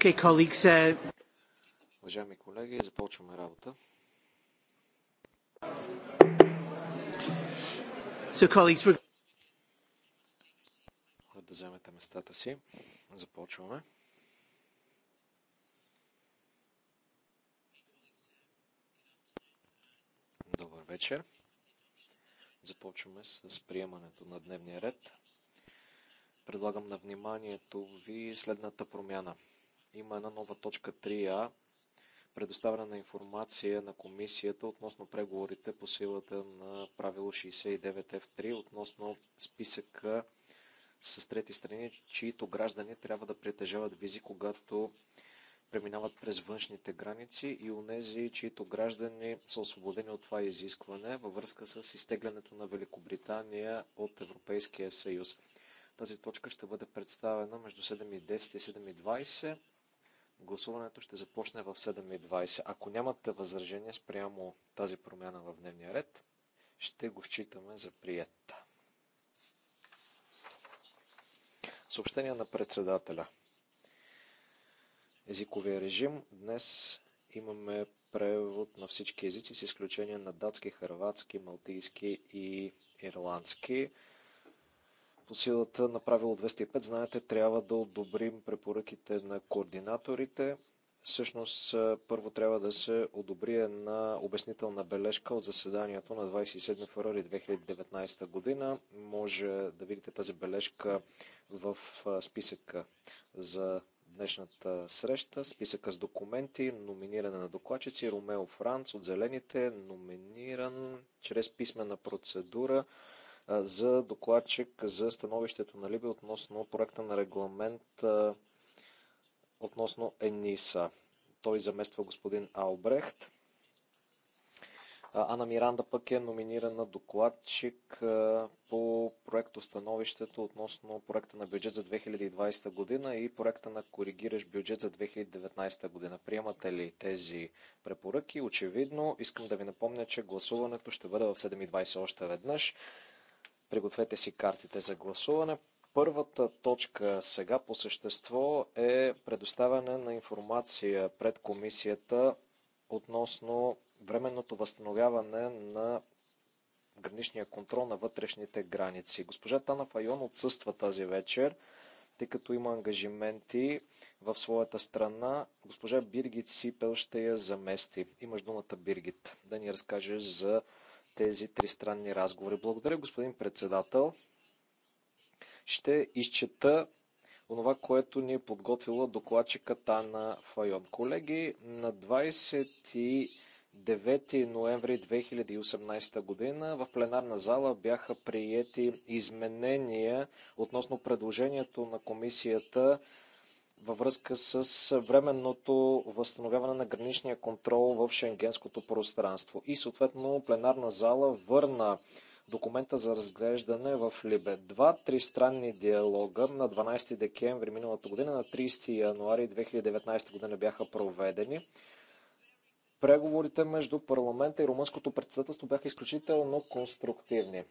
Okay, colleagues, uh, Уважаеми колеги, започваме работа. So, colleagues, we're... да вземете местата си. Започваме. Добър вечер. Започваме с приемането на дневния ред предлагам на вниманието ви следната промяна. Има една нова точка 3а, предоставяне на информация на комисията относно преговорите по силата на правило 69F3 относно списъка с трети страни, чието граждани трябва да притежават визи, когато преминават през външните граници и нези, чието граждани са освободени от това изискване във връзка с изтеглянето на Великобритания от Европейския съюз. Тази точка ще бъде представена между 7:10 и 7.20. Гласуването ще започне в 7.20. Ако нямате възражение спрямо тази промяна в дневния ред, ще го считаме за приятта. Съобщение на председателя. Езиковия режим. Днес имаме превод на всички езици, с изключение на датски, хърватски, малтийски и ирландски по силата на правило 205, знаете, трябва да одобрим препоръките на координаторите. Всъщност, първо трябва да се одобри една обяснителна бележка от заседанието на 27 феврари 2019 година. Може да видите тази бележка в списъка за днешната среща. Списъка с документи, номиниране на докладчици, Ромео Франц от Зелените, номиниран чрез писмена процедура за докладчик за становището на Либи относно проекта на регламент относно ЕНИСА. Той замества господин Албрехт. Ана Миранда пък е номинирана докладчик по проекто становището относно проекта на бюджет за 2020 година и проекта на коригиращ бюджет за 2019 година. Приемате ли тези препоръки? Очевидно. Искам да ви напомня, че гласуването ще бъде в 7.20 още веднъж. Пригответе си картите за гласуване. Първата точка сега по същество е предоставяне на информация пред комисията относно временното възстановяване на граничния контрол на вътрешните граници. Госпожа Тана Файон отсъства тази вечер, тъй като има ангажименти в своята страна. Госпожа Биргит Сипел ще я замести. Имаш думата, Биргит, да ни разкажеш за тези тристранни разговори. Благодаря, господин председател. Ще изчета онова, което ни е подготвила докладчиката на Файон. Колеги, на 29 ноември 2018 година в пленарна зала бяха приети изменения относно предложението на комисията във връзка с временното възстановяване на граничния контрол в шенгенското пространство. И съответно пленарна зала върна документа за разглеждане в Либе. Два тристранни диалога на 12 декември миналата година, на 30 януари 2019 година бяха проведени. Преговорите между парламента и румънското председателство бяха изключително конструктивни.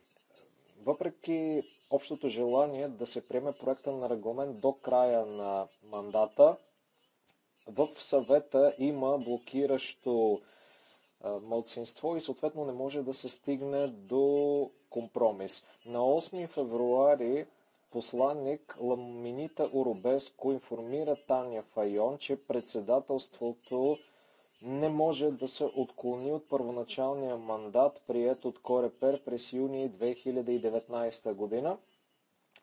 Въпреки общото желание да се приеме проекта на регламент до края на мандата, в съвета има блокиращо мълцинство и съответно не може да се стигне до компромис. На 8 февруари посланник Ламинита Урубеско информира Таня Файон, че председателството не може да се отклони от първоначалния мандат, прият от Корепер през юни 2019 година.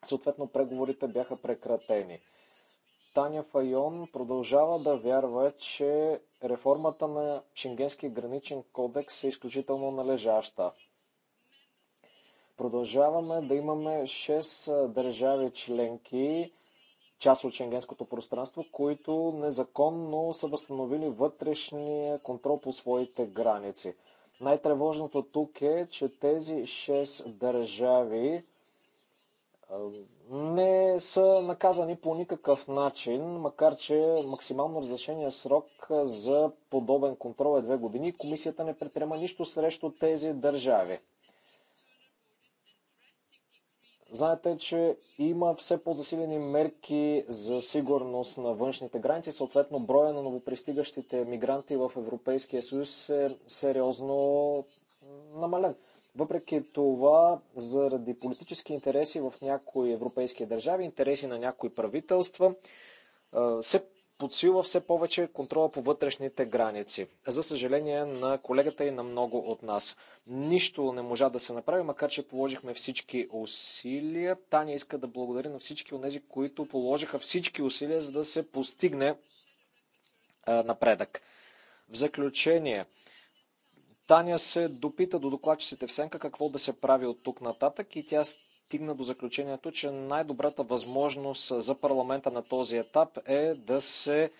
Съответно, преговорите бяха прекратени. Таня Файон продължава да вярва, че реформата на Шенгенския граничен кодекс е изключително належаща. Продължаваме да имаме 6 държави членки, част от шенгенското пространство, които незаконно са възстановили вътрешния контрол по своите граници. Най-тревожното тук е, че тези 6 държави не са наказани по никакъв начин, макар че максимално разрешения срок за подобен контрол е две години и комисията не предприема нищо срещу тези държави. Знаете, че има все по-засилени мерки за сигурност на външните граници. Съответно, броя на новопристигащите мигранти в Европейския съюз е сериозно намален. Въпреки това, заради политически интереси в някои европейски държави, интереси на някои правителства, се подсилва все повече контрола по вътрешните граници. За съжаление на колегата и на много от нас. Нищо не можа да се направи, макар че положихме всички усилия. Таня иска да благодари на всички от тези, които положиха всички усилия, за да се постигне а, напредък. В заключение, Таня се допита до докладчиците в Сенка какво да се прави от тук нататък и тя стигна до заключението, че най-добрата възможност за парламента на този етап е да се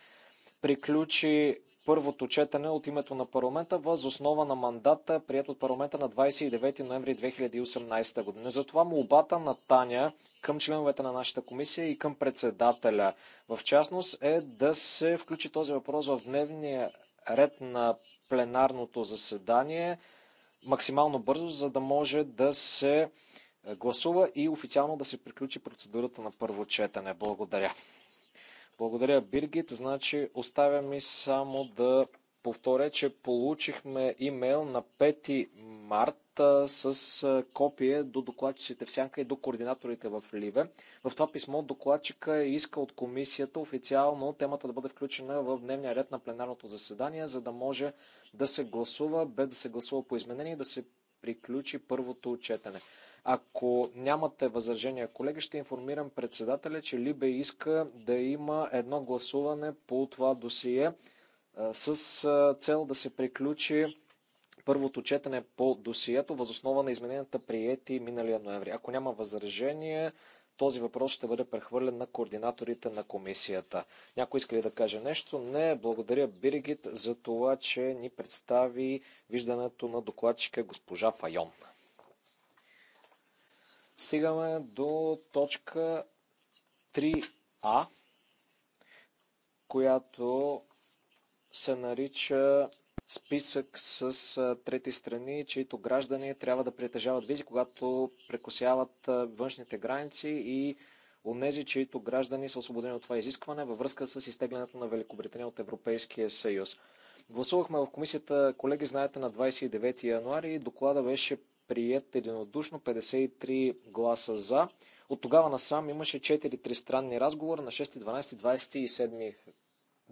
приключи първото четене от името на парламента въз основа на мандата, прият от парламента на 29 ноември 2018 година. Затова обата на Таня към членовете на нашата комисия и към председателя в частност е да се включи този въпрос в дневния ред на пленарното заседание максимално бързо, за да може да се е, гласува и официално да се приключи процедурата на първо четене. Благодаря. Благодаря, Биргит. Значи, оставя ми само да повторя, че получихме имейл на 5 март с е, копие до докладчиците в Сянка и до координаторите в Ливе. В това писмо докладчика е иска от комисията официално темата да бъде включена в дневния ред на пленарното заседание, за да може да се гласува, без да се гласува по изменение и да се приключи първото четене. Ако нямате възражения, колеги, ще информирам председателя, че Либе иска да има едно гласуване по това досие с цел да се приключи първото четене по досието, възоснова на измененията приети миналия ноември. Ако няма възражение, този въпрос ще бъде прехвърлен на координаторите на комисията. Някой иска ли да каже нещо? Не. Благодаря Биригит за това, че ни представи виждането на докладчика госпожа Файон. Стигаме до точка 3А, която се нарича списък с трети страни, чието граждани трябва да притежават визи, когато прекосяват външните граници и онези, чието граждани са освободени от това изискване във връзка с изтеглянето на Великобритания от Европейския съюз. Гласувахме в комисията, колеги, знаете, на 29 януари. Доклада беше прият единодушно 53 гласа за. От тогава насам имаше 4 тристранни разговора на 6, 12, 27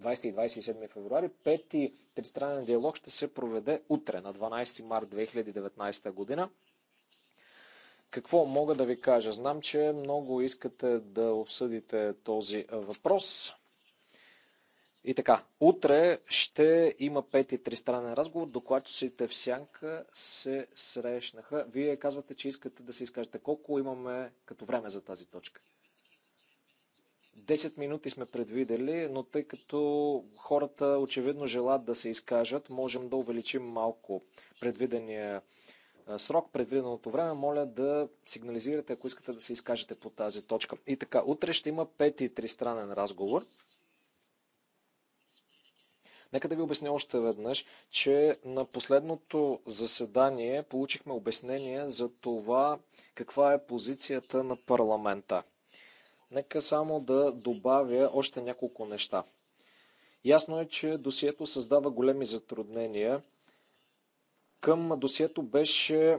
20 и 27 февруари. Пети тристранен диалог ще се проведе утре, на 12 март 2019 година. Какво мога да ви кажа? Знам, че много искате да обсъдите този въпрос. И така, утре ще има пети тристранен разговор. Докладчиците в Сянка се срещнаха. Вие казвате, че искате да се изкажете. Колко имаме като време за тази точка? 10 минути сме предвидели, но тъй като хората очевидно желат да се изкажат, можем да увеличим малко предвидения срок, предвиденото време. Моля да сигнализирате, ако искате да се изкажете по тази точка. И така, утре ще има пети тристранен разговор. Нека да ви обясня още веднъж, че на последното заседание получихме обяснение за това каква е позицията на парламента. Нека само да добавя още няколко неща. Ясно е, че досието създава големи затруднения. Към досието беше е,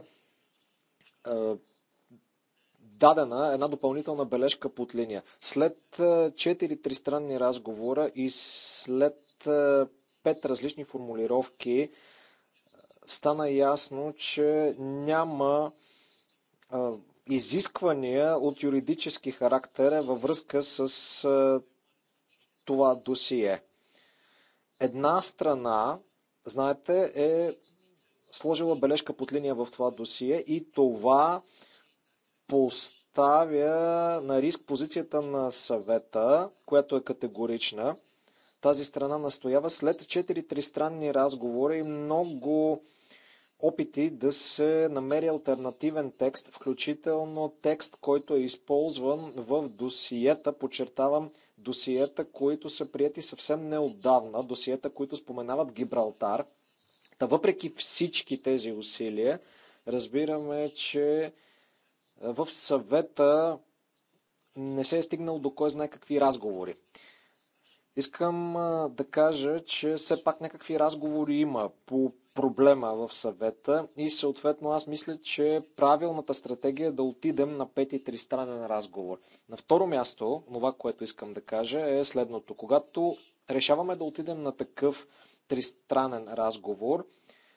дадена една допълнителна бележка под линия. След 4 е, тристранни разговора и след е, пет различни формулировки, стана ясно, че няма а, изисквания от юридически характер във връзка с а, това досие. Една страна, знаете, е сложила бележка под линия в това досие и това поставя на риск позицията на съвета, която е категорична – тази страна настоява след четири тристранни разговора и много опити да се намери альтернативен текст, включително текст, който е използван в досиета, подчертавам, досиета, които са прияти съвсем неотдавна, досиета, които споменават Гибралтар. Та въпреки всички тези усилия, разбираме, че в съвета не се е стигнал до кой знае какви разговори. Искам да кажа, че все пак някакви разговори има по проблема в съвета и съответно аз мисля, че правилната стратегия е да отидем на пети тристранен разговор. На второ място, това, което искам да кажа е следното. Когато решаваме да отидем на такъв тристранен разговор,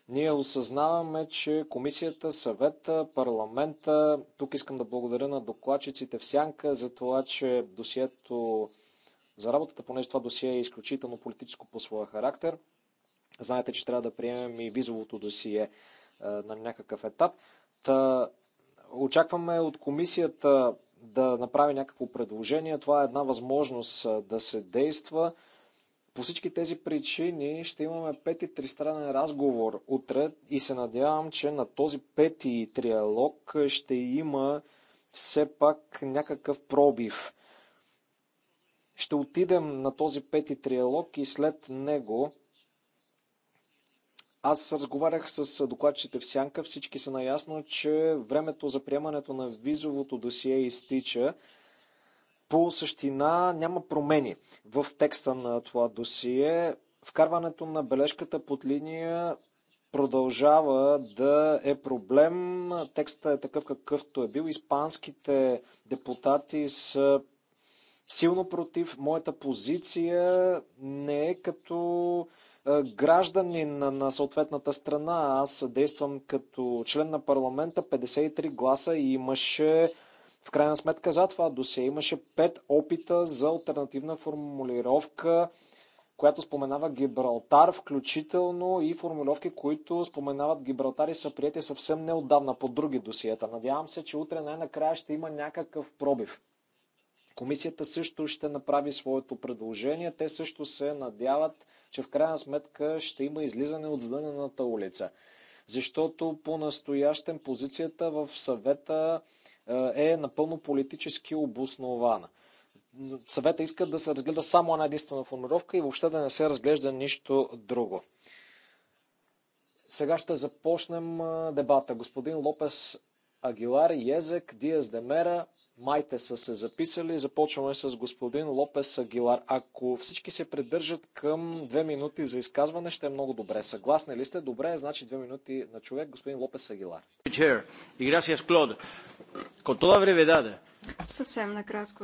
ние осъзнаваме, че комисията, съвета, парламента, тук искам да благодаря на докладчиците в Сянка за това, че досието за работата, понеже това досие е изключително политическо по своя характер. Знаете, че трябва да приемем и визовото досие е, на някакъв етап. Та, очакваме от комисията да направи някакво предложение. Това е една възможност е, да се действа. По всички тези причини ще имаме пети тристранен разговор утре и се надявам, че на този пети триалог ще има все пак някакъв пробив ще отидем на този пети триалог и след него аз разговарях с докладчите в Сянка. Всички са наясно, че времето за приемането на визовото досие изтича. По същина няма промени в текста на това досие. Вкарването на бележката под линия продължава да е проблем. Текстът е такъв какъвто е бил. Испанските депутати са силно против. Моята позиция не е като гражданин на съответната страна. Аз действам като член на парламента 53 гласа и имаше в крайна сметка за това досе имаше 5 опита за альтернативна формулировка, която споменава Гибралтар, включително и формулировки, които споменават Гибралтар и са прияти съвсем неотдавна по други досиета. Надявам се, че утре най-накрая ще има някакъв пробив. Комисията също ще направи своето предложение. Те също се надяват, че в крайна сметка ще има излизане от здънената улица. Защото по-настоящен позицията в съвета е, е напълно политически обоснована. Съвета иска да се разгледа само една единствена формировка и въобще да не се разглежда нищо друго. Сега ще започнем дебата. Господин Лопес Агилар, Езек, Диас Демера, майте са се записали. Започваме с господин Лопес Агилар. Ако всички се придържат към две минути за изказване, ще е много добре. Съгласни ли сте? Добре, значи две минути на човек. Господин Лопес Агилар. Съвсем накратко.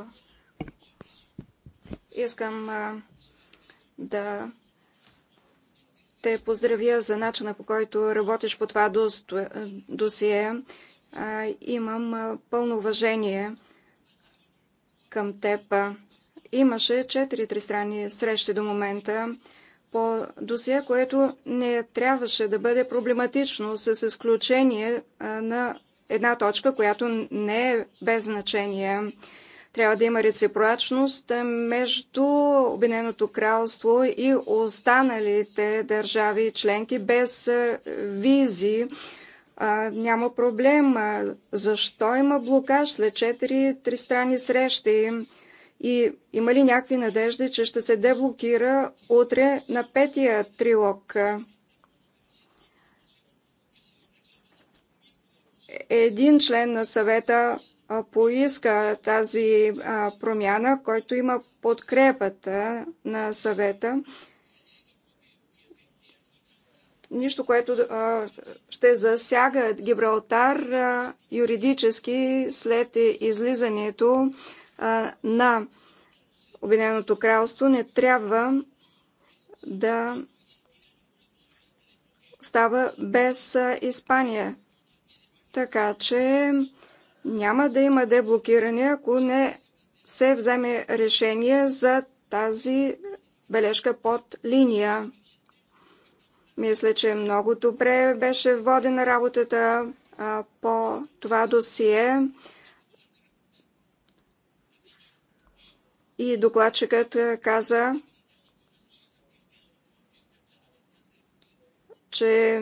Искам а, да те поздравя за начина по който работиш по това досие имам пълно уважение към теб. Имаше четири тристранни срещи до момента по досие, което не трябваше да бъде проблематично, с изключение на една точка, която не е без значение. Трябва да има реципрочност между Обединеното кралство и останалите държави членки без визи а, няма проблем. А, защо има блокаж след 4 страни срещи? И има ли някакви надежди, че ще се деблокира утре на петия трилог? Един член на съвета поиска тази промяна, който има подкрепата на съвета нищо, което ще засяга Гибралтар юридически след излизането на Обединеното кралство, не трябва да става без Испания. Така че няма да има деблокиране, ако не се вземе решение за тази бележка под линия. Мисля, че много добре беше водена работата а, по това досие. И докладчикът каза, че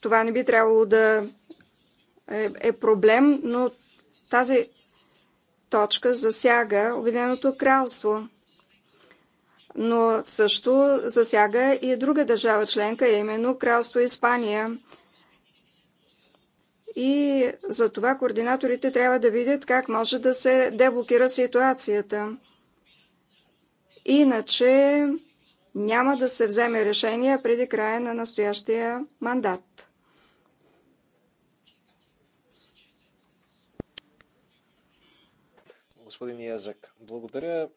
това не би трябвало да е, е проблем, но тази точка засяга Обединеното кралство но също засяга и друга държава членка, именно Кралство Испания. И за това координаторите трябва да видят как може да се деблокира ситуацията. Иначе няма да се вземе решение преди края на настоящия мандат. Господин Язък, благодаря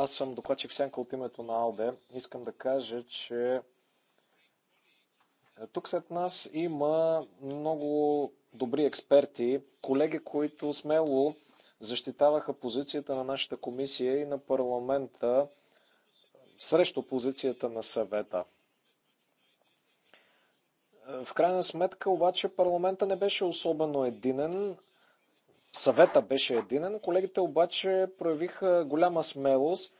аз съм докладчик Сянка от името на АЛДЕ. Искам да кажа, че е, тук след нас има много добри експерти, колеги, които смело защитаваха позицията на нашата комисия и на парламента е, срещу позицията на съвета. Е, в крайна сметка обаче парламента не беше особено единен, съвета беше единен. Колегите обаче проявиха голяма смелост.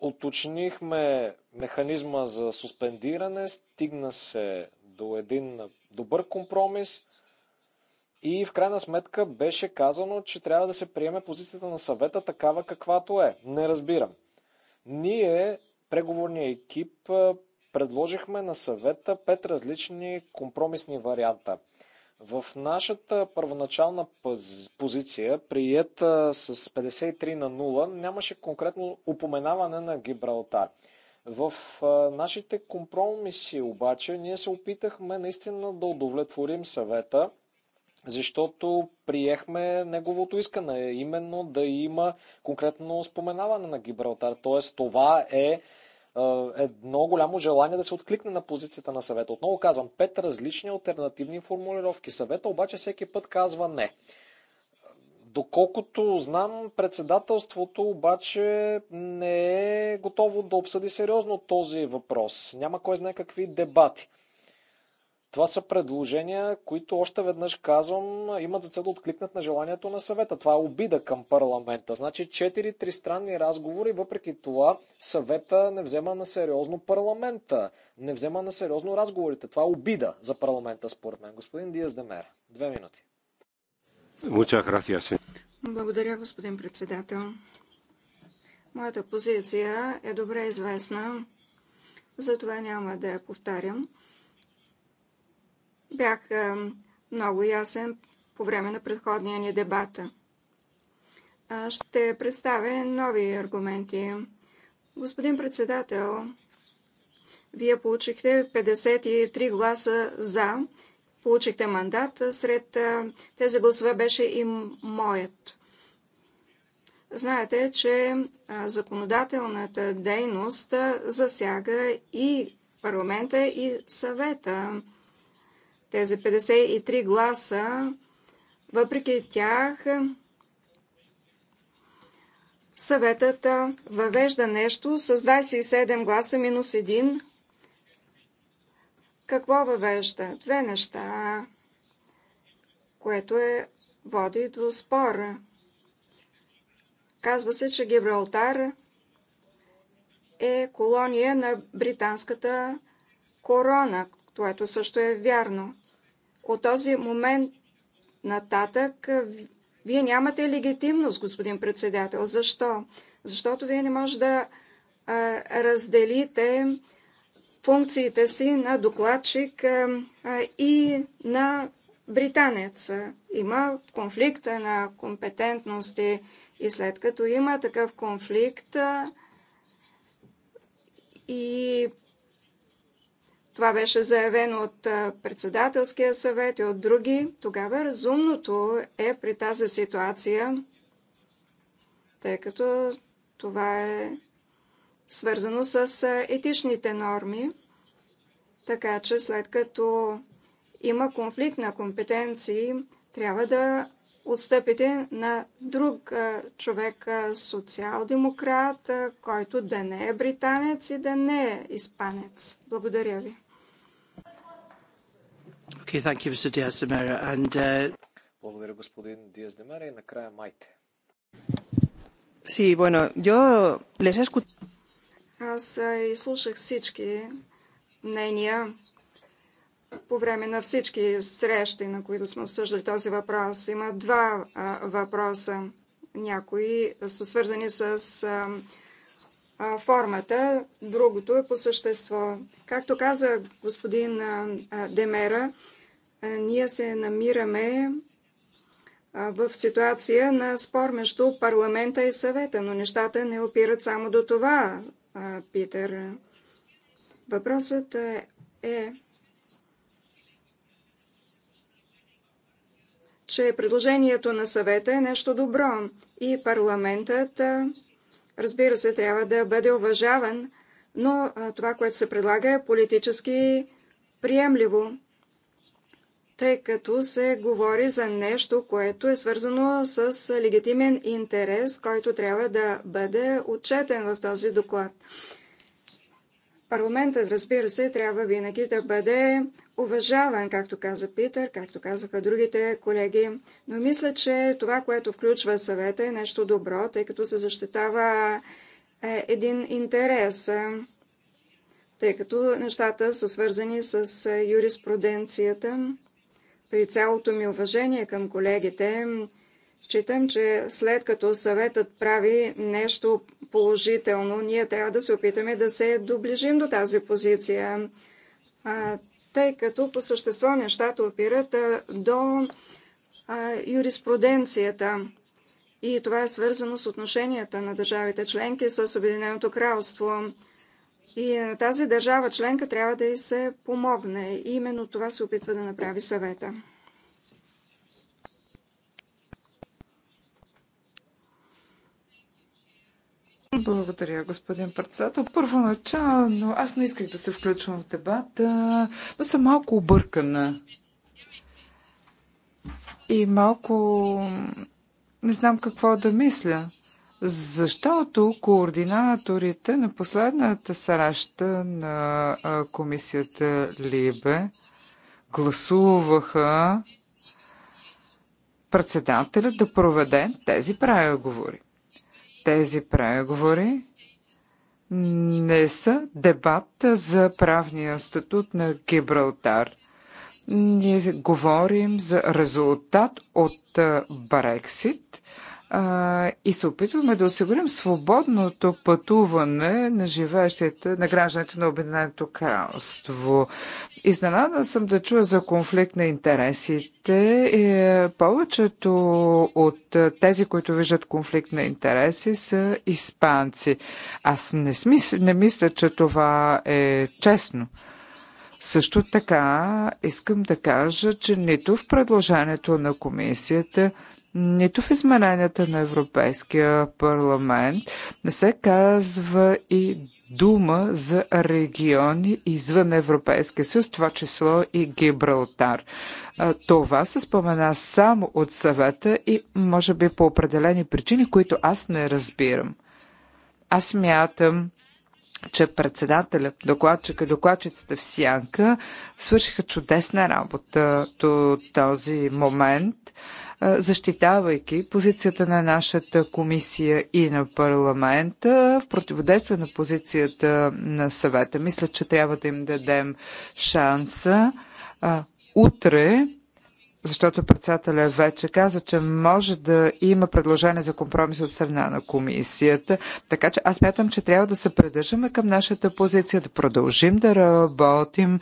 Оточнихме механизма за суспендиране, стигна се до един добър компромис и в крайна сметка беше казано, че трябва да се приеме позицията на съвета такава каквато е. Не разбирам. Ние, преговорния екип, предложихме на съвета пет различни компромисни варианта – в нашата първоначална позиция, приета с 53 на 0, нямаше конкретно упоменаване на Гибралтар. В нашите компромиси обаче ние се опитахме наистина да удовлетворим съвета, защото приехме неговото искане, именно да има конкретно споменаване на Гибралтар. Тоест, това е едно голямо желание да се откликне на позицията на съвета. Отново казвам, пет различни альтернативни формулировки. Съвета обаче всеки път казва не. Доколкото знам, председателството обаче не е готово да обсъди сериозно този въпрос. Няма кой знае какви дебати. Това са предложения, които още веднъж казвам, имат за цел да откликнат на желанието на съвета. Това е обида към парламента. Значи четири тристранни разговори, въпреки това съвета не взема на сериозно парламента, не взема на сериозно разговорите. Това е обида за парламента, според мен. Господин Диас Демер, две минути. Благодаря, господин председател. Моята позиция е добре известна, затова няма да я повтарям бях е, много ясен по време на предходния ни дебата. Е, ще представя нови аргументи. Господин председател, вие получихте 53 гласа за, получихте мандат. Сред е, тези гласове беше и моят. Знаете, че законодателната дейност засяга и парламента, и съвета тези 53 гласа, въпреки тях, съветът въвежда нещо с 27 гласа минус 1. Какво въвежда? Две неща, което е води до спор. Казва се, че Гибралтар е колония на британската корона, което също е вярно. От този момент нататък вие нямате легитимност, господин председател. Защо? Защото вие не може да разделите функциите си на докладчик и на британец. Има конфликта на компетентности и след като има такъв конфликт и това беше заявено от председателския съвет и от други. Тогава разумното е при тази ситуация, тъй като това е свързано с етичните норми. Така че след като има конфликт на компетенции, трябва да отстъпите на друг човек, социал-демократ, който да не е британец и да не е испанец. Благодаря ви. Okay, thank you, Mr. Diaz de Mera. And, uh... Благодаря, господин Диаз де Мера. И накрая Майте. Sí, bueno, yo les escuché. Аз изслушах всички мнения по време на всички срещи, на които сме обсъждали този въпрос. Има два а, въпроса. Някои са свързани с а, формата, другото е по същество. Както каза господин Демера, ние се намираме в ситуация на спор между парламента и съвета, но нещата не опират само до това, Питер. Въпросът е, че предложението на съвета е нещо добро и парламентът разбира се, трябва да бъде уважаван, но това, което се предлага е политически приемливо, тъй като се говори за нещо, което е свързано с легитимен интерес, който трябва да бъде отчетен в този доклад. Парламентът, разбира се, трябва винаги да бъде уважаван, както каза Питър, както казаха другите колеги, но мисля, че това, което включва съвета е нещо добро, тъй като се защитава е, един интерес, тъй като нещата са свързани с юриспруденцията. При цялото ми уважение към колегите, Считам, че след като съветът прави нещо положително, ние трябва да се опитаме да се доближим до тази позиция тъй като по същество нещата опират до юриспруденцията. И това е свързано с отношенията на държавите членки с Обединеното кралство. И на тази държава членка трябва да й се помогне. И именно това се опитва да направи съвета. Благодаря, господин председател. Първоначално аз не исках да се включвам в дебата, но съм малко объркана. И малко не знам какво да мисля. Защото координаторите на последната среща на комисията Либе гласуваха председателя да проведе тези преговори. Тези преговори не са дебат за правния статут на Гибралтар. Ние говорим за резултат от Брексит – а, и се опитваме да осигурим свободното пътуване на живеещите, на гражданите на Обединеното кралство. Изненада съм да чуя за конфликт на интересите. И е, повечето от е, тези, които виждат конфликт на интереси, са испанци. Аз не, смис... не мисля, че това е честно. Също така искам да кажа, че нито в предложението на комисията, нито в измененията на Европейския парламент не се казва и дума за региони извън Европейския съюз, това число и Гибралтар. Това се спомена само от съвета и може би по определени причини, които аз не разбирам. Аз мятам, че председателя, докладчика и докладчицата в Сянка свършиха чудесна работа до този момент – защитавайки позицията на нашата комисия и на парламента в противодействие на позицията на съвета. Мисля, че трябва да им дадем шанса. Утре защото председателя вече каза, че може да има предложение за компромис от страна на комисията. Така че аз мятам, че трябва да се придържаме към нашата позиция, да продължим да работим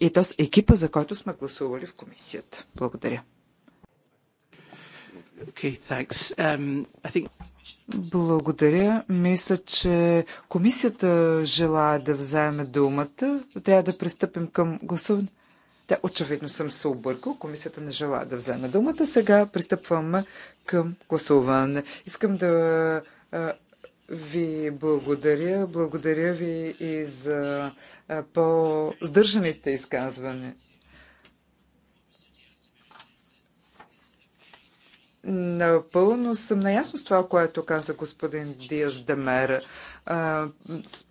и то с екипа, за който сме гласували в комисията. Благодаря. Okay, thanks. Um, I think... Благодаря. Мисля, че комисията желая да вземе думата. Трябва да пристъпим към гласуване. Да, очевидно съм се объркал. Комисията не желая да вземе думата. Сега пристъпваме към гласуване. Искам да ви благодаря. Благодаря ви и за по-здържаните изказвания. Напълно съм наясно с това, което каза господин Диас Демера.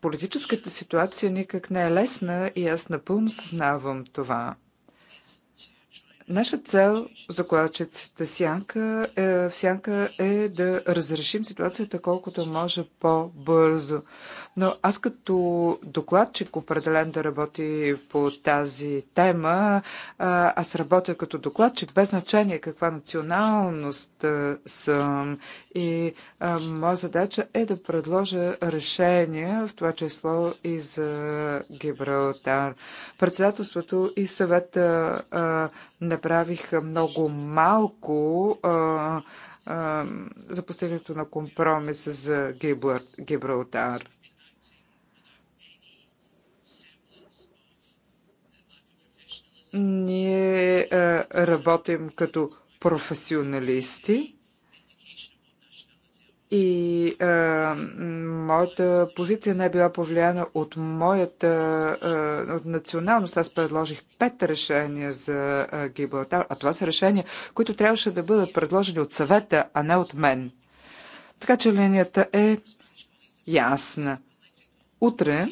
Политическата ситуация никак не е лесна и аз напълно съзнавам това. Наша цел, за която сянка, е, сянка е да разрешим ситуацията колкото може по-бързо. Но аз като докладчик определен да работи по тази тема, аз работя като докладчик без значение каква националност съм. И моя задача е да предложа решение, в това число и за Гибралтар. Председателството и съвета направих направиха много малко. за постигането на компромис за Гибралтар. Ние е, работим като професионалисти и а, е, моята позиция не е била повлияна от моята а, е, от националност. Аз предложих пет решения за Гибралтар, а това са решения, които трябваше да бъдат предложени от съвета, а не от мен. Така че линията е ясна. Утре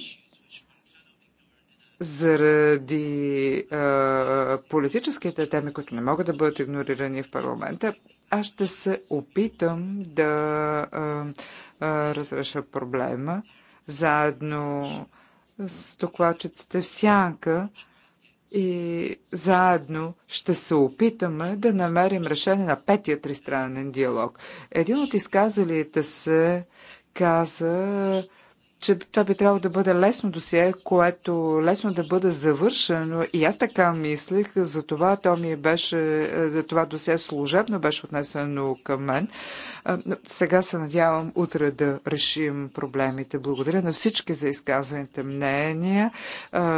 заради а, политическите теми, които не могат да бъдат игнорирани в парламента, аз ще се опитам да а, а, разреша проблема заедно с докладчиците в сянка и заедно ще се опитаме да намерим решение на петия тристранен диалог. Един от изказалите се каза, че това би трябвало да бъде лесно досие, което лесно да бъде завършено. И аз така мислех, за това то ми беше, е, това досие служебно беше отнесено към мен. Сега се надявам утре да решим проблемите. Благодаря на всички за изказаните мнения.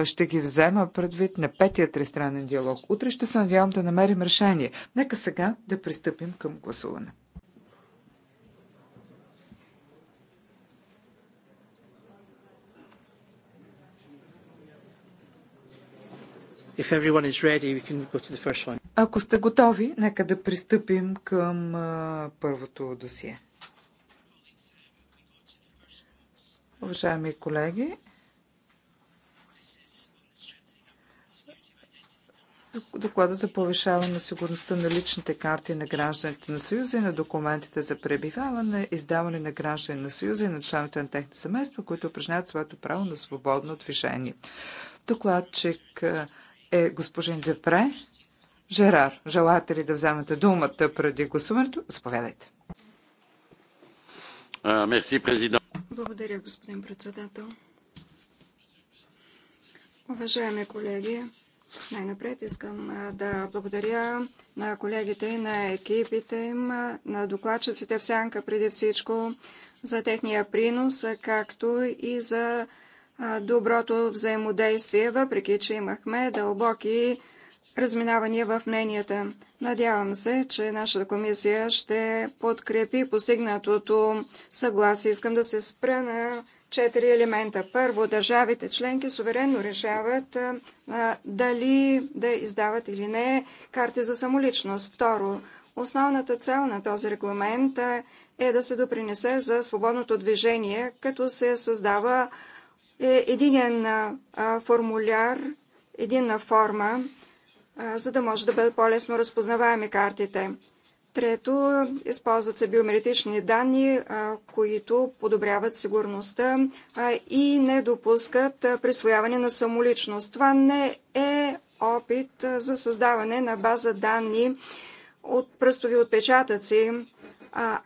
Ще ги взема предвид на петия тристранен диалог. Утре ще се надявам да намерим решение. Нека сега да пристъпим към гласуване. If everyone is ready, we can go to the first one. Ако сте готови, нека да пристъпим към първото досие. Уважаеми колеги, доклада за повишаване на сигурността на личните карти на гражданите на Съюза и на документите за пребиваване, издаване на граждани на Съюза и на членовете на техните семейства, които упражняват своето право на свободно движение. Докладчик е господин Депре. Жерар, желаете ли да вземете думата преди гласуването? Заповядайте. Мерси, президент. Благодаря, господин председател. Уважаеми колеги, най-напред искам да благодаря на колегите, на екипите им, на докладчиците в Сянка преди всичко за техния принос, както и за доброто взаимодействие, въпреки че имахме дълбоки разминавания в мненията. Надявам се, че нашата комисия ще подкрепи постигнатото съгласие. Искам да се спра на четири елемента. Първо, държавите членки суверенно решават а, дали да издават или не карти за самоличност. Второ, основната цел на този регламент е да се допринесе за свободното движение, като се създава е един формуляр, единна форма, за да може да бъдат по-лесно разпознаваеми картите. Трето, използват се биометрични данни, които подобряват сигурността и не допускат присвояване на самоличност. Това не е опит за създаване на база данни от пръстови отпечатъци,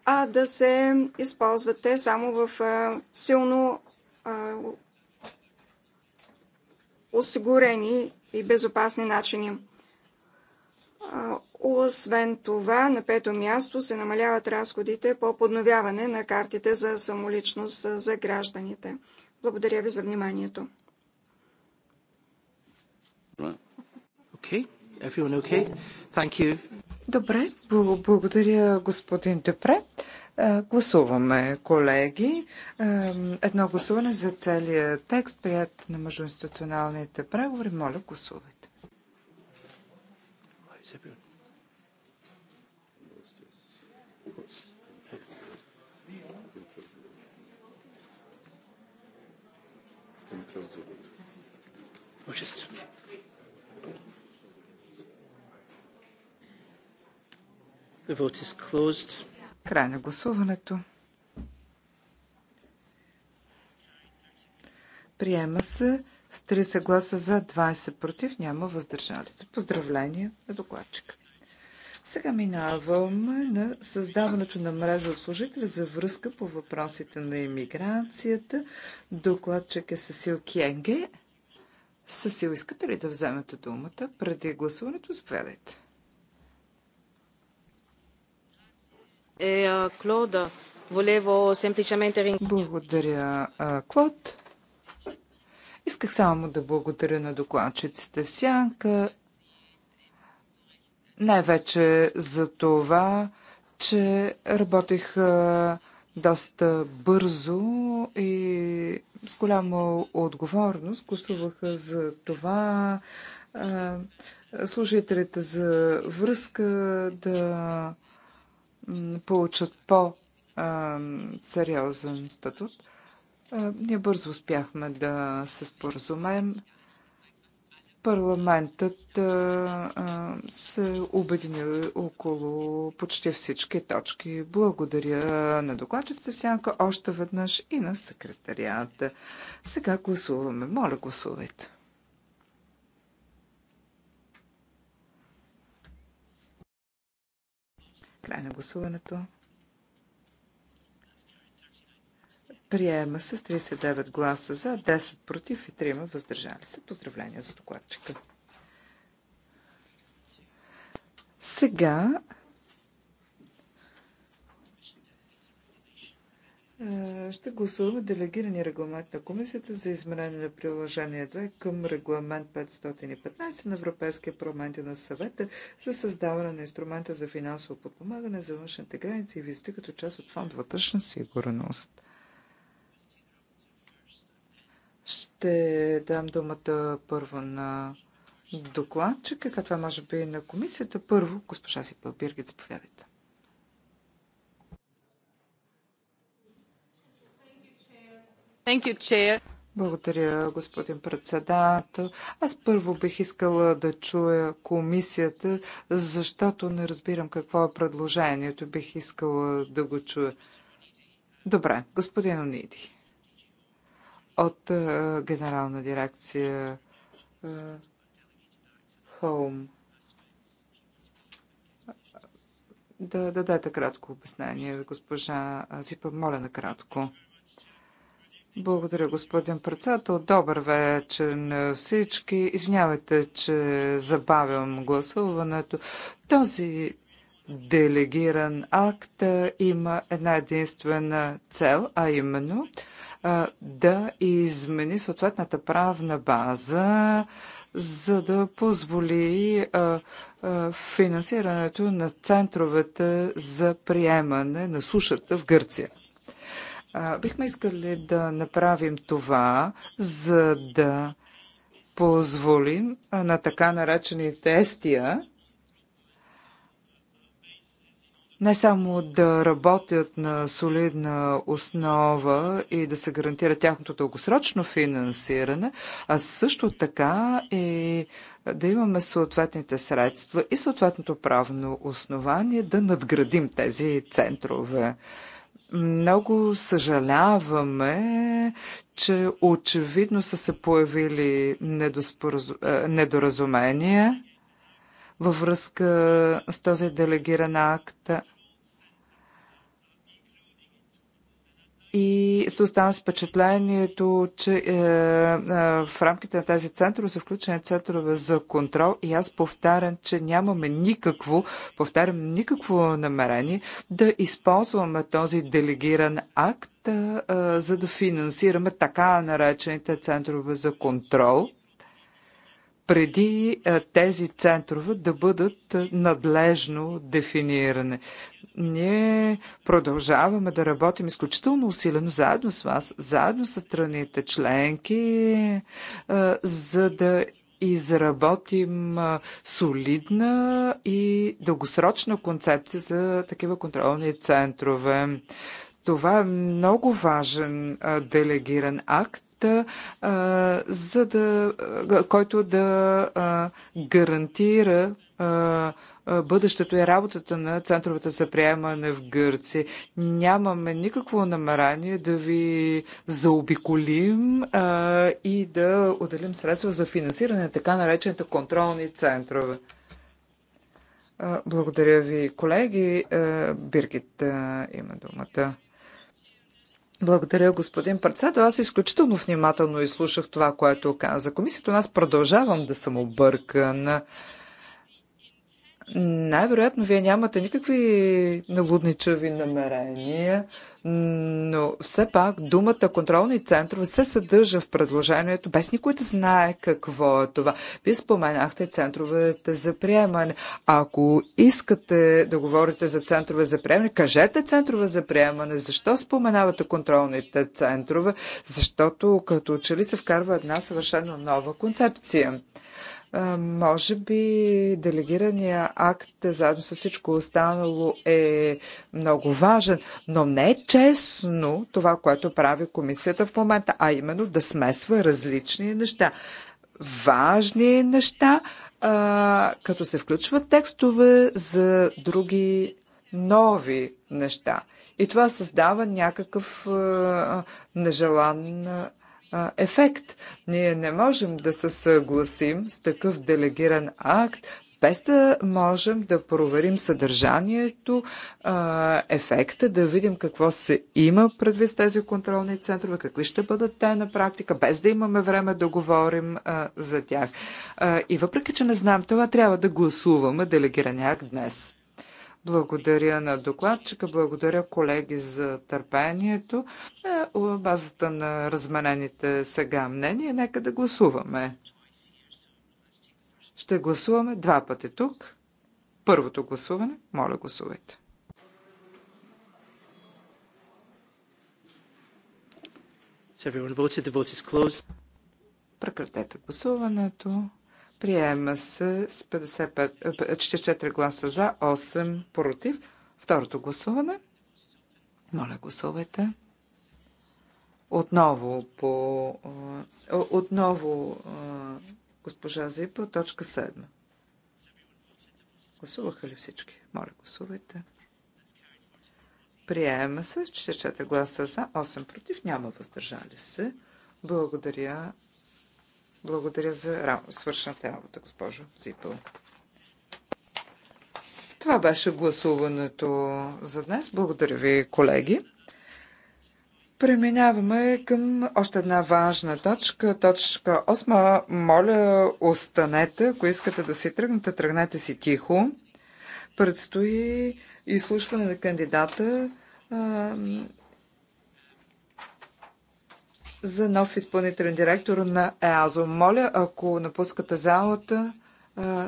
а да се използват те само в силно осигурени и безопасни начини. Освен това, на пето място се намаляват разходите по подновяване на картите за самоличност за гражданите. Благодаря ви за вниманието. Okay. okay? Thank you. Добре, благодаря господин Депре. Е, гласуваме, колеги. Е, едно гласуване за целият текст, прият на междуинституционалните преговори. Моля, гласувайте. The vote is closed. Край на гласуването. Приема се с 30 гласа за, 20 против, няма въздържали се. Поздравления на докладчика. Сега минаваме на създаването на мрежа от служители за връзка по въпросите на иммиграцията. Докладчик е Сесил Кенге. Сесил, искате ли да вземете думата преди гласуването? Заповядайте. Е, благодаря, Клод. Исках само да благодаря на докладчиците в Сянка, най-вече за това, че работих доста бързо и с голяма отговорност. Гласуваха за това служителите за връзка да получат по-сериозен статут. Ние бързо успяхме да се споразумеем. Парламентът се обедини около почти всички точки. Благодаря на докладчицата Сянка още веднъж и на секретарията. Сега гласуваме. Моля, гласувайте. Край на гласуването. Приема се с 39 гласа за, 10 против и 3 въздържали се. Поздравления за докладчика. Сега Е, ще гласуваме делегирани регламент на Комисията за изменение на приложение 2 е към регламент 515 на Европейския парламент и на съвета за създаване на инструмента за финансово подпомагане за външните граници и визите като част от фонд вътрешна сигурност. Ще дам думата първо на докладчик и след това може би на комисията. Първо, госпожа Сипа Биргит, заповядайте. Благодаря, господин председател. Аз първо бих искала да чуя комисията, защото не разбирам какво е предложението. Бих искала да го чуя. Добре, господин Ониди. От е, генерална дирекция е, Да дадете кратко обяснение, госпожа Зипа, моля на кратко. Благодаря, господин председател. Добър вечер на всички. Извинявайте, че забавям гласуването. Този делегиран акт има една единствена цел, а именно да измени съответната правна база, за да позволи финансирането на центровете за приемане на сушата в Гърция. А, бихме искали да направим това, за да позволим на така наречените естия не само да работят на солидна основа и да се гарантира тяхното дългосрочно финансиране, а също така и да имаме съответните средства и съответното правно основание да надградим тези центрове. Много съжаляваме, че очевидно са се появили е, недоразумения във връзка с този делегиран акт. и се остана с впечатлението, че е, е, в рамките на тези центрове са включени центрове за контрол и аз повтарям, че нямаме никакво, повтарям, никакво намерение да използваме този делегиран акт, е, е за да финансираме така наречените центрове за контрол преди е, тези центрове да бъдат надлежно дефинирани ние продължаваме да работим изключително усилено заедно с вас, заедно с страните членки, за да изработим солидна и дългосрочна концепция за такива контролни центрове. Това е много важен делегиран акт за да, който да гарантира бъдещето и работата на центровете за приемане в Гърция. Нямаме никакво намерение да ви заобиколим а, и да отделим средства за финансиране на така наречените контролни центрове. благодаря ви, колеги. Биргит има думата. Благодаря, господин председател. Аз изключително внимателно изслушах това, което каза комисията. Аз продължавам да съм объркана. Най-вероятно вие нямате никакви налудничави намерения, но все пак думата контролни центрове се съдържа в предложението, без никой да знае какво е това. Вие споменахте центровете за приемане. Ако искате да говорите за центрове за приемане, кажете центрове за приемане. Защо споменавате контролните центрове? Защото като че ли се вкарва една съвършено нова концепция може би делегирания акт заедно с всичко останало е много важен, но не е честно това, което прави комисията в момента, а именно да смесва различни неща. Важни неща, а, като се включват текстове за други нови неща. И това създава някакъв а, нежелан ефект. Ние не можем да се съгласим с такъв делегиран акт, без да можем да проверим съдържанието, а, ефекта, да видим какво се има предвид с тези контролни центрове, какви ще бъдат те на практика, без да имаме време да говорим а, за тях. А, и въпреки, че не знам това, трябва да гласуваме делегирания акт днес. Благодаря на докладчика, благодаря колеги за търпението. На базата на разменените сега мнения, нека да гласуваме. Ще гласуваме два пъти тук. Първото гласуване, моля гласувайте. Прекратете гласуването. Приема се с 55, 44 е, гласа за, 8 против. Второто гласуване. Моля, гласувайте. Отново по... Е, отново е, госпожа Зипа, точка 7. Гласуваха ли всички? Моля, гласувайте. Приема се с 44 гласа за, 8 против, няма въздържали се. Благодаря благодаря за свършната работа, госпожо Зипъл. Това беше гласуването за днес. Благодаря ви, колеги. Преминаваме към още една важна точка. Точка 8. Моля, останете. Ако искате да си тръгнете, тръгнете си тихо. Предстои изслушване на кандидата за нов изпълнителен директор на ЕАЗО. Моля, ако напускате залата,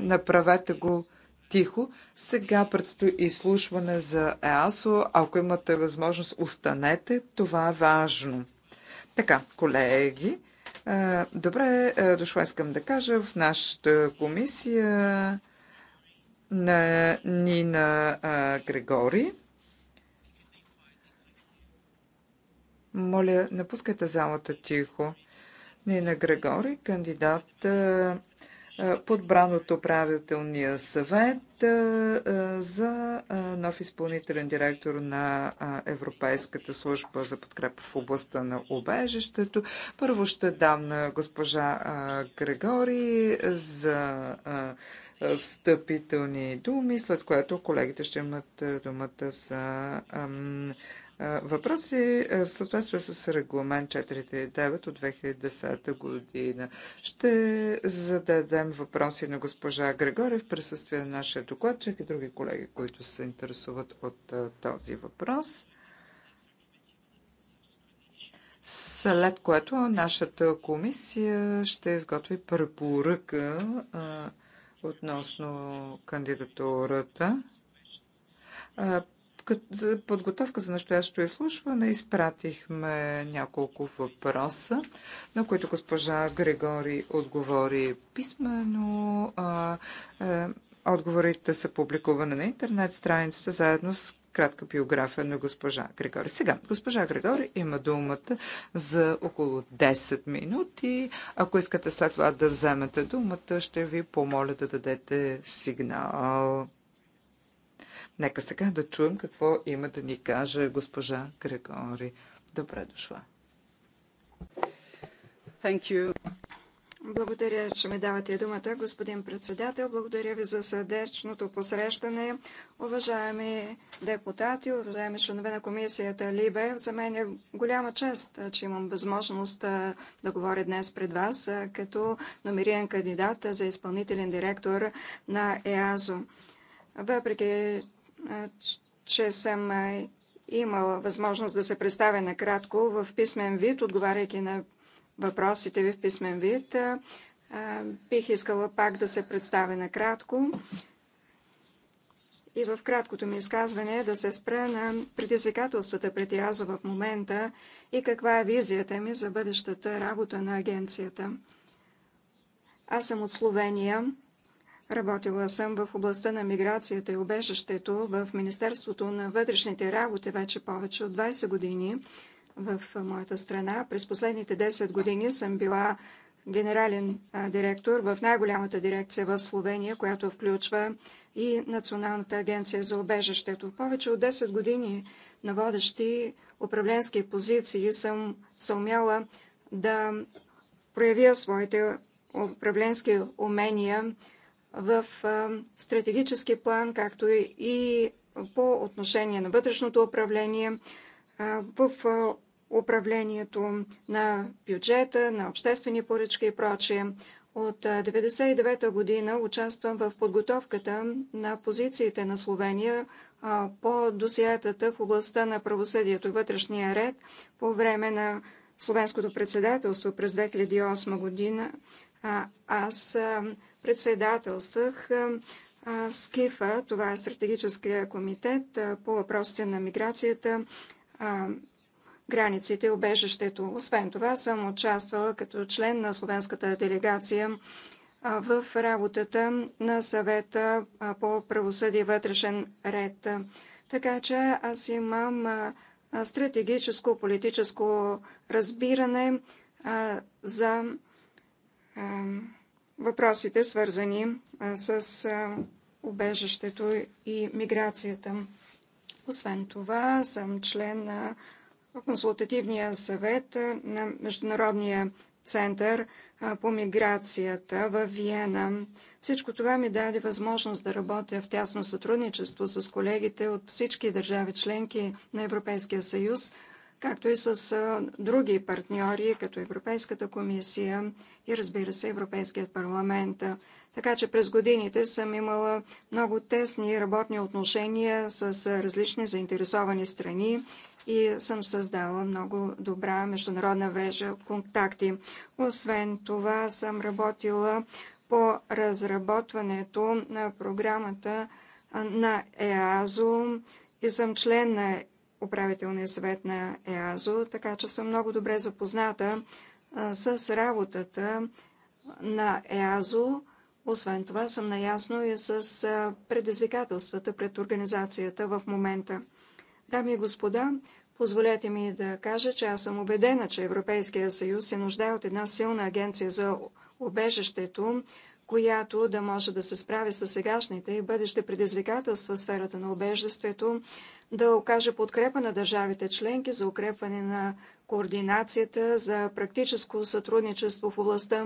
направете го тихо. Сега предстои изслушване за ЕАСО. Ако имате възможност, останете. Това е важно. Така, колеги, добре, дошла искам да кажа в нашата комисия на Нина Григори. Моля, напускайте залата тихо. Нина Грегори, кандидат подбран от управителния съвет за нов изпълнителен директор на Европейската служба за подкрепа в областта на обежището. Първо ще дам на госпожа Грегори за встъпителни думи, след което колегите ще имат думата за въпроси е, в съответствие с регламент 4.9 от 2010 година. Ще зададем въпроси на госпожа Грегори в присъствие на нашия докладчик и други колеги, които се интересуват от този въпрос след което нашата комисия ще изготви препоръка относно кандидатурата. За подготовка за настоящото изслушване изпратихме няколко въпроса, на които госпожа Григори отговори писменно. Отговорите са публикувани на интернет страницата заедно с кратка биография на госпожа Григори. Сега, госпожа Григори има думата за около 10 минути. Ако искате след това да вземете думата, ще ви помоля да дадете сигнал. Нека сега да чуем какво има да ни каже госпожа Грегори. Добре дошла. Thank you. Благодаря, че ми давате думата, господин председател. Благодаря ви за сърдечното посрещане. Уважаеми депутати, уважаеми членове на комисията Либе, за мен е голяма чест, че имам възможност да говоря днес пред вас като номериен кандидат за изпълнителен директор на ЕАЗО. Въпреки, че съм имала възможност да се представя накратко в писмен вид, отговаряйки на въпросите ви в писмен вид. Бих искала пак да се представя накратко и в краткото ми изказване да се спра на предизвикателствата пред Язо в момента и каква е визията ми за бъдещата работа на агенцията. Аз съм от Словения Работила съм в областта на миграцията и убежището в Министерството на вътрешните работи вече повече от 20 години в моята страна. През последните 10 години съм била генерален директор в най-голямата дирекция в Словения, която включва и Националната агенция за обежището. Повече от 10 години на водещи управленски позиции съм съумяла да проявя своите управленски умения в стратегически план, както и по отношение на вътрешното управление, в управлението на бюджета, на обществени поръчки и прочие. От 1999 година участвам в подготовката на позициите на Словения по досиятата в областта на правосъдието и вътрешния ред по време на Словенското председателство през 2008 година. Аз Председателствах СКИФА, това е стратегическия комитет по въпросите на миграцията, границите и обежището. Освен това съм участвала като член на словенската делегация в работата на съвета по правосъдие и вътрешен ред. Така че аз имам стратегическо политическо разбиране за въпросите, свързани с убежището и миграцията. Освен това, съм член на консултативния съвет на Международния център по миграцията в Виена. Всичко това ми даде възможност да работя в тясно сътрудничество с колегите от всички държави членки на Европейския съюз, както и с други партньори, като Европейската комисия, и разбира се Европейският парламент. Така че през годините съм имала много тесни работни отношения с различни заинтересовани страни и съм създала много добра международна врежа. контакти. Освен това съм работила по разработването на програмата на ЕАЗО и съм член на управителния съвет на ЕАЗО, така че съм много добре запозната с работата на ЕАЗО. Освен това съм наясно и с предизвикателствата пред организацията в момента. Дами и господа, позволете ми да кажа, че аз съм убедена, че Европейския съюз се нуждае от една силна агенция за обежището, която да може да се справи с сегашните и бъдещи предизвикателства в сферата на обежеството, да окаже подкрепа на държавите членки за укрепване на координацията за практическо сътрудничество в областта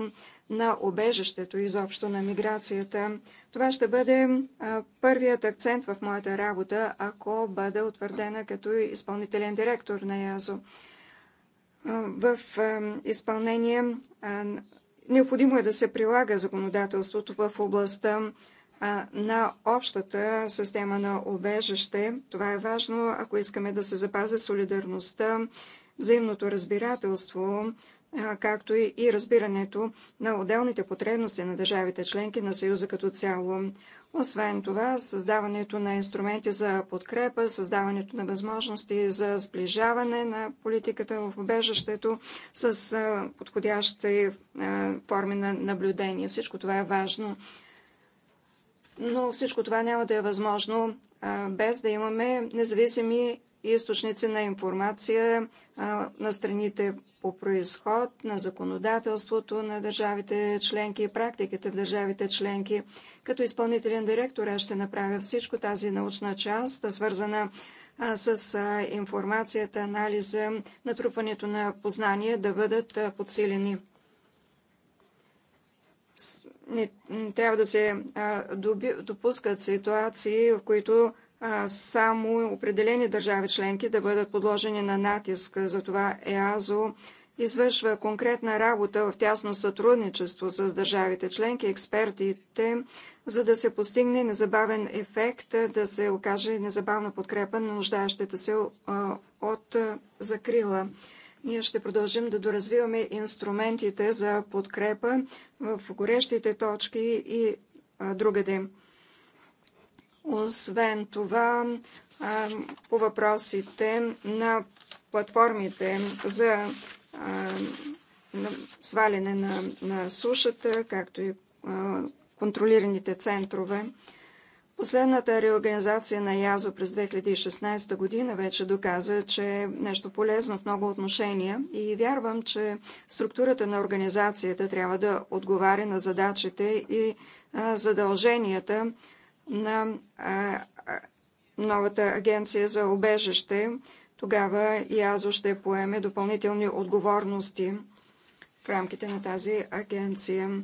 на обежището, изобщо на миграцията. Това ще бъде първият акцент в моята работа, ако бъда утвърдена като изпълнителен директор на ЯЗО. В изпълнение необходимо е да се прилага законодателството в областта на общата система на обежище. Това е важно, ако искаме да се запази солидарността взаимното разбирателство, както и разбирането на отделните потребности на държавите членки на Съюза като цяло. Освен това, създаването на инструменти за подкрепа, създаването на възможности за сближаване на политиката в обежащето с подходящи форми на наблюдение. Всичко това е важно. Но всичко това няма да е възможно без да имаме независими и източници на информация на страните по происход, на законодателството на държавите членки и практиките в държавите членки. Като изпълнителен директор аз ще направя всичко тази научна част, свързана с информацията, анализа, натрупването на познания да бъдат подсилени. Не трябва да се допускат ситуации, в които само определени държави членки да бъдат подложени на натиск. Затова ЕАЗО извършва конкретна работа в тясно сътрудничество с държавите членки, експертите, за да се постигне незабавен ефект, да се окаже незабавна подкрепа на нуждаещите се от закрила. Ние ще продължим да доразвиваме инструментите за подкрепа в горещите точки и другаде. Освен това, по въпросите на платформите за сваляне на, на сушата, както и контролираните центрове. Последната реорганизация на Язо през 2016 година вече доказа, че е нещо полезно в много отношения и вярвам, че структурата на организацията трябва да отговаря на задачите и задълженията на новата агенция за обежище. Тогава и Азо ще поеме допълнителни отговорности в рамките на тази агенция.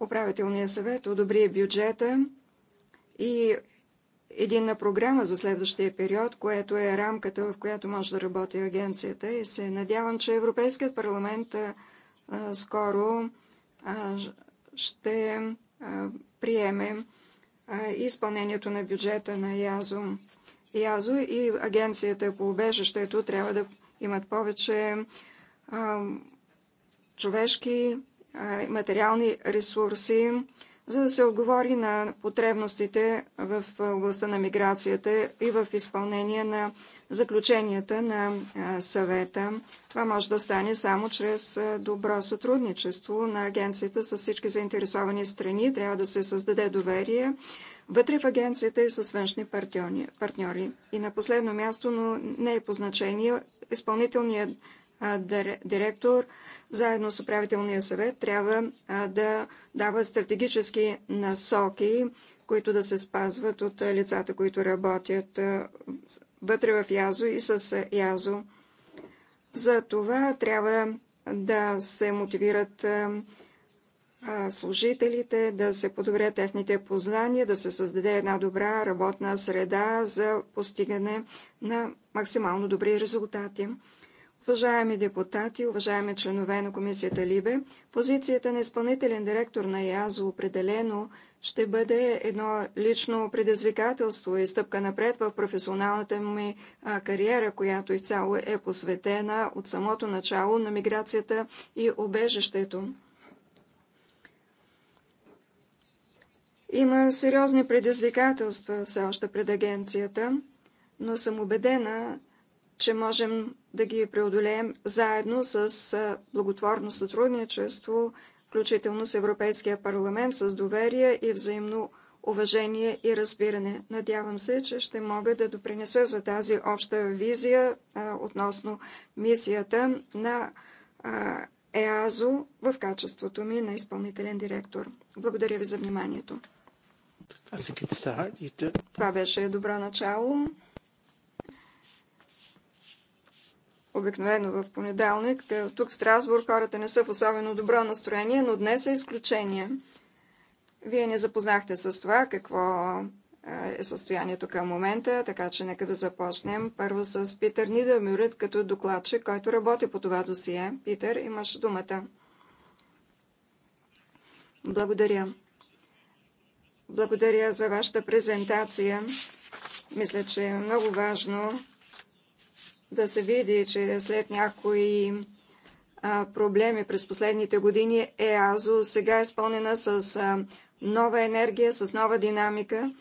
Управителният съвет одобри бюджета и единна програма за следващия период, което е рамката, в която може да работи агенцията. И се надявам, че Европейският парламент а, скоро а, ще а, приеме и изпълнението на бюджета на ЯЗО. ЯЗО и Агенцията по убежището трябва да имат повече а, човешки а, материални ресурси, за да се отговори на потребностите в областта на миграцията и в изпълнение на заключенията на съвета. Това може да стане само чрез добро сътрудничество на агенцията с всички заинтересовани страни. Трябва да се създаде доверие вътре в агенцията и с външни партньори. И на последно място, но не е по значение, изпълнителният директор заедно с управителния съвет трябва да дават стратегически насоки, които да се спазват от лицата, които работят вътре в Язо и с Язо. За това трябва да се мотивират служителите, да се подобрят техните познания, да се създаде една добра работна среда за постигане на максимално добри резултати. Уважаеми депутати, уважаеми членове на комисията Либе, позицията на изпълнителен директор на ЯЗО определено ще бъде едно лично предизвикателство и стъпка напред в професионалната ми кариера, която изцяло е посветена от самото начало на миграцията и обежището. Има сериозни предизвикателства все още пред агенцията, но съм убедена, че можем да ги преодолеем заедно с благотворно сътрудничество, включително с Европейския парламент, с доверие и взаимно уважение и разбиране. Надявам се, че ще мога да допринеса за тази обща визия а, относно мисията на а, ЕАЗО в качеството ми на изпълнителен директор. Благодаря ви за вниманието. Това беше добро начало. обикновено в понеделник. Е, тук в Страсбург хората не са в особено добро настроение, но днес е изключение. Вие не запознахте с това какво е, е състоянието към момента, така че нека да започнем първо с Питър Нидамюрит като докладчик, който работи по това досие. Питър, имаш думата. Благодаря. Благодаря за вашата презентация. Мисля, че е много важно да се види, че след някои проблеми през последните години ЕАЗО сега е изпълнена с нова енергия, с нова динамика.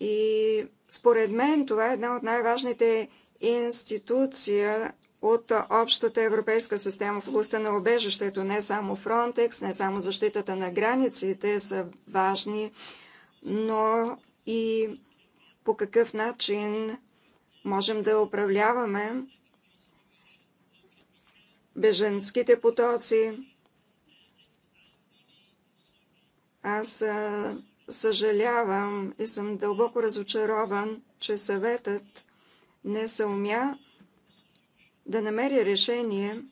И според мен това е една от най-важните институция от общата европейска система в областта на обежището. Не само Фронтекс, не само защитата на границите са важни, но и по какъв начин можем да управляваме беженските потоци. Аз съжалявам и съм дълбоко разочарован, че съветът не съумя да намери решение.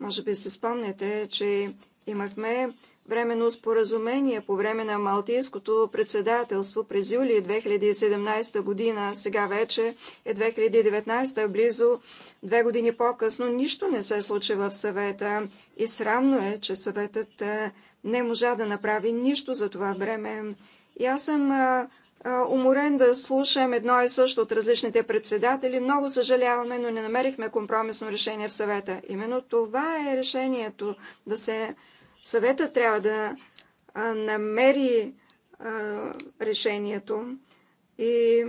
Може би си спомняте, че имахме временно споразумение по време на Малтийското председателство през юли 2017 година. Сега вече е 2019, близо две години по-късно. Нищо не се случи в съвета и срамно е, че съветът е, не можа да направи нищо за това време. И аз съм е, е, уморен да слушам едно и също от различните председатели. Много съжаляваме, но не намерихме компромисно решение в съвета. Именно това е решението да се Съвета трябва да намери решението и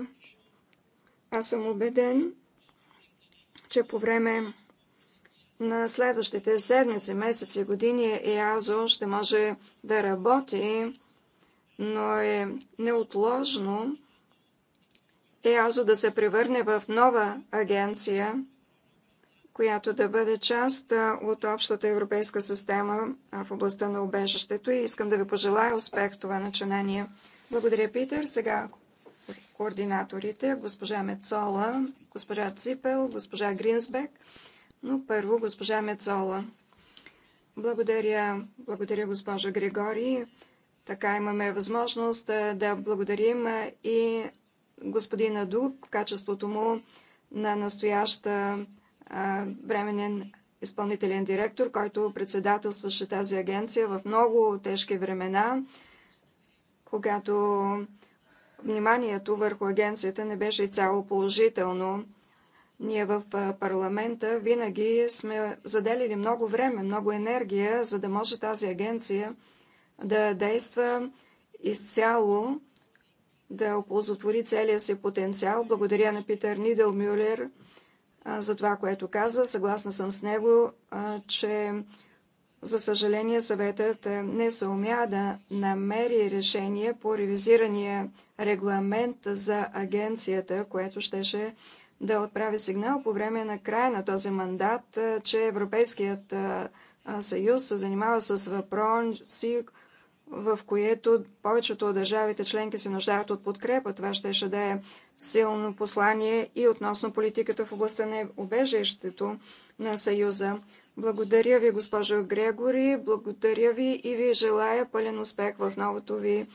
аз съм убеден, че по време на следващите седмици, месеци, години ЕАЗО ще може да работи, но е неотложно ЕАЗО да се превърне в нова агенция, която да бъде част от общата европейска система в областта на убежището и искам да ви пожелая успех в това начинание. Благодаря, Питер. Сега координаторите, госпожа Мецола, госпожа Ципел, госпожа Гринсбек, но първо госпожа Мецола. Благодаря, благодаря госпожа Григори. Така имаме възможност да благодарим и господина Дук в качеството му на настояща временен изпълнителен директор, който председателстваше тази агенция в много тежки времена, когато вниманието върху агенцията не беше цяло положително. Ние в парламента винаги сме заделили много време, много енергия, за да може тази агенция да действа изцяло, да оползотвори целия си потенциал. Благодаря на Питър Нидел Мюллер за това, което каза. Съгласна съм с него, че за съжаление съветът не съумя да намери решение по ревизирания регламент за агенцията, което щеше да отправи сигнал по време на края на този мандат, че Европейският съюз се занимава с въпроси, в което повечето от държавите членки се нуждаят от подкрепа. Това щеше да е силно послание и относно политиката в областта на обежището на Съюза. Благодаря ви, госпожо Грегори, благодаря ви и ви желая пълен успех в новото ви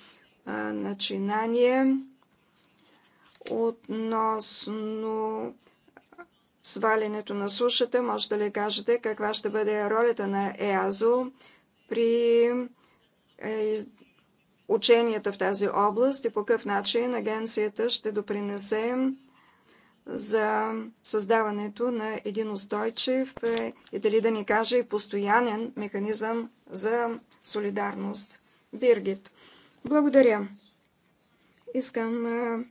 а, начинание относно свалянето на сушата. Може да ли кажете каква ще бъде ролята на ЕАЗО при е, ученията в тази област и по какъв начин агенцията ще допринесе за създаването на един устойчив е, и дали да ни каже и постоянен механизъм за солидарност. Биргит, благодаря. Искам е,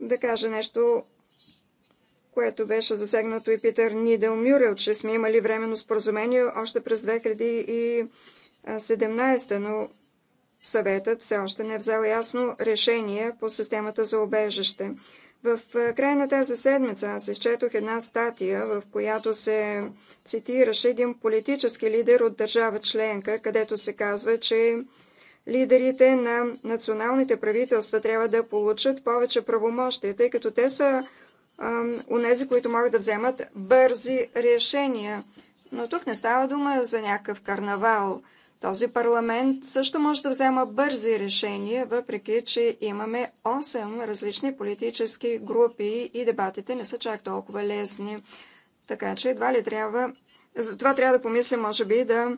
да кажа нещо, което беше засегнато и Питър Нидел Мюрел, че сме имали временно споразумение още през 2000 17, но съветът все още не е взел ясно решение по системата за обежище. В е, края на тази седмица аз изчетох една статия, в която се цитираше един политически лидер от държава членка, където се казва, че лидерите на националните правителства трябва да получат повече правомощия, тъй като те са унези, които могат да вземат бързи решения. Но тук не става дума за някакъв карнавал – този парламент също може да взема бързи решения, въпреки че имаме 8 различни политически групи и дебатите не са чак толкова лесни. Така че едва ли трябва... За това трябва да помислим, може би, да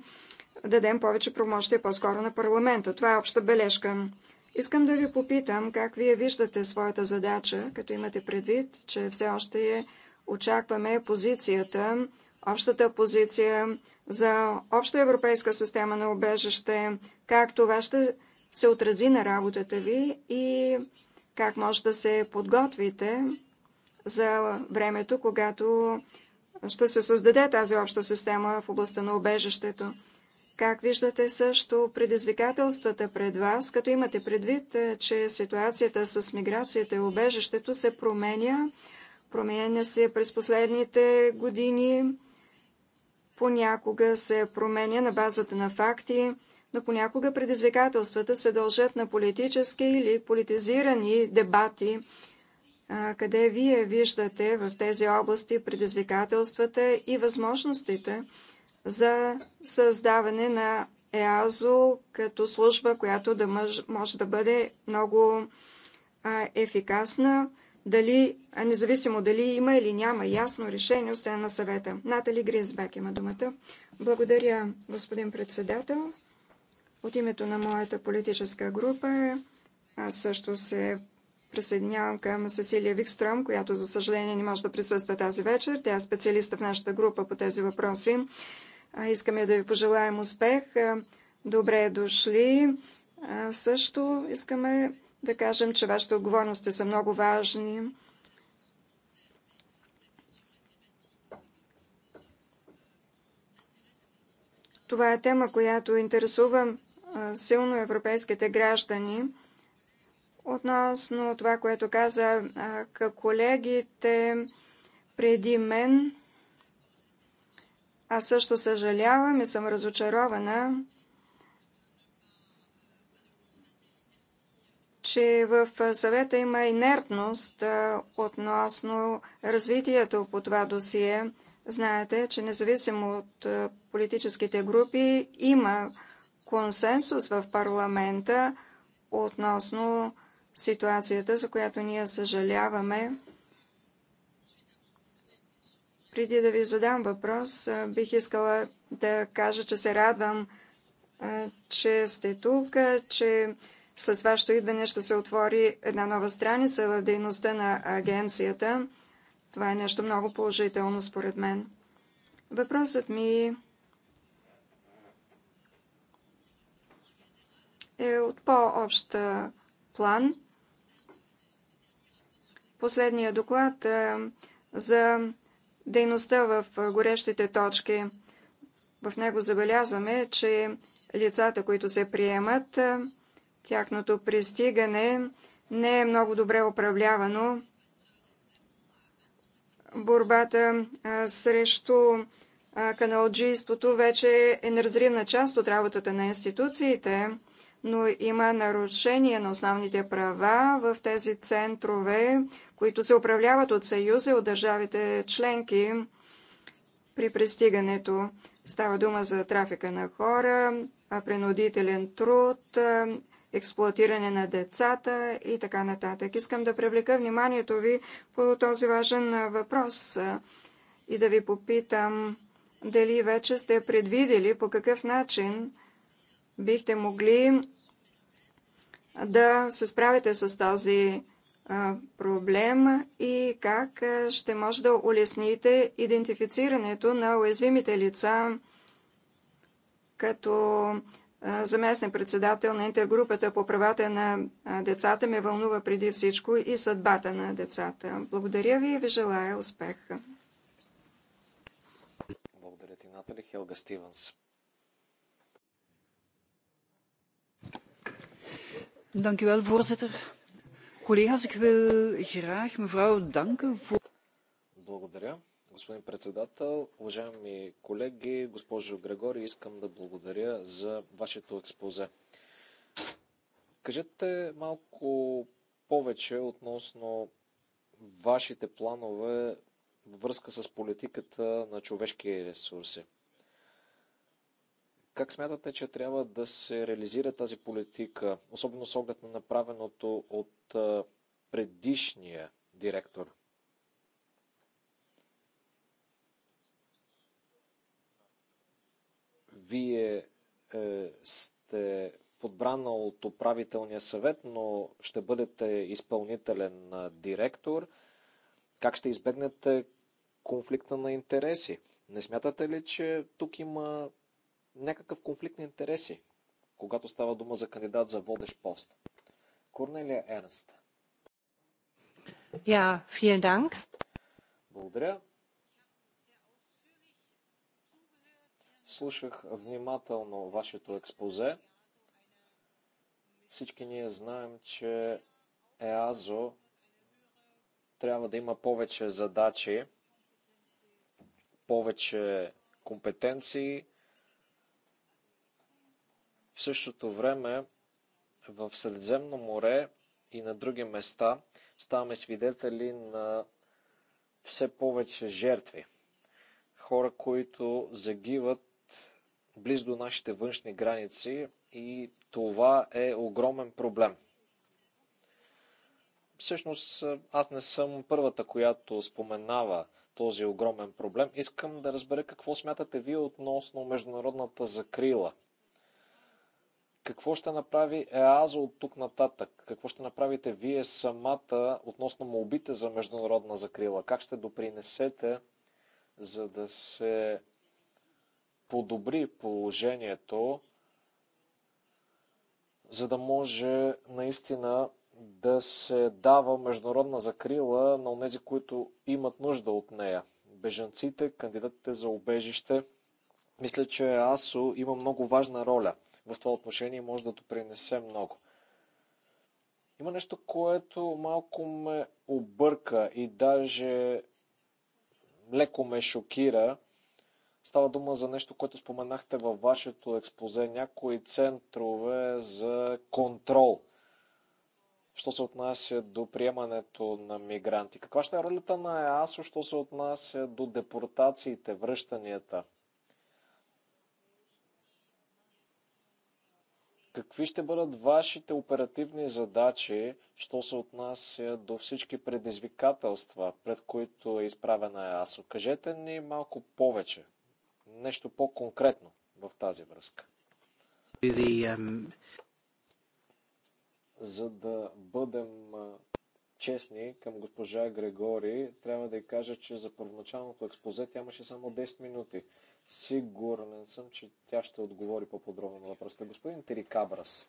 дадем повече промощия по-скоро на парламента. Това е обща бележка. Искам да ви попитам как вие виждате своята задача, като имате предвид, че все още очакваме позицията общата позиция за обща европейска система на обежище, как това ще се отрази на работата ви и как може да се подготвите за времето, когато ще се създаде тази обща система в областта на обежището. Как виждате също предизвикателствата пред вас, като имате предвид, е, че ситуацията с миграцията и обежището се променя, променя се през последните години, понякога се променя на базата на факти, но понякога предизвикателствата се дължат на политически или политизирани дебати. Къде вие виждате в тези области предизвикателствата и възможностите за създаване на ЕАЗО като служба, която да може да бъде много ефикасна, дали, независимо дали има или няма ясно решение от на съвета. Натали Гризбек има думата. Благодаря, господин председател. От името на моята политическа група аз също се присъединявам към Сесилия Викстром, която за съжаление не може да присъства тази вечер. Тя е специалиста в нашата група по тези въпроси. Искаме да ви пожелаем успех. Добре дошли. Също искаме да кажем, че вашите отговорности са много важни. Това е тема, която интересува силно европейските граждани. Относно това, което каза колегите преди мен, аз също съжалявам и съм разочарована, че в съвета има инертност относно развитието по това досие. Знаете, че независимо от политическите групи има консенсус в парламента относно ситуацията, за която ние съжаляваме. Преди да ви задам въпрос, бих искала да кажа, че се радвам, че сте тук, че с вашето идване ще се отвори една нова страница в дейността на агенцията. Това е нещо много положително според мен. Въпросът ми е от по-общ план. Последния доклад за дейността в горещите точки. В него забелязваме, че лицата, които се приемат, Тяхното пристигане не е много добре управлявано. Борбата срещу каналджийството вече е неразривна част от работата на институциите, но има нарушение на основните права в тези центрове, които се управляват от Съюза и от държавите членки при пристигането. Става дума за трафика на хора, принудителен труд експлуатиране на децата и така нататък. Искам да привлека вниманието ви по този важен въпрос и да ви попитам дали вече сте предвидели по какъв начин бихте могли да се справите с този проблем и как ще може да улесните идентифицирането на уязвимите лица, като заместник председател на интергрупата по правата на децата, ме вълнува преди всичко и съдбата на децата. Благодаря ви и ви желая успех. Благодаря ти, Натали Хелга Стивенс. Dank u wel, voorzitter. Collega's, ik wil graag mevrouw danken voor. Благодаря господин председател. Уважаеми колеги, госпожо Грегори, искам да благодаря за вашето експозе. Кажете малко повече относно вашите планове във връзка с политиката на човешки ресурси. Как смятате, че трябва да се реализира тази политика, особено с оглед на направеното от предишния директор? Вие е, сте подбрана от управителния съвет, но ще бъдете изпълнителен директор. Как ще избегнете конфликта на интереси? Не смятате ли, че тук има някакъв конфликт на интереси, когато става дума за кандидат за водещ пост? Корнелия Ернст. Ja, yeah, vielen Благодаря. Слушах внимателно вашето експозе. Всички ние знаем, че ЕАЗО трябва да има повече задачи, повече компетенции. В същото време в Средземно море и на други места ставаме свидетели на все повече жертви. Хора, които загиват близо до нашите външни граници и това е огромен проблем. Всъщност, аз не съм първата, която споменава този огромен проблем. Искам да разбера какво смятате вие относно международната закрила. Какво ще направи ЕАЗО от тук нататък? Какво ще направите вие самата относно молбите за международна закрила? Как ще допринесете, за да се подобри положението, за да може наистина да се дава международна закрила на тези, които имат нужда от нея. Бежанците, кандидатите за обежище. Мисля, че АСО има много важна роля в това отношение и може да допринесе много. Има нещо, което малко ме обърка и даже леко ме шокира – Става дума за нещо, което споменахте във вашето експозе, някои центрове за контрол, що се отнася до приемането на мигранти. Каква ще е ролята на ЕАСО, що се отнася до депортациите, връщанията? Какви ще бъдат вашите оперативни задачи, що се отнася до всички предизвикателства, пред които е изправена ЕАСО? Кажете ни малко повече нещо по-конкретно в тази връзка. Um, за да бъдем честни към госпожа Грегори, трябва да й кажа, че за първоначалното експозе тя имаше само 10 минути. Сигурен съм, че тя ще отговори по-подробно на въпросите. Господин Терикабрас,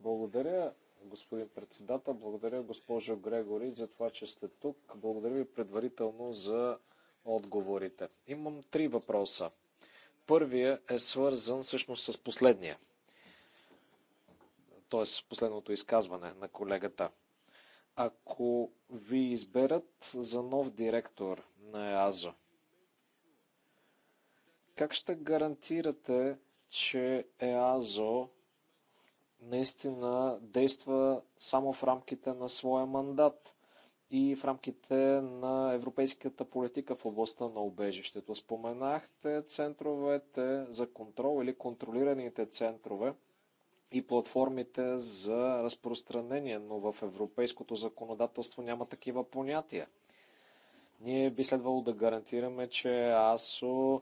благодаря, господин председател, благодаря госпожо Грегори за това, че сте тук. Благодаря ви предварително за отговорите. Имам три въпроса. Първия е свързан всъщност с последния. Т.е. с последното изказване на колегата. Ако ви изберат за нов директор на ЕАЗО, как ще гарантирате, че ЕАЗО наистина действа само в рамките на своя мандат? и в рамките на европейската политика в областта на убежището. Споменахте центровете за контрол или контролираните центрове и платформите за разпространение, но в европейското законодателство няма такива понятия. Ние би следвало да гарантираме, че АСО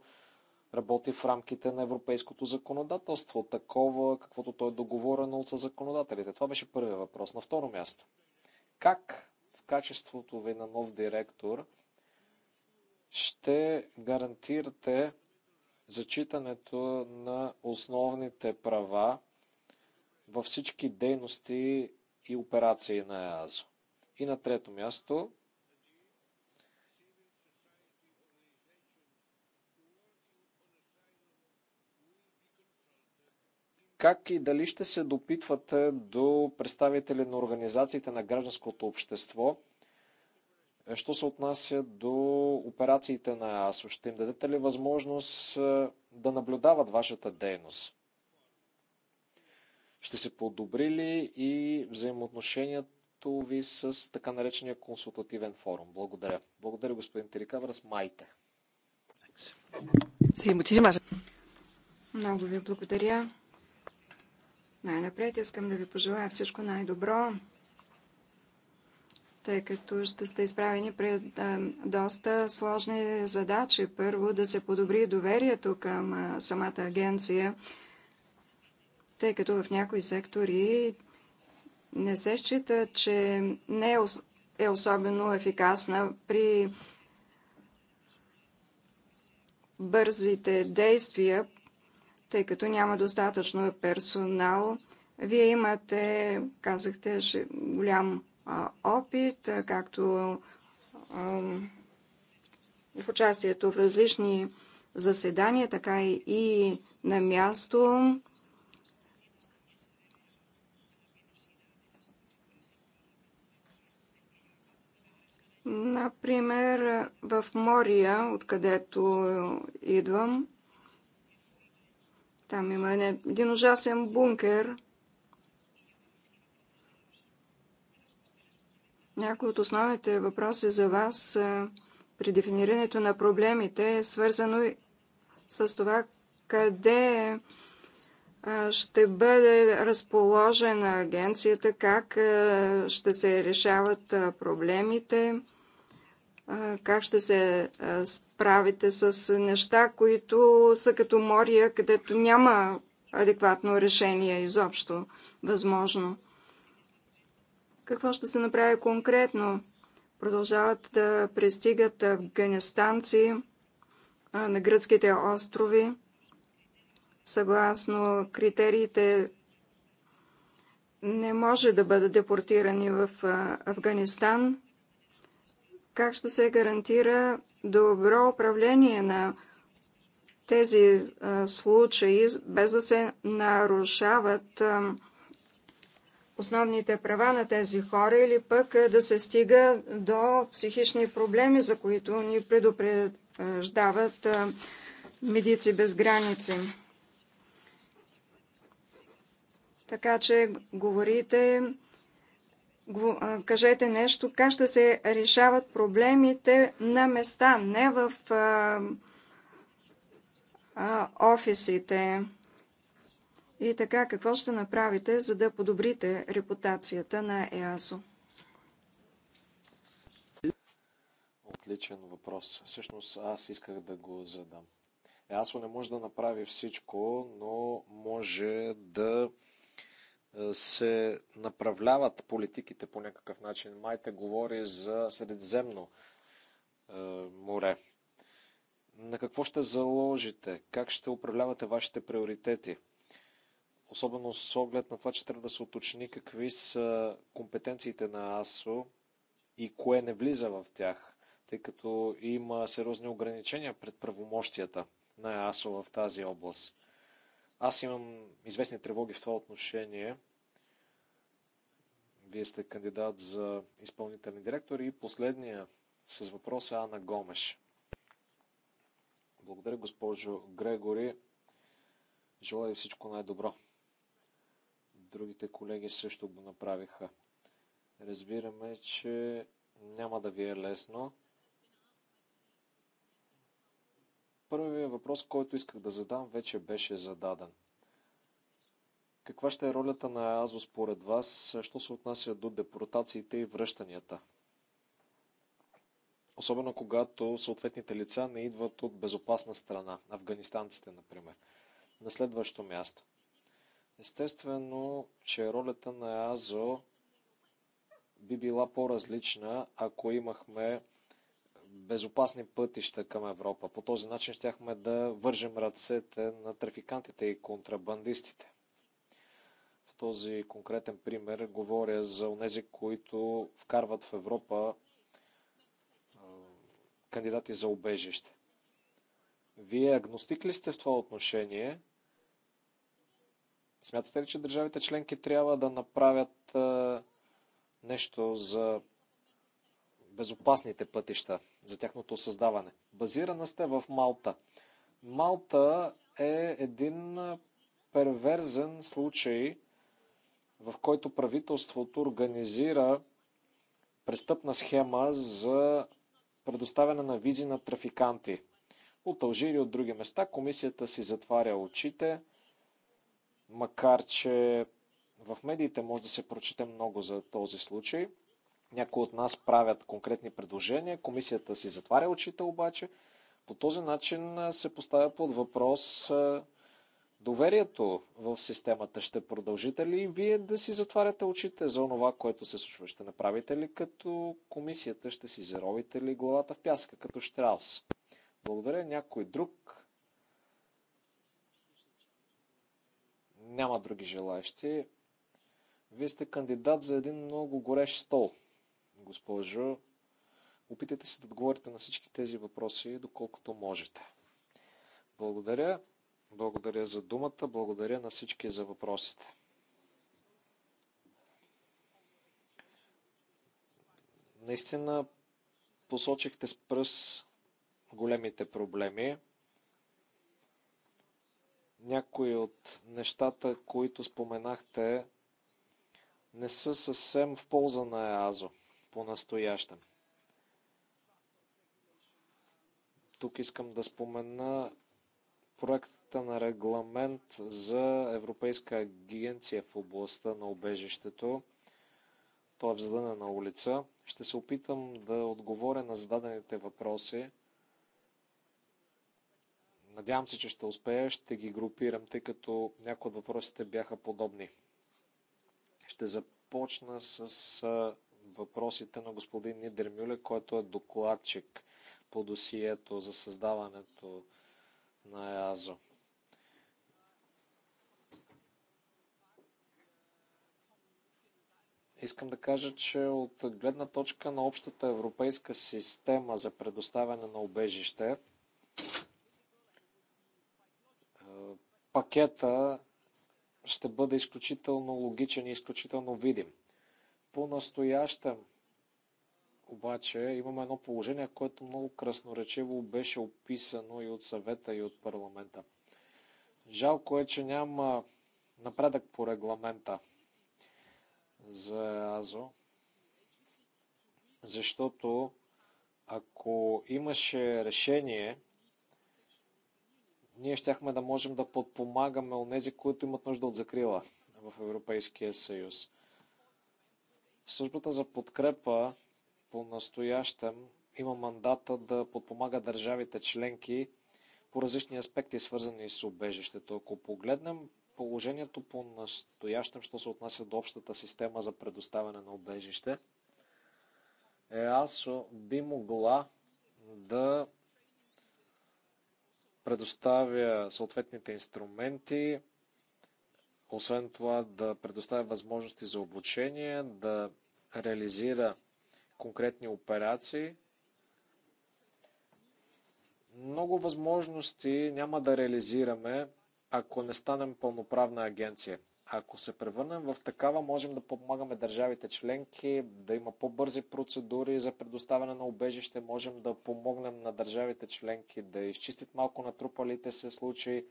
работи в рамките на европейското законодателство, такова каквото то е договорено от законодателите. Това беше първият въпрос. На второ място, как качеството ви на нов директор ще гарантирате зачитането на основните права във всички дейности и операции на ЕАЗО. И на трето място, Как и дали ще се допитвате до представители на организациите на гражданското общество? Е, що се отнася до операциите на АСО? Ще им дадете ли възможност е, да наблюдават вашата дейност? Ще се подобри ли и взаимоотношението ви с така наречения консултативен форум? Благодаря. Благодаря, господин Терикаврас. Майте. Много ви благодаря. Най-напред искам да ви пожелая всичко най-добро, тъй като ще сте изправени пред доста сложни задачи. Първо да се подобри доверието към самата агенция, тъй като в някои сектори не се счита, че не е, е особено ефикасна при бързите действия тъй като няма достатъчно персонал. Вие имате, казахте, голям опит, както в участието в различни заседания, така и на място. Например, в Мория, откъдето идвам, там има един ужасен бункер. Някои от основните въпроси за вас при дефинирането на проблемите е свързано с това къде ще бъде разположена агенцията, как ще се решават проблемите, как ще се справите с неща, които са като мория, където няма адекватно решение изобщо възможно. Какво ще се направи конкретно? Продължават да пристигат афганистанци на гръцките острови, съгласно критериите не може да бъдат депортирани в Афганистан как ще се гарантира добро управление на тези а, случаи, без да се нарушават а, основните права на тези хора или пък а, да се стига до психични проблеми, за които ни предупреждават медици без граници. Така че говорите кажете нещо, как ще се решават проблемите на места, не в а, а, офисите. И така, какво ще направите, за да подобрите репутацията на ЕАСо? Отличен въпрос. Всъщност аз исках да го задам. ЕАСО не може да направи всичко, но може да е, се направляват политиките по някакъв начин. Майте говори за Средиземно е, море. На какво ще заложите? Как ще управлявате вашите приоритети? Особено с оглед на това, че трябва да се уточни какви са компетенциите на АСО и кое не влиза в тях, тъй като има сериозни ограничения пред правомощията на АСО в тази област. Аз имам известни тревоги в това отношение. Вие сте кандидат за изпълнителен директор и последния с въпроса Ана Гомеш. Благодаря, госпожо Грегори. Желая всичко най-добро. Другите колеги също го направиха. Разбираме, че няма да ви е лесно. Първият въпрос, който исках да задам, вече беше зададен. Каква ще е ролята на АЗО според вас, що се отнася до депортациите и връщанията? Особено когато съответните лица не идват от безопасна страна, афганистанците, например. На следващо място. Естествено, че ролята на АЗО би била по-различна, ако имахме безопасни пътища към Европа. По този начин щяхме да вържем ръцете на трафикантите и контрабандистите. В този конкретен пример говоря за онези, които вкарват в Европа кандидати за убежище. Вие агностик ли сте в това отношение? Смятате ли, че държавите членки трябва да направят нещо за безопасните пътища, за тяхното създаване. Базирана сте в Малта. Малта е един перверзен случай, в който правителството организира престъпна схема за предоставяне на визи на трафиканти. От Алжири от други места комисията си затваря очите, макар че в медиите може да се прочете много за този случай. Някои от нас правят конкретни предложения, комисията си затваря очите обаче. По този начин се поставя под въпрос доверието в системата. Ще продължите ли вие да си затваряте очите за това, което се случва? Ще направите ли като комисията? Ще си заровите ли главата в пяска, като Штраус? Благодаря. Някой друг? Няма други желаящи. Вие сте кандидат за един много горещ стол госпожо. Опитайте се да отговорите на всички тези въпроси, доколкото можете. Благодаря. Благодаря за думата. Благодаря на всички за въпросите. Наистина посочихте с пръст големите проблеми. Някои от нещата, които споменахте, не са съвсем в полза на ЕАЗО понастоящем. Тук искам да спомена проекта на регламент за Европейска агенция в областта на обежището. Той е в на улица. Ще се опитам да отговоря на зададените въпроси. Надявам се, че ще успея. Ще ги групирам, тъй като някои от въпросите бяха подобни. Ще започна с въпросите на господин Нидер Мюле, който е докладчик по досието за създаването на ЕАЗО. Искам да кажа, че от гледна точка на общата европейска система за предоставяне на убежище, е, пакета ще бъде изключително логичен и изключително видим. По-настоящем обаче имаме едно положение, което много красноречиво беше описано и от съвета, и от парламента. Жалко е, че няма напредък по регламента за АЗО, защото ако имаше решение, ние щяхме да можем да подпомагаме тези, които имат нужда от закрила в Европейския съюз. Службата за подкрепа понастоящем има мандата да подпомага държавите членки по различни аспекти, свързани с убежището. Ако погледнем положението по настоящем, що се отнася до общата система за предоставяне на убежище, ЕАСО би могла да предоставя съответните инструменти, освен това да предоставя възможности за обучение, да реализира конкретни операции. Много възможности няма да реализираме, ако не станем пълноправна агенция. Ако се превърнем в такава, можем да помагаме държавите членки, да има по-бързи процедури за предоставяне на убежище, можем да помогнем на държавите членки да изчистят малко натрупалите се случаи,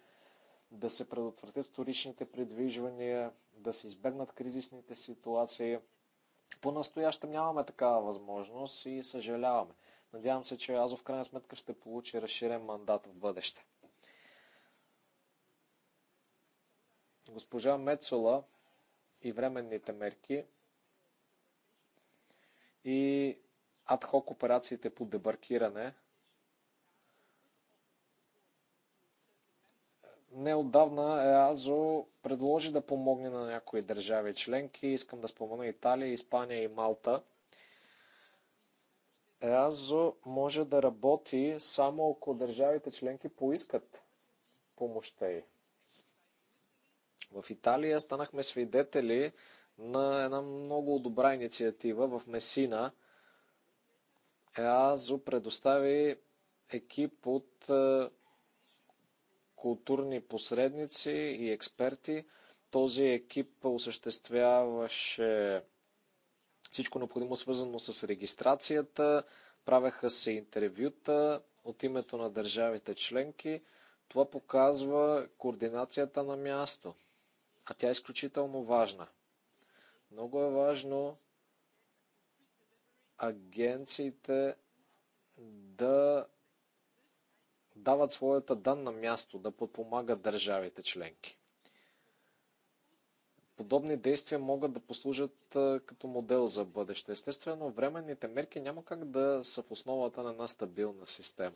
да се предотвратят вторичните придвижвания, да се избегнат кризисните ситуации. По-настоящем нямаме такава възможност и съжаляваме. Надявам се, че Азов в крайна сметка ще получи разширен мандат в бъдеще. Госпожа Мецола и временните мерки и адхок операциите по дебаркиране – Неотдавна ЕАЗО предложи да помогне на някои държави членки. Искам да спомена Италия, Испания и Малта. ЕАЗО може да работи само ако държавите членки поискат помощта й. В Италия станахме свидетели на една много добра инициатива в Месина. ЕАЗО предостави екип от е, културни посредници и експерти. Този екип осъществяваше всичко необходимо свързано с регистрацията, правеха се интервюта от името на държавите членки. Това показва координацията на място, а тя е изключително важна. Много е важно агенциите да дават своята данна място да подпомагат държавите членки. Подобни действия могат да послужат като модел за бъдеще. Естествено, временните мерки няма как да са в основата на една стабилна система.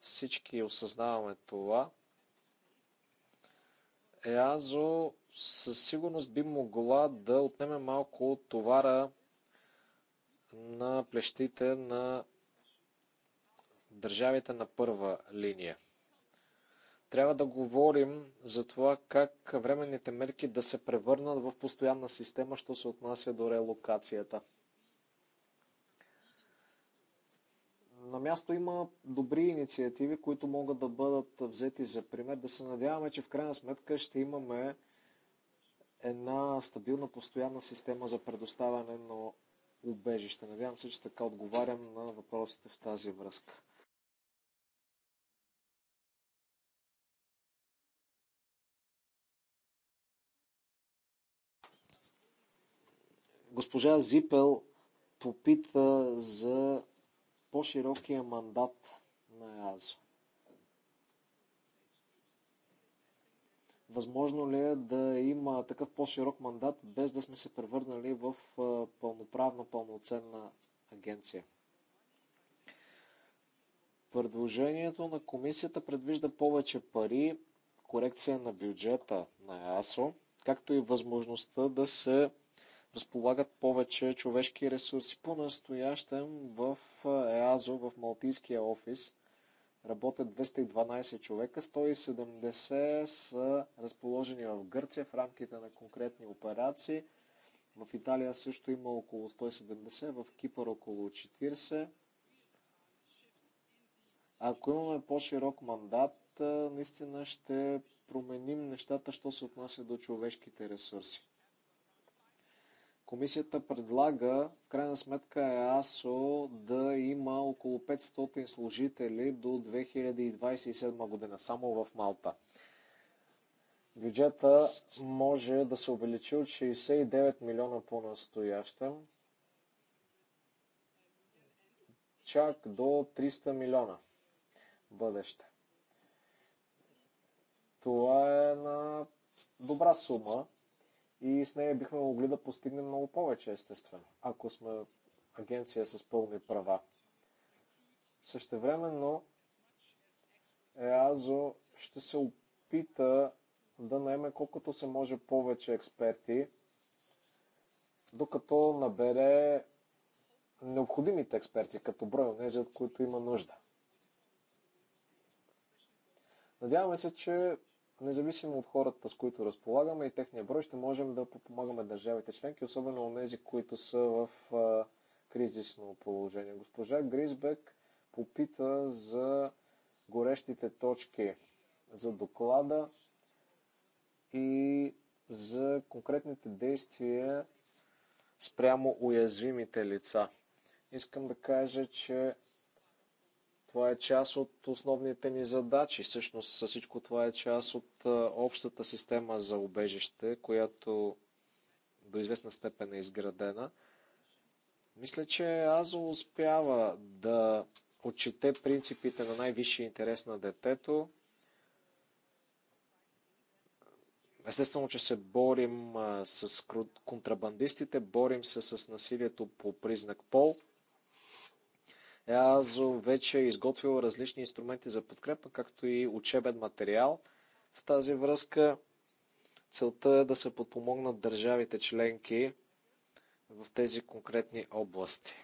Всички осъзнаваме това. ЕАЗО със сигурност би могла да отнеме малко от товара на плещите на държавите на първа линия. Трябва да говорим за това как временните мерки да се превърнат в постоянна система, що се отнася до релокацията. на място има добри инициативи, които могат да бъдат взети за пример. Да се надяваме, че в крайна сметка ще имаме една стабилна, постоянна система за предоставяне на убежище. Надявам се, че така отговарям на въпросите в тази връзка. Госпожа Зипел попита за по-широкия мандат на ЕАЗО. Възможно ли е да има такъв по-широк мандат, без да сме се превърнали в пълноправна, пълноценна агенция? Предложението на комисията предвижда повече пари, корекция на бюджета на ЕАСО, както и възможността да се разполагат повече човешки ресурси. По-настоящем в ЕАЗО, в Малтийския офис, работят 212 човека, 170 са разположени в Гърция в рамките на конкретни операции. В Италия също има около 170, в Кипър около 40. Ако имаме по-широк мандат, наистина ще променим нещата, що се отнася до човешките ресурси. Комисията предлага, в крайна сметка, ЕАСО да има около 500 служители до 2027 година, само в Малта. Бюджета може да се увеличи от 69 милиона по-настоящем, чак до 300 милиона бъдеще. Това е една добра сума и с нея бихме могли да постигнем много повече, естествено, ако сме агенция с пълни права. Същевременно ЕАЗО ще се опита да наеме колкото се може повече експерти, докато набере необходимите експерти, като брой от тези, от които има нужда. Надяваме се, че независимо от хората, с които разполагаме и техния брой, ще можем да подпомагаме държавите членки, особено от тези, които са в а, кризисно положение. Госпожа Гризбек попита за горещите точки, за доклада и за конкретните действия спрямо уязвимите лица. Искам да кажа, че това е част от основните ни задачи. Всъщност всичко това е част от общата система за убежище, която до известна степен е изградена. Мисля, че Азо успява да отчете принципите на най-висшия интерес на детето. Естествено, че се борим с контрабандистите, борим се с насилието по признак пол – ЕАЗО вече е изготвил различни инструменти за подкрепа, както и учебен материал. В тази връзка целта е да се подпомогнат държавите членки в тези конкретни области.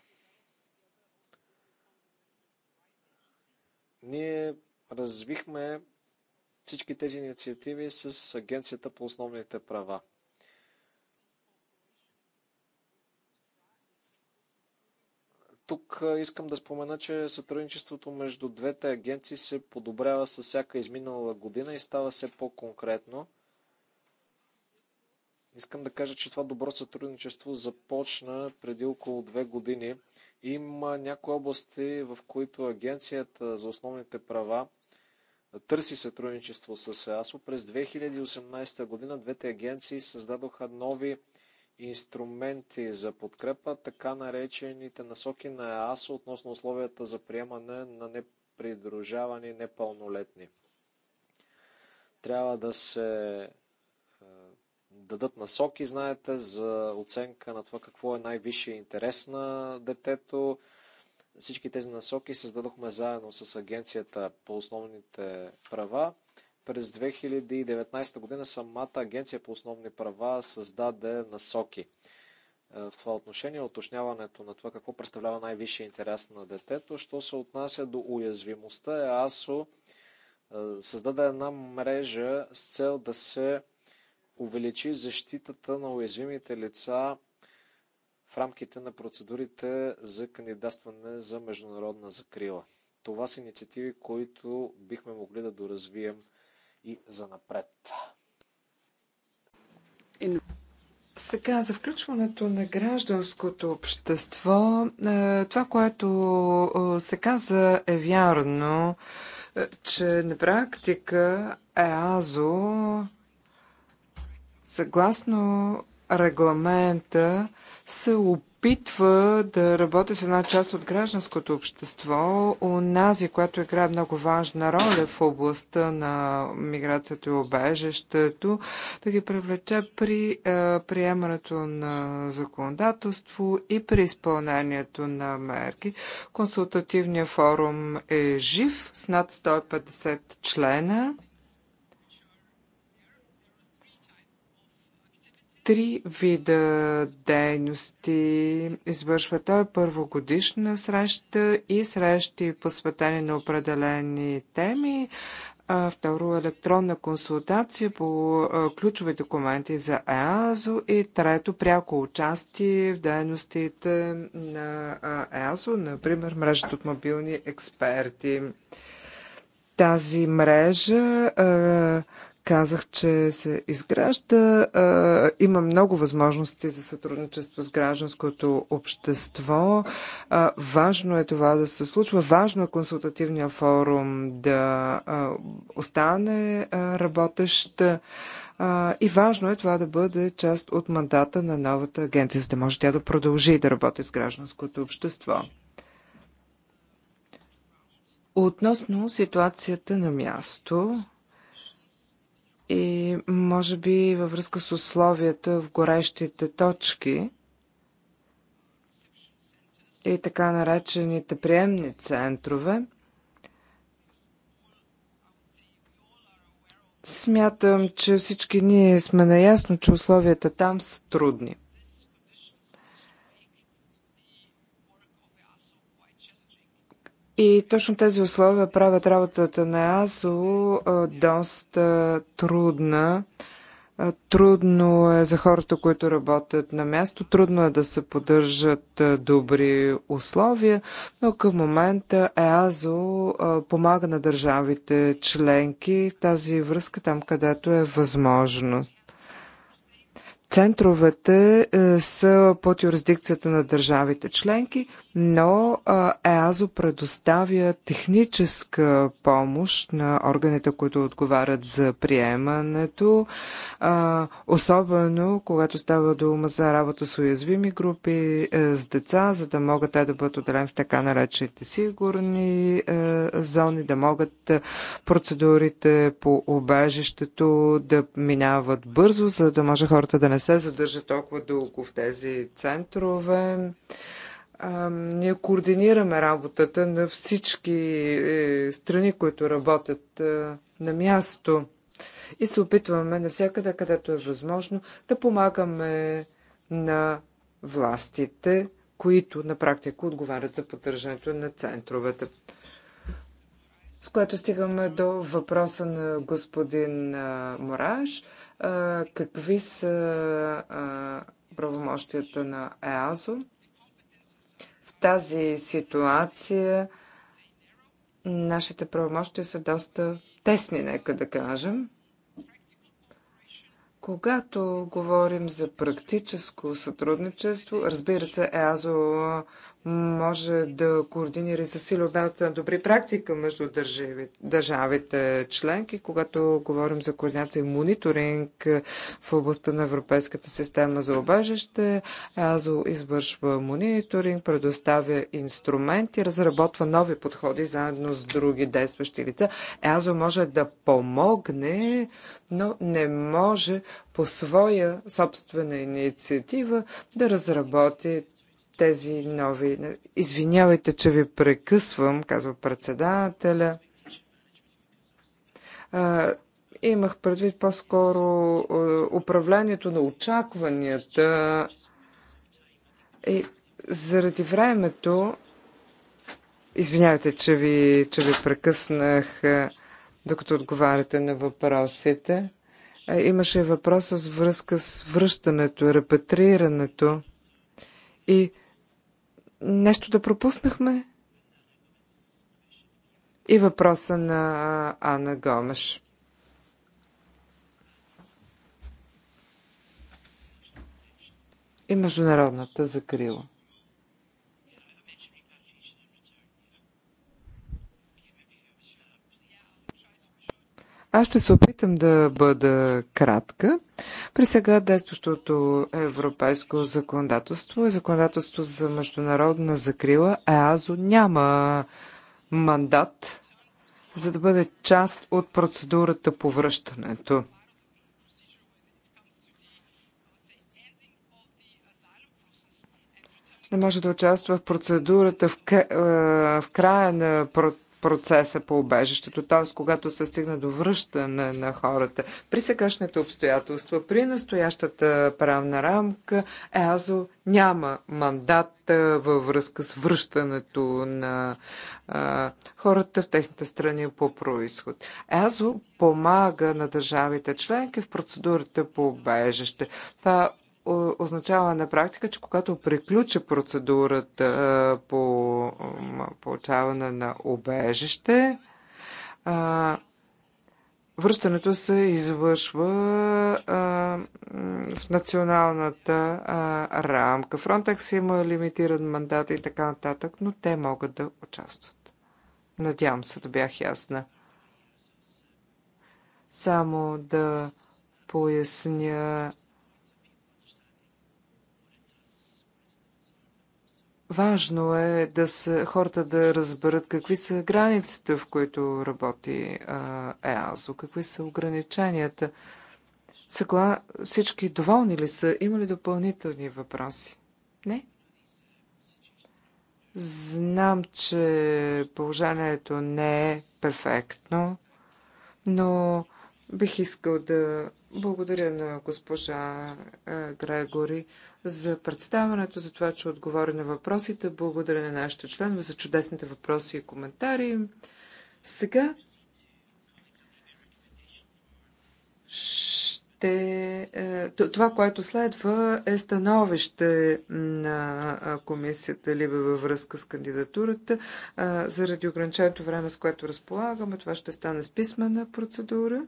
Ние развихме всички тези инициативи с Агенцията по основните права. Тук искам да спомена, че сътрудничеството между двете агенции се подобрява с всяка изминала година и става все по-конкретно. Искам да кажа, че това добро сътрудничество започна преди около две години. Има някои области, в които Агенцията за основните права търси сътрудничество с ЕАСО. През 2018 година двете агенции създадоха нови инструменти за подкрепа, така наречените насоки на ЕАСО относно условията за приемане на непридружавани непълнолетни. Трябва да се е, дадат насоки, знаете, за оценка на това какво е най-висшия интерес на детето. Всички тези насоки създадохме заедно с Агенцията по основните права. През 2019 година самата Агенция по основни права създаде насоки. Е, в това отношение уточняването на това какво представлява най висшия интерес на детето, що се отнася до уязвимостта, е АСО е, създаде една мрежа с цел да се увеличи защитата на уязвимите лица в рамките на процедурите за кандидатстване за международна закрила. Това са инициативи, които бихме могли да доразвием и напред. Сега за включването на гражданското общество, е, това, което е, се каза е вярно, е, че на практика ЕАЗО съгласно регламента се опитва опитва да работи с една част от гражданското общество, унази, която играе много важна роля в областта на миграцията и обежището, да ги привлече при е, приемането на законодателство и при изпълнението на мерки. Консултативният форум е жив с над 150 члена три вида дейности извършва. Той първогодишна среща и срещи посветени на определени теми. Второ, електронна консултация по ключови документи за ЕАЗО. И трето, пряко участие в дейностите на ЕАЗО, например, мрежата от мобилни експерти. Тази мрежа Казах, че се изгражда. Има много възможности за сътрудничество с гражданското общество. Важно е това да се случва. Важно е консултативния форум да остане работещ. И важно е това да бъде част от мандата на новата агенция, за да може тя да продължи да работи с гражданското общество. Относно ситуацията на място, и може би във връзка с условията в горещите точки и така наречените приемни центрове. Смятам, че всички ние сме наясно, че условията там са трудни. И точно тези условия правят работата на Азо доста трудна. Трудно е за хората, които работят на място, трудно е да се поддържат добри условия, но към момента ЕАЗО помага на държавите членки в тази връзка там, където е възможност. Центровете е, са под юрисдикцията на държавите членки но ЕАЗО предоставя техническа помощ на органите, които отговарят за приемането, особено когато става дума за работа с уязвими групи, е, с деца, за да могат те да бъдат отделени в така наречените сигурни е, зони, да могат е, процедурите по обежището да минават бързо, за да може хората да не се задържат толкова дълго в тези центрове а, ние координираме работата на всички е, страни, които работят е, на място и се опитваме навсякъде, където е възможно, да помагаме на властите, които на практика отговарят за поддържането на центровете. С което стигаме до въпроса на господин Мораж. Какви са правомощията на ЕАЗО? тази ситуация нашите правомощи са доста тесни, нека да кажем. Когато говорим за практическо сътрудничество, разбира се, ЕАЗО може да координира и засили обмяната на добри практика между държавите членки, когато говорим за координация и мониторинг в областта на Европейската система за обежище. АЗО извършва мониторинг, предоставя инструменти, разработва нови подходи заедно с други действащи лица. ЕАЗО може да помогне, но не може по своя собствена инициатива да разработи тези нови... Извинявайте, че ви прекъсвам, казва председателя. А, имах предвид по-скоро управлението на очакванията и заради времето Извинявайте, че ви, че ви прекъснах, докато отговаряте на въпросите. Имаше въпрос с връзка с връщането, репатрирането и Нещо да пропуснахме? И въпроса на Ана Гомеш. И международната закрила. Аз ще се опитам да бъда кратка. При сега действащото европейско законодателство и законодателство за международна закрила ЕАЗО няма мандат за да бъде част от процедурата по връщането. Не може да участва в процедурата в, в края на процедурата процеса по убежището, т.е. когато се стигне до връщане на хората. При сегашните обстоятелства, при настоящата правна рамка, ЕАЗО няма мандат във връзка с връщането на а, хората в техните страни по происход. ЕАЗО помага на държавите членки в процедурата по убежище. Това означава на практика, че когато приключи процедурата по получаване на обежище, връщането се извършва в националната рамка. Фронтекс има лимитиран мандат и така нататък, но те могат да участват. Надявам се да бях ясна. Само да поясня Важно е да се, хората да разберат какви са границите, в които работи а, ЕАЗО, какви са ограниченията. Сега Всички доволни ли са? Има ли допълнителни въпроси? Не? Знам, че положението не е перфектно, но бих искал да благодаря на госпожа Грегори за представането, за това, че отговори на въпросите. Благодаря на нашите членове за чудесните въпроси и коментари. Сега ще... Е, това, което следва е становище на е, комисията либо във връзка с кандидатурата. Е, заради ограниченото време, с което разполагаме, това ще стане с писмена процедура.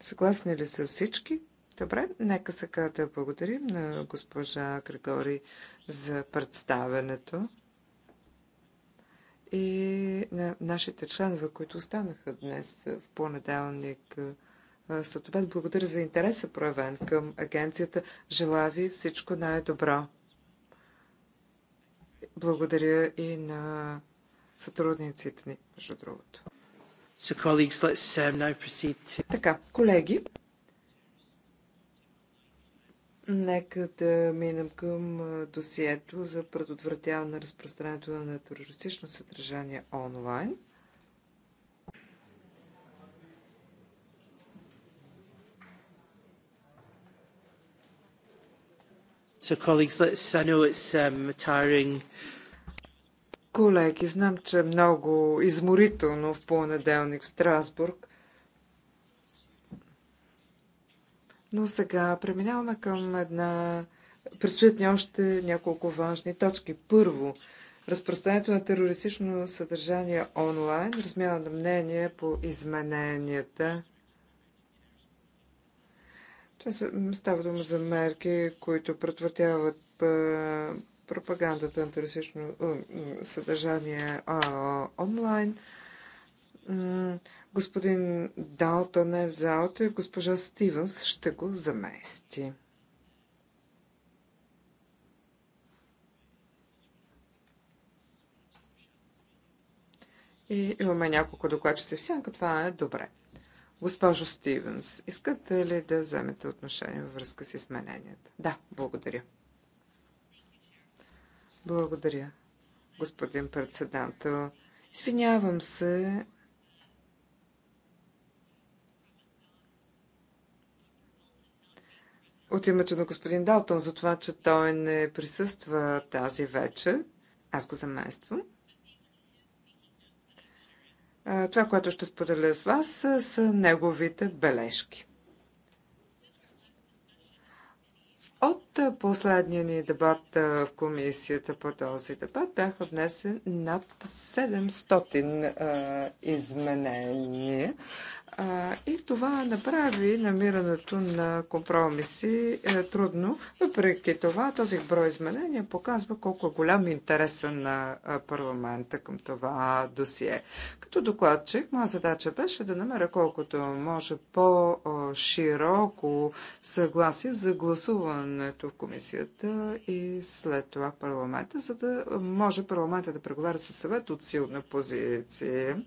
Съгласни ли са всички? Добре, нека сега да благодарим на госпожа Григори за представенето и на нашите членове, които останаха днес в понеделник след обед. Благодаря за интереса проявен към агенцията. Желая ви всичко най-добро. Благодаря и на сътрудниците ни, между другото. So, um, to... Така, колеги, Нека да минем към досието за предотвратяване на разпространението на терористично съдържание онлайн. So, colleagues, let's, I know it's um, tiring. Колеги, знам, че е много изморително в понеделник в Страсбург, Но сега преминаваме към една... Предстоят ни още няколко важни точки. Първо, разпространението на терористично съдържание онлайн, размяна на мнение по измененията. Това става дума за мерки, които претвъртяват пропагандата на терористично съдържание онлайн Господин Далтон е в залата и госпожа Стивенс ще го замести. И имаме няколко докладчици в сянка. Това е добре. Госпожо Стивенс, искате ли да вземете отношение във връзка с измененията? Да, благодаря. Благодаря, господин председател. Извинявам се от името на господин Далтон за това, че той не присъства тази вечер. Аз го замествам. Това, което ще споделя с вас, са неговите бележки. От последния ни дебат в комисията по този дебат бяха внесени над 700 изменения и това направи намирането на компромиси е, трудно. Въпреки това, този брой изменения показва колко е голям интерес на парламента към това досие. Като докладчик, моя задача беше да намеря колкото може по-широко съгласие за гласуването в комисията и след това парламента, за да може парламента да преговаря със съвет от силна позиция.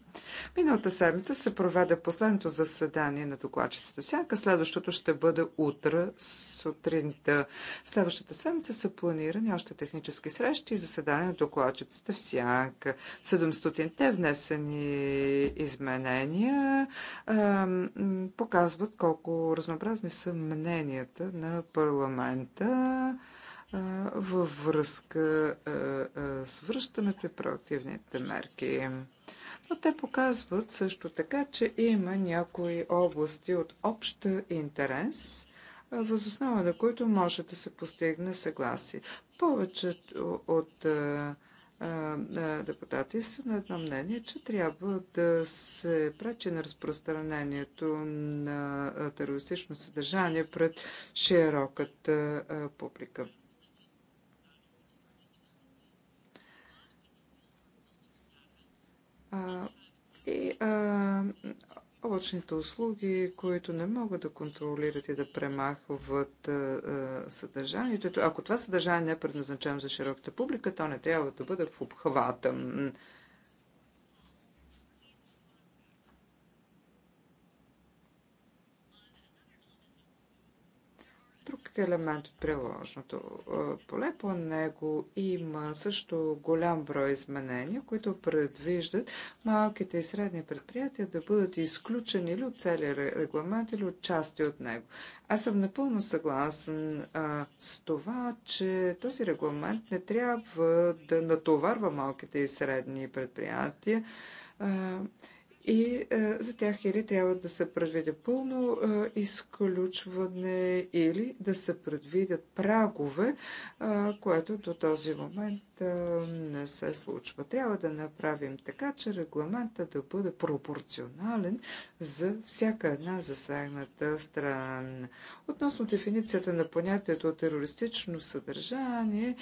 Миналата седмица се проведе последната последното заседание на докладчицата. Всяка следващото ще бъде утре сутринта. Следващата седмица са планирани още технически срещи и заседания на докладчицата всяка. 700-те внесени изменения показват колко разнообразни са мненията на парламента във връзка с връщането и проактивните мерки. Но те показват също така, че има някои области от общ интерес, възоснова на които може да се постигне съгласие. Повечето от депутати са на едно мнение, че трябва да се пречи на разпространението на терористично съдържание пред широката публика. а, и а, облачните услуги, които не могат да контролират и да премахват а, а, съдържанието. Ако това съдържание не е предназначено за широката публика, то не трябва да бъде в обхвата Е елемент от приложното поле. По него има също голям брой изменения, които предвиждат малките и средни предприятия да бъдат изключени или от целия регламент, или от части от него. Аз съм напълно съгласен а, с това, че този регламент не трябва да натоварва малките и средни предприятия. А, и е, за тях или трябва да се предвиде пълно е, изключване или да се предвидят прагове, е, което до този момент не се случва. Трябва да направим така, че регламента да бъде пропорционален за всяка една засегната страна. Относно дефиницията на понятието терористично съдържание,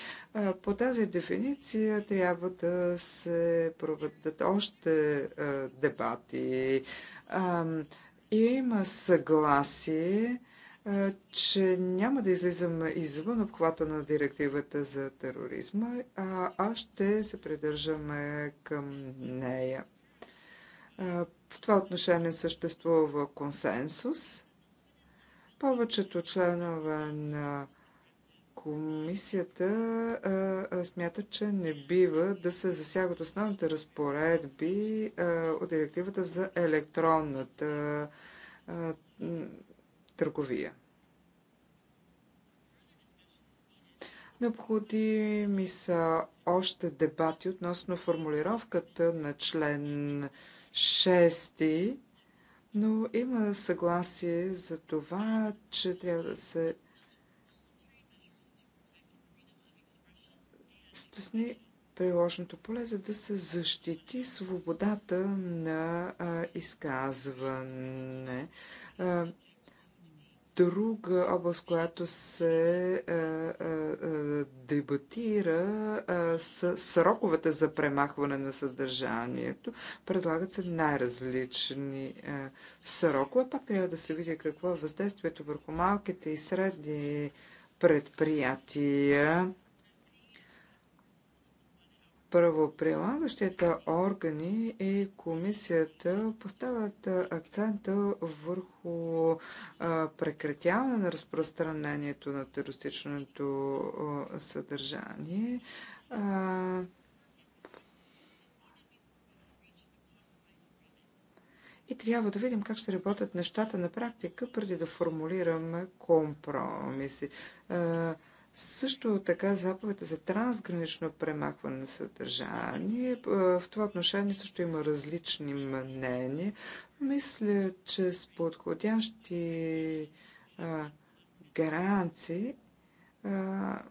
по тази дефиниция трябва да се проведат още дебати. Има съгласие че няма да излизаме извън обхвата на директивата за тероризма, а ще се придържаме към нея. В това отношение съществува консенсус. Повечето членове на комисията смятат, че не бива да се засягат основните разпоредби от директивата за електронната търговия. Необходими са още дебати относно формулировката на член 6, но има съгласие за това, че трябва да се стесни приложното поле, за да се защити свободата на а, изказване. А, Друга област, която се е, е, е, дебатира с сроковете за премахване на съдържанието. Предлагат се най-различни срокове. Пак трябва да се види какво е въздействието върху малките и средни предприятия правоприлагащите органи и комисията поставят акцента върху прекратяване на разпространението на терористичното съдържание. И трябва да видим как ще работят нещата на практика, преди да формулираме компромиси. Също така заповедта за трансгранично премахване на съдържание. В това отношение също има различни мнения. Мисля, че с подходящи гаранции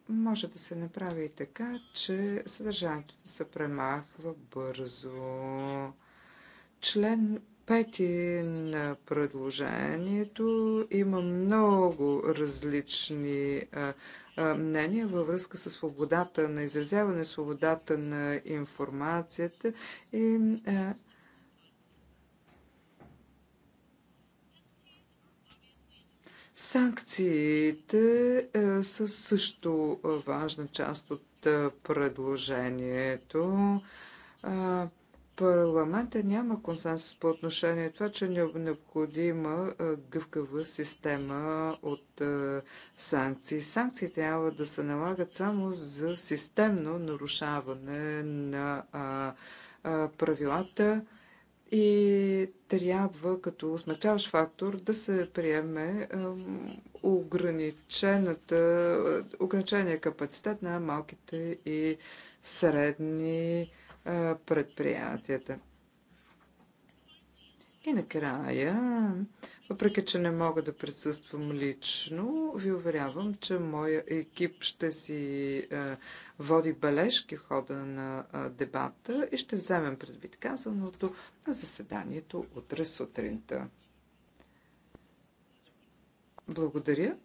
може да се направи и така, че съдържанието да се премахва бързо. Член пети на предложението има много различни а, мнения във връзка с свободата на изразяване, свободата на информацията и Санкциите са също важна част от предложението парламента няма консенсус по отношение това, че е необходима гъвкава система от санкции. Санкции трябва да се налагат само за системно нарушаване на правилата и трябва като смечаващ фактор да се приеме ограничената ограничения капацитет на малките и средни предприятията. И накрая, въпреки че не мога да присъствам лично, ви уверявам, че моя екип ще си води бележки в хода на дебата и ще вземем предвид казаното на заседанието утре сутринта. Благодаря.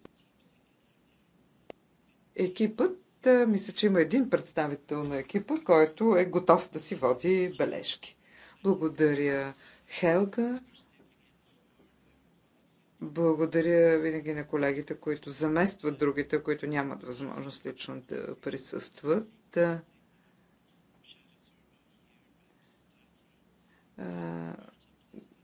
Екипът мисля, че има един представител на екипа, който е готов да си води бележки. Благодаря, Хелга. Благодаря винаги на колегите, които заместват другите, които нямат възможност лично да присъстват.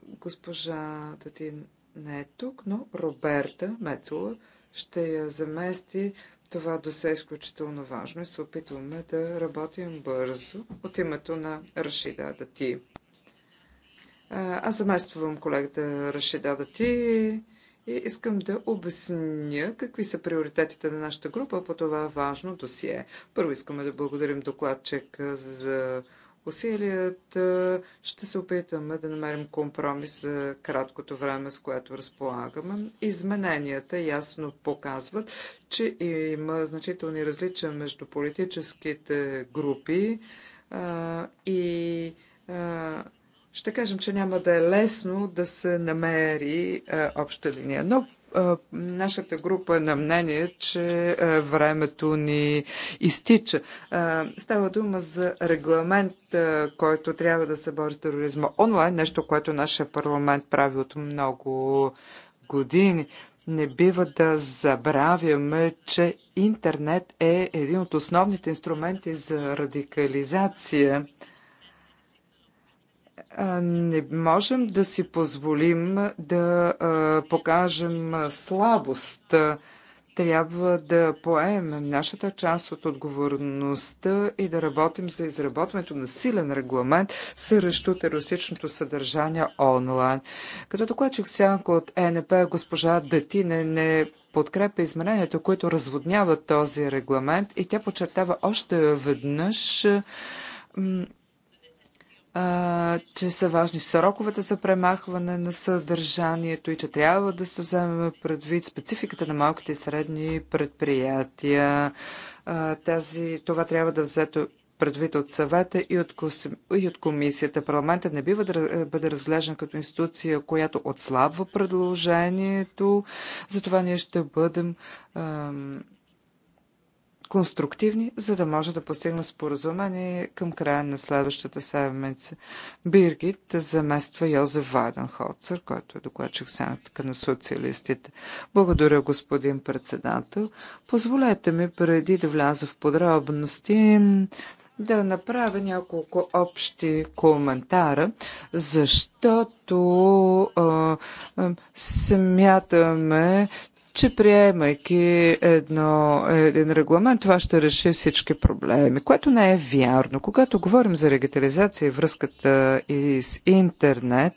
Госпожа Татин не е тук, но Роберта Мецула ще я замести това досе е изключително важно и се опитваме да работим бързо от името на Рашида Дати. Аз замествам колегата Рашида Дати и искам да обясня какви са приоритетите на нашата група по това важно досие. Първо искаме да благодарим докладчик за усилията. Ще се опитаме да намерим компромис за краткото време, с което разполагаме. Измененията ясно показват, че има значителни различия между политическите групи а, и а, ще кажем, че няма да е лесно да се намери а, обща линия. Но Нашата група е на мнение, че времето ни изтича. Става дума за регламент, който трябва да се бори с тероризма онлайн, нещо, което нашия парламент прави от много години. Не бива да забравяме, че интернет е един от основните инструменти за радикализация не можем да си позволим да покажем слабост. Трябва да поемем нашата част от отговорността и да работим за изработването на силен регламент срещу терористичното съдържание онлайн. Като докладчик сянка от ЕНП, госпожа Датина не подкрепя измененията, които разводняват този регламент и тя подчертава още веднъж а, че са важни сроковете за премахване на съдържанието и че трябва да се вземе предвид спецификата на малките и средни предприятия. А, тази, това трябва да е взето предвид от съвета и от, и от комисията. Парламентът не бива да бъде разглеждан като институция, която отслабва предложението. Затова ние ще бъдем конструктивни, за да може да постигне споразумение към края на следващата седмица. Биргит замества Йозеф Вайденхолцер, който е докладчик сянка на социалистите. Благодаря, господин председател. Позволете ми, преди да вляза в подробности, да направя няколко общи коментара, защото а, а, смятаме, че приемайки едно, един регламент, това ще реши всички проблеми, което не е вярно. Когато говорим за регитализация и връзката и с интернет,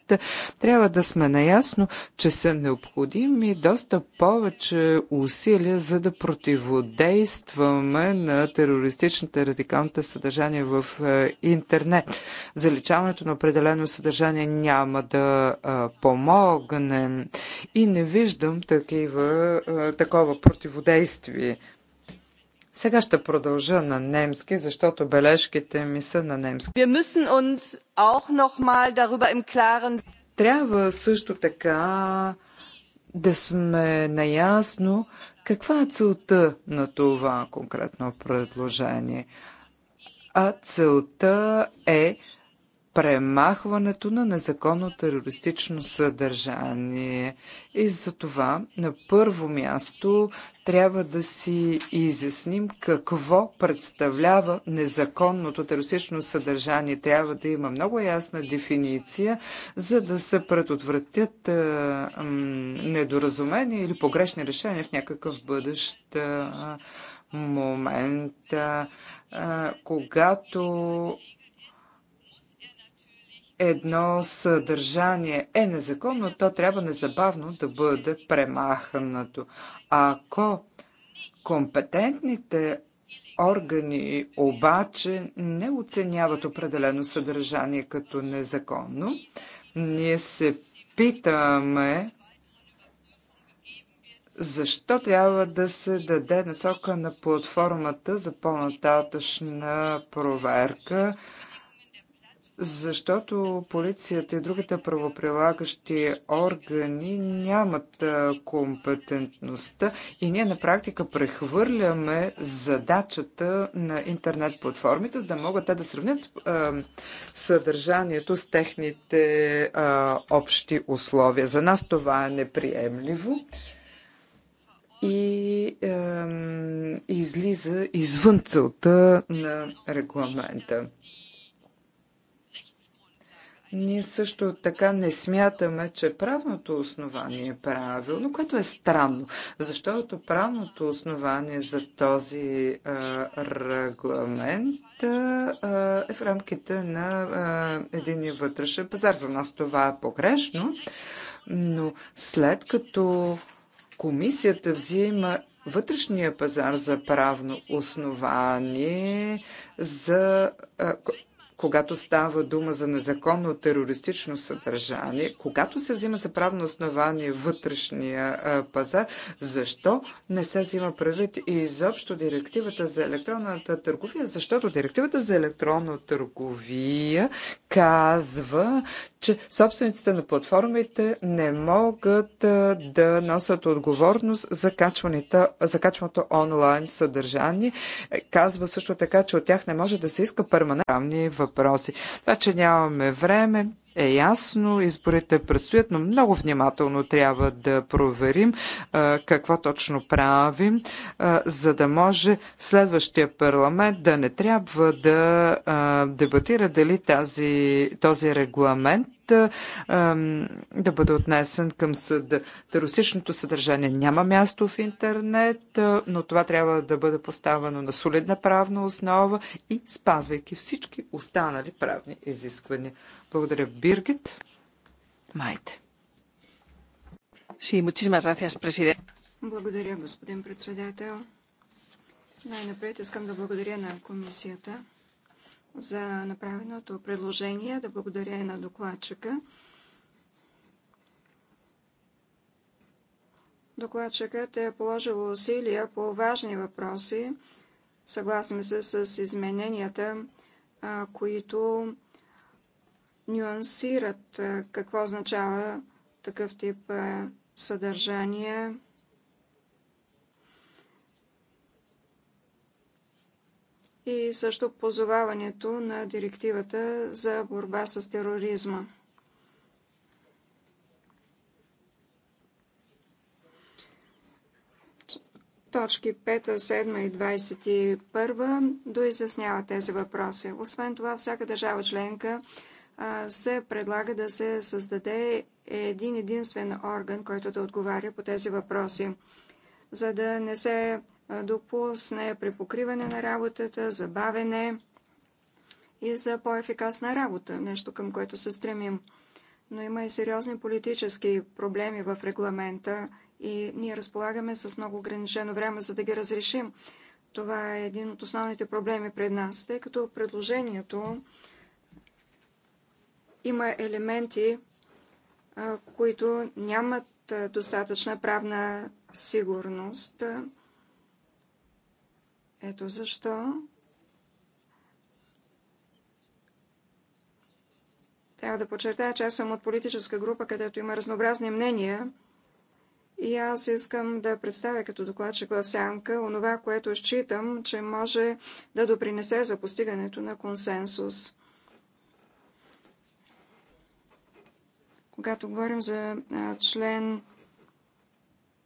трябва да сме наясно, че са необходими доста повече усилия, за да противодействаме на терористичните радикалните съдържания в е, интернет. Заличаването на определено съдържание няма да помогне и не виждам такива такова противодействие. Сега ще продължа на немски, защото бележките ми са на немски. Klaren... Трябва също така да сме наясно каква е целта на това конкретно предложение. А целта е премахването на незаконно терористично съдържание. И за това на първо място трябва да си изясним какво представлява незаконното терористично съдържание. Трябва да има много ясна дефиниция, за да се предотвратят а, м, недоразумения или погрешни решения в някакъв бъдещ а, момент, а, когато едно съдържание е незаконно, то трябва незабавно да бъде премахнато. Ако компетентните органи обаче не оценяват определено съдържание като незаконно, ние се питаме защо трябва да се даде насока на платформата за по-нататъчна проверка защото полицията и другите правоприлагащи органи нямат компетентността и ние на практика прехвърляме задачата на интернет платформите, за да могат те да сравнят съдържанието с техните общи условия. За нас това е неприемливо и е, излиза извън целта на регламента. Ние също така не смятаме, че правното основание е правилно, което е странно, защото правното основание за този а, регламент а, е в рамките на един вътрешен пазар. За нас това е погрешно, но след като комисията взима вътрешния пазар за правно основание, за когато става дума за незаконно терористично съдържание, когато се взима за правно основание вътрешния пазар, защо не се взима предвид и изобщо директивата за електронната търговия? Защото директивата за електронна търговия казва, че собствениците на платформите не могат да носят отговорност за, за качваното онлайн съдържание. Казва също така, че от тях не може да се иска перманентни въпроси въпроси. Това, че нямаме време, е ясно, изборите предстоят, но много внимателно трябва да проверим а, какво точно правим, а, за да може следващия парламент да не трябва да а, дебатира дали тази, този регламент да бъде отнесен към съда. Терористичното съдържание няма място в интернет, но това трябва да бъде поставено на солидна правна основа и спазвайки всички останали правни изисквания. Благодаря, Биргит. Майте. Sí, muchísimas gracias, presidente. Благодаря, господин председател. Най-напред искам да благодаря на комисията за направеното предложение, да благодаря на докладчика. Докладчикът е положил усилия по важни въпроси. Съгласни се с измененията, които нюансират какво означава такъв тип съдържание – и също позоваването на директивата за борба с тероризма. Точки 5, 7 и 21 доизяснява тези въпроси. Освен това, всяка държава членка се предлага да се създаде един единствен орган, който да отговаря по тези въпроси за да не се допусне покриване на работата, забавене и за по-ефикасна работа, нещо към което се стремим. Но има и сериозни политически проблеми в регламента и ние разполагаме с много ограничено време, за да ги разрешим. Това е един от основните проблеми пред нас, тъй като предложението има елементи, които нямат е, достатъчна правна сигурност. Ето защо трябва да подчертая, че аз съм от политическа група, където има разнообразни мнения и аз искам да представя като докладчик в сянка онова, което считам, че може да допринесе за постигането на консенсус. Когато говорим за член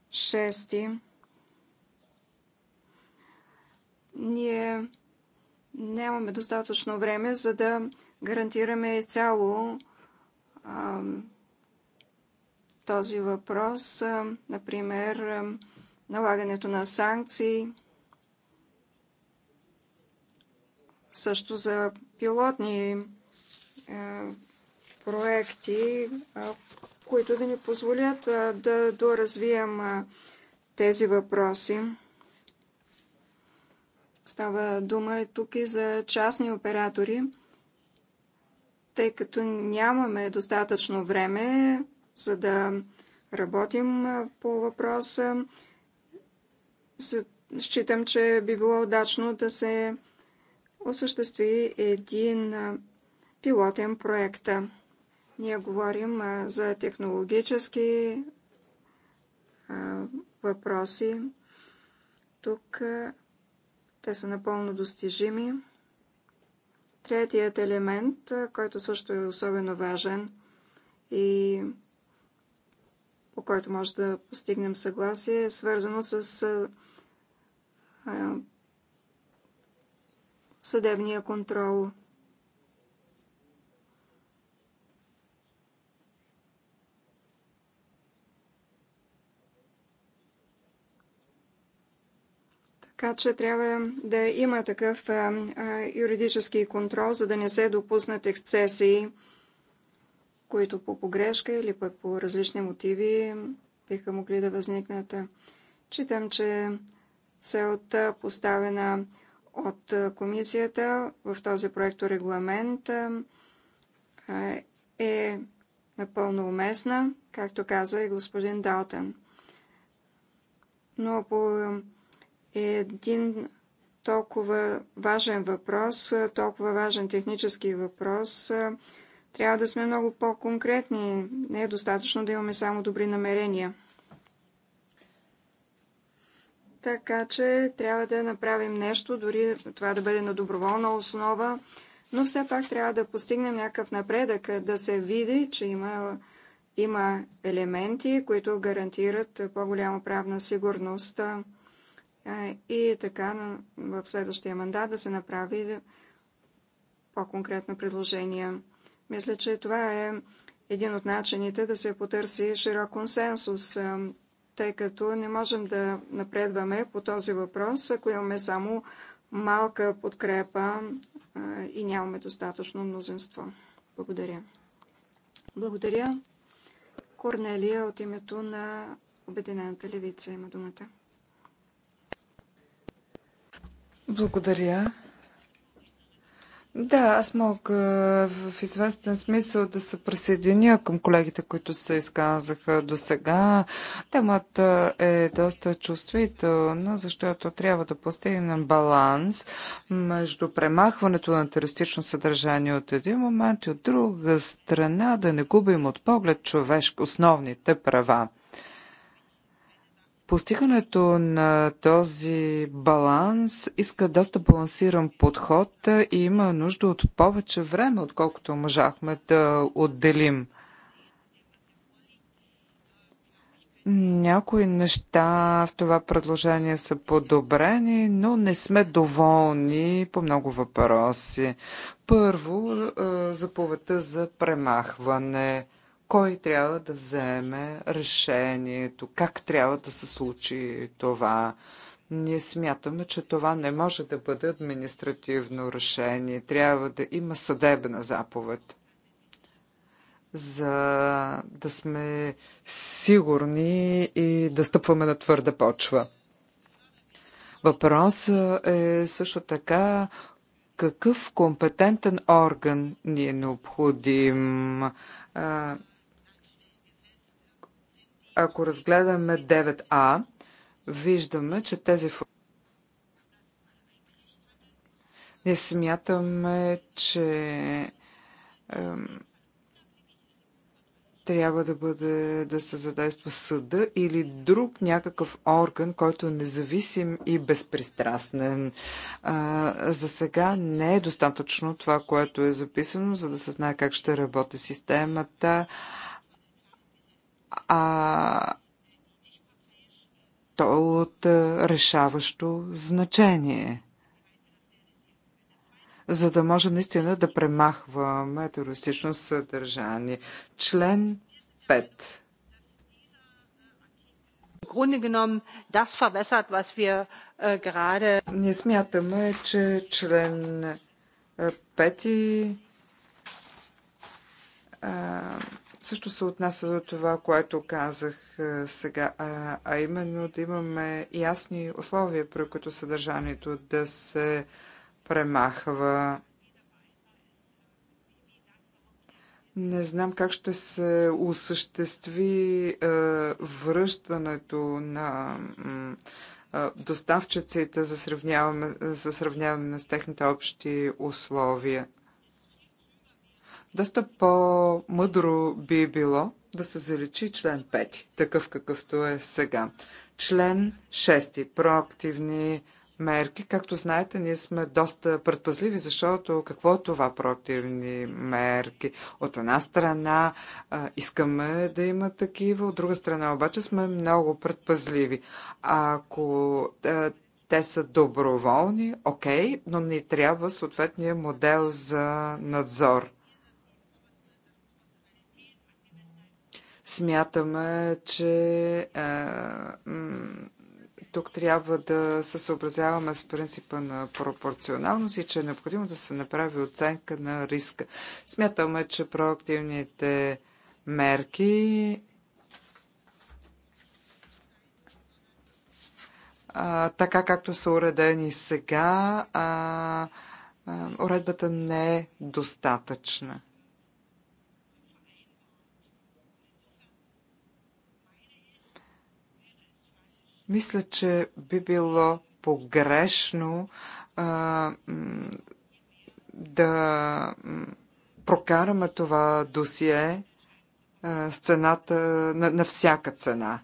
6, ние нямаме достатъчно време, за да гарантираме цяло а, този въпрос, а, например, а, налагането на санкции, също за пилотни проекти, които да ни позволят да доразвием тези въпроси. Става дума и тук и за частни оператори. Тъй като нямаме достатъчно време, за да работим по въпроса, считам, че би било удачно да се осъществи един пилотен проект. Ние говорим за технологически въпроси. Тук те са напълно достижими. Третият елемент, който също е особено важен и по който може да постигнем съгласие, е свързано с съдебния контрол – Така че трябва да има такъв юридически контрол, за да не се допуснат ексцесии, които по погрешка или пък по различни мотиви биха могли да възникнат. Читам, че целта поставена от комисията в този проект регламент е напълно уместна, както каза и господин Далтен. Но по един толкова важен въпрос, толкова важен технически въпрос, трябва да сме много по-конкретни. Не е достатъчно да имаме само добри намерения. Така че трябва да направим нещо, дори това да бъде на доброволна основа, но все пак трябва да постигнем някакъв напредък, да се види, че има, има елементи, които гарантират по-голяма правна сигурност и така в следващия мандат да се направи по-конкретно предложение. Мисля, че това е един от начините да се потърси широк консенсус, тъй като не можем да напредваме по този въпрос, ако имаме само малка подкрепа и нямаме достатъчно мнозинство. Благодаря. Благодаря. Корнелия от името на Обединената левица има думата. Благодаря. Да, аз мога в известен смисъл да се присъединя към колегите, които се изказаха до сега. Темата е доста чувствителна, защото трябва да постигнем баланс между премахването на терористично съдържание от един момент и от друга страна да не губим от поглед човешки основните права. Постигането на този баланс иска доста балансиран подход и има нужда от повече време, отколкото можахме да отделим. Някои неща в това предложение са подобрени, но не сме доволни по много въпроси. Първо, е, заповедта за премахване кой трябва да вземе решението, как трябва да се случи това. Ние смятаме, че това не може да бъде административно решение. Трябва да има съдебна заповед, за да сме сигурни и да стъпваме на твърда почва. Въпросът е също така какъв компетентен орган ни е необходим. А, ако разгледаме 9А, виждаме, че тези не смятаме, че трябва да бъде да се задейства съда или друг някакъв орган, който е независим и безпристрастен. А, за сега не е достатъчно това, което е записано, за да се знае как ще работи системата. А, а то е от е, решаващо значение за да можем наистина да премахваме терористично съдържание. Член 5. Äh, Ние смятаме, че член 5 е, също се отнася до това, което казах е, сега, а, а именно да имаме ясни условия, при които съдържанието да се премахва. Не знам как ще се осъществи е, връщането на е, доставчиците за сравняване, за сравняване с техните общи условия. Доста по-мъдро би било да се заличи член 5, такъв какъвто е сега. Член 6. Проактивни мерки. Както знаете, ние сме доста предпазливи, защото какво е това проактивни мерки? От една страна а, искаме да има такива, от друга страна обаче сме много предпазливи. Ако а, те са доброволни, окей, но ни трябва съответния модел за надзор. Смятаме, че е, тук трябва да се съобразяваме с принципа на пропорционалност и че е необходимо да се направи оценка на риска. Смятаме, че проактивните мерки а, така както са уредени сега, а, а, уредбата не е достатъчна. Мисля, че би било погрешно а, да прокараме това досие а, с цената на, на всяка цена.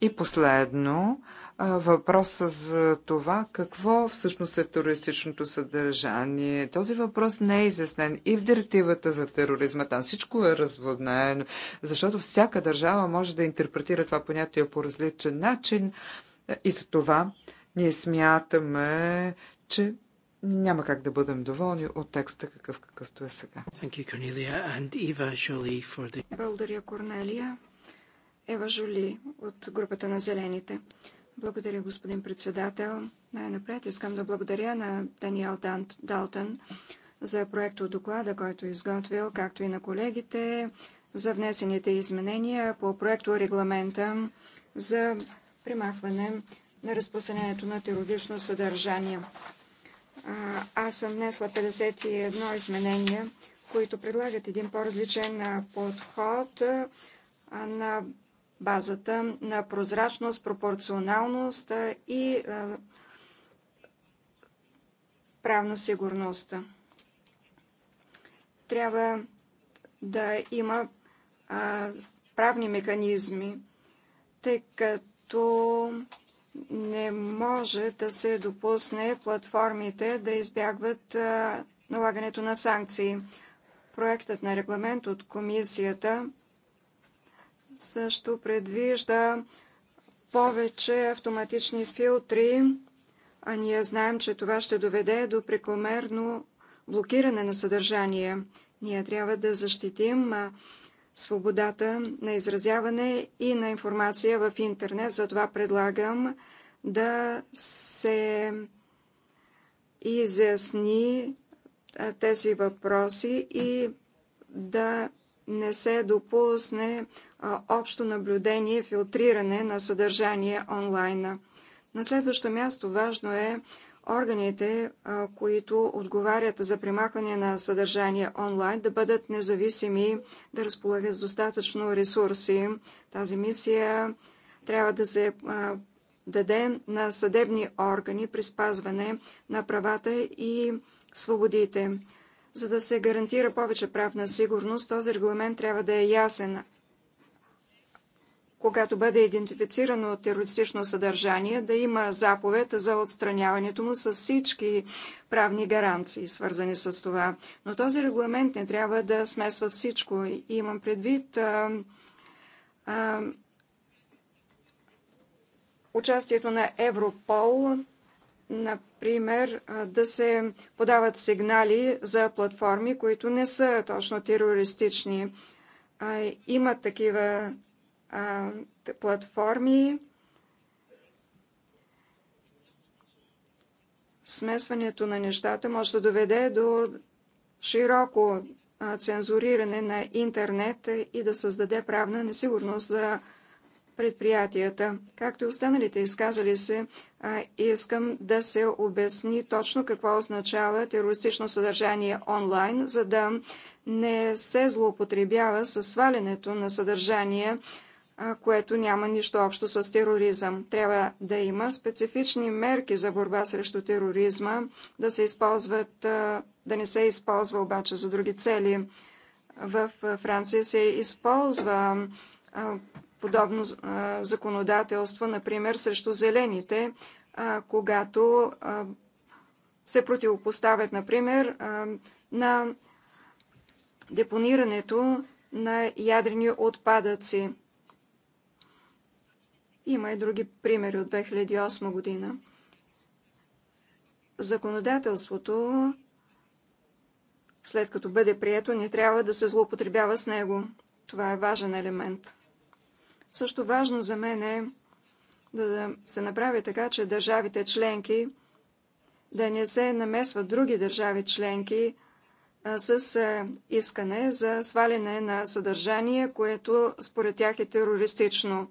И последно, въпроса за това какво всъщност е терористичното съдържание. Този въпрос не е изяснен и в директивата за тероризма. Там всичко е разводнено, защото всяка държава може да интерпретира това понятие по различен начин е, и за това ние смятаме, че няма как да бъдем доволни от текста какъв какъвто е сега. Благодаря, Корнелия. Ева Жули от групата на Зелените. Благодаря, господин председател. Най-напред искам да благодаря на Даниел Далтън за проекто доклада, който е изготвил, както и на колегите за внесените изменения по проекто регламента за примахване на разпространението на терорично съдържание. Аз съм внесла 51 изменения, които предлагат един по-различен подход на базата на прозрачност, пропорционалност и правна сигурност. Трябва да има правни механизми, тъй като не може да се допусне платформите да избягват налагането на санкции. Проектът на регламент от комисията също предвижда повече автоматични филтри, а ние знаем, че това ще доведе до прекомерно блокиране на съдържание. Ние трябва да защитим свободата на изразяване и на информация в интернет. Затова предлагам да се изясни тези въпроси и да не се допусне общо наблюдение и филтриране на съдържание онлайн. На следващо място важно е органите, които отговарят за примахване на съдържание онлайн, да бъдат независими, да разполагат с достатъчно ресурси. Тази мисия трябва да се даде на съдебни органи при спазване на правата и свободите. За да се гарантира повече правна сигурност, този регламент трябва да е ясен. Когато бъде идентифицирано терористично съдържание, да има заповед за отстраняването му с всички правни гаранции, свързани с това. Но този регламент не трябва да смесва всичко. И имам предвид а, а, участието на Европол, на Пример, да се подават сигнали за платформи, които не са точно терористични. Има такива платформи. Смесването на нещата може да доведе до широко цензуриране на интернет и да създаде правна несигурност за предприятията. Както и останалите изказали се, искам да се обясни точно какво означава терористично съдържание онлайн, за да не се злоупотребява с свалянето на съдържание, което няма нищо общо с тероризъм. Трябва да има специфични мерки за борба срещу тероризма, да се използват, да не се използва обаче за други цели. В Франция се използва подобно законодателство, например, срещу зелените, когато се противопоставят, например, на депонирането на ядрени отпадъци. Има и други примери от 2008 година. Законодателството, след като бъде прието, не трябва да се злоупотребява с него. Това е важен елемент. Също важно за мен е да се направи така, че държавите членки да не се намесват други държави членки с искане за сваляне на съдържание, което според тях е терористично.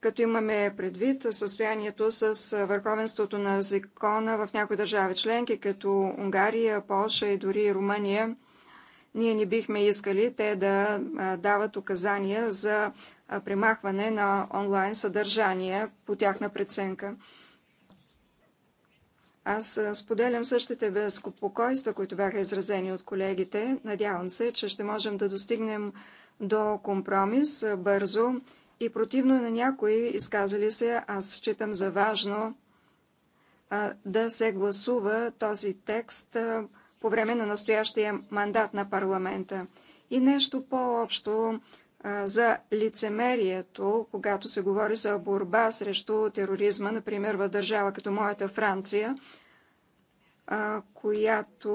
Като имаме предвид състоянието с върховенството на закона в някои държави членки, като Унгария, Полша и дори Румъния, ние не бихме искали те да дават указания за премахване на онлайн съдържание по тяхна преценка. Аз споделям същите безпокойства, които бяха изразени от колегите. Надявам се, че ще можем да достигнем до компромис бързо и противно е на някои изказали се, аз считам за важно да се гласува този текст по време на настоящия мандат на парламента. И нещо по-общо за лицемерието, когато се говори за борба срещу тероризма, например в държава като моята Франция, която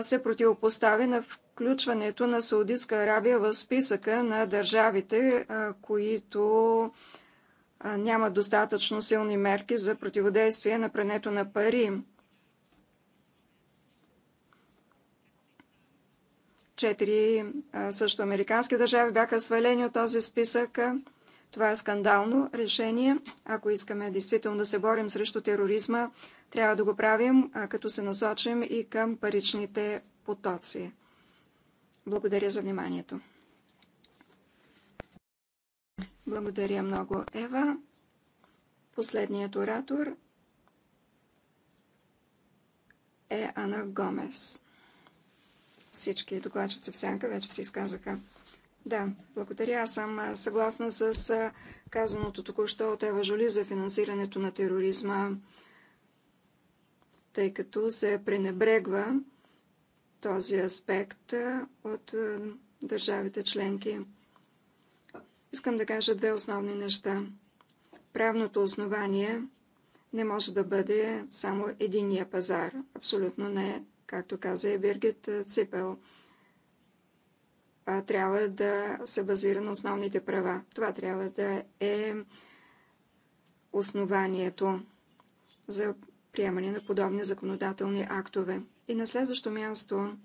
се противопостави на включването на Саудитска Арабия в списъка на държавите, които няма достатъчно силни мерки за противодействие на прането на пари. Четири също американски държави бяха свалени от този списък. Това е скандално решение. Ако искаме действително да се борим срещу тероризма, трябва да го правим, като се насочим и към паричните потоци. Благодаря за вниманието. Благодаря много, Ева. Последният оратор е Ана Гомес. Всички докладчици в сянка вече се изказаха. Да, благодаря. Аз съм съгласна с казаното току-що от Ева Жоли за финансирането на тероризма, тъй като се пренебрегва този аспект от държавите членки. Искам да кажа две основни неща. Правното основание не може да бъде само единия пазар. Абсолютно не. Е както каза и Биргит Ципел. трябва да се базира на основните права. Това трябва да е основанието за приемане на подобни законодателни актове. И на следващо място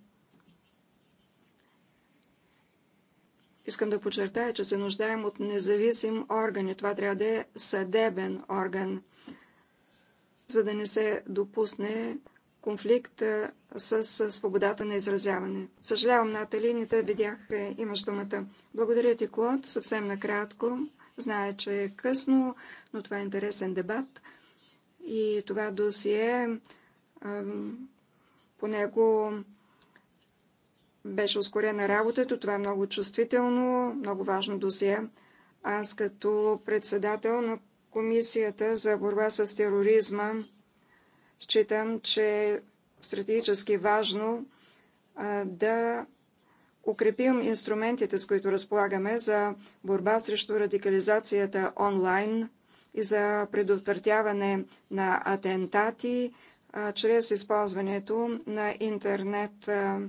искам да подчертая, че се нуждаем от независим орган и това трябва да е съдебен орган, за да не се допусне конфликт с свободата на изразяване. Съжалявам, Натали, не те видях, е, имаш думата. Благодаря ти, Клод, съвсем накратко. Зная, че е късно, но това е интересен дебат. И това досие, по него беше ускорена работата. Това е много чувствително, много важно досие. Аз като председател на Комисията за борба с тероризма считам, че стратегически важно да укрепим инструментите, с които разполагаме за борба срещу радикализацията онлайн и за предотвратяване на атентати а, чрез използването на интернет а,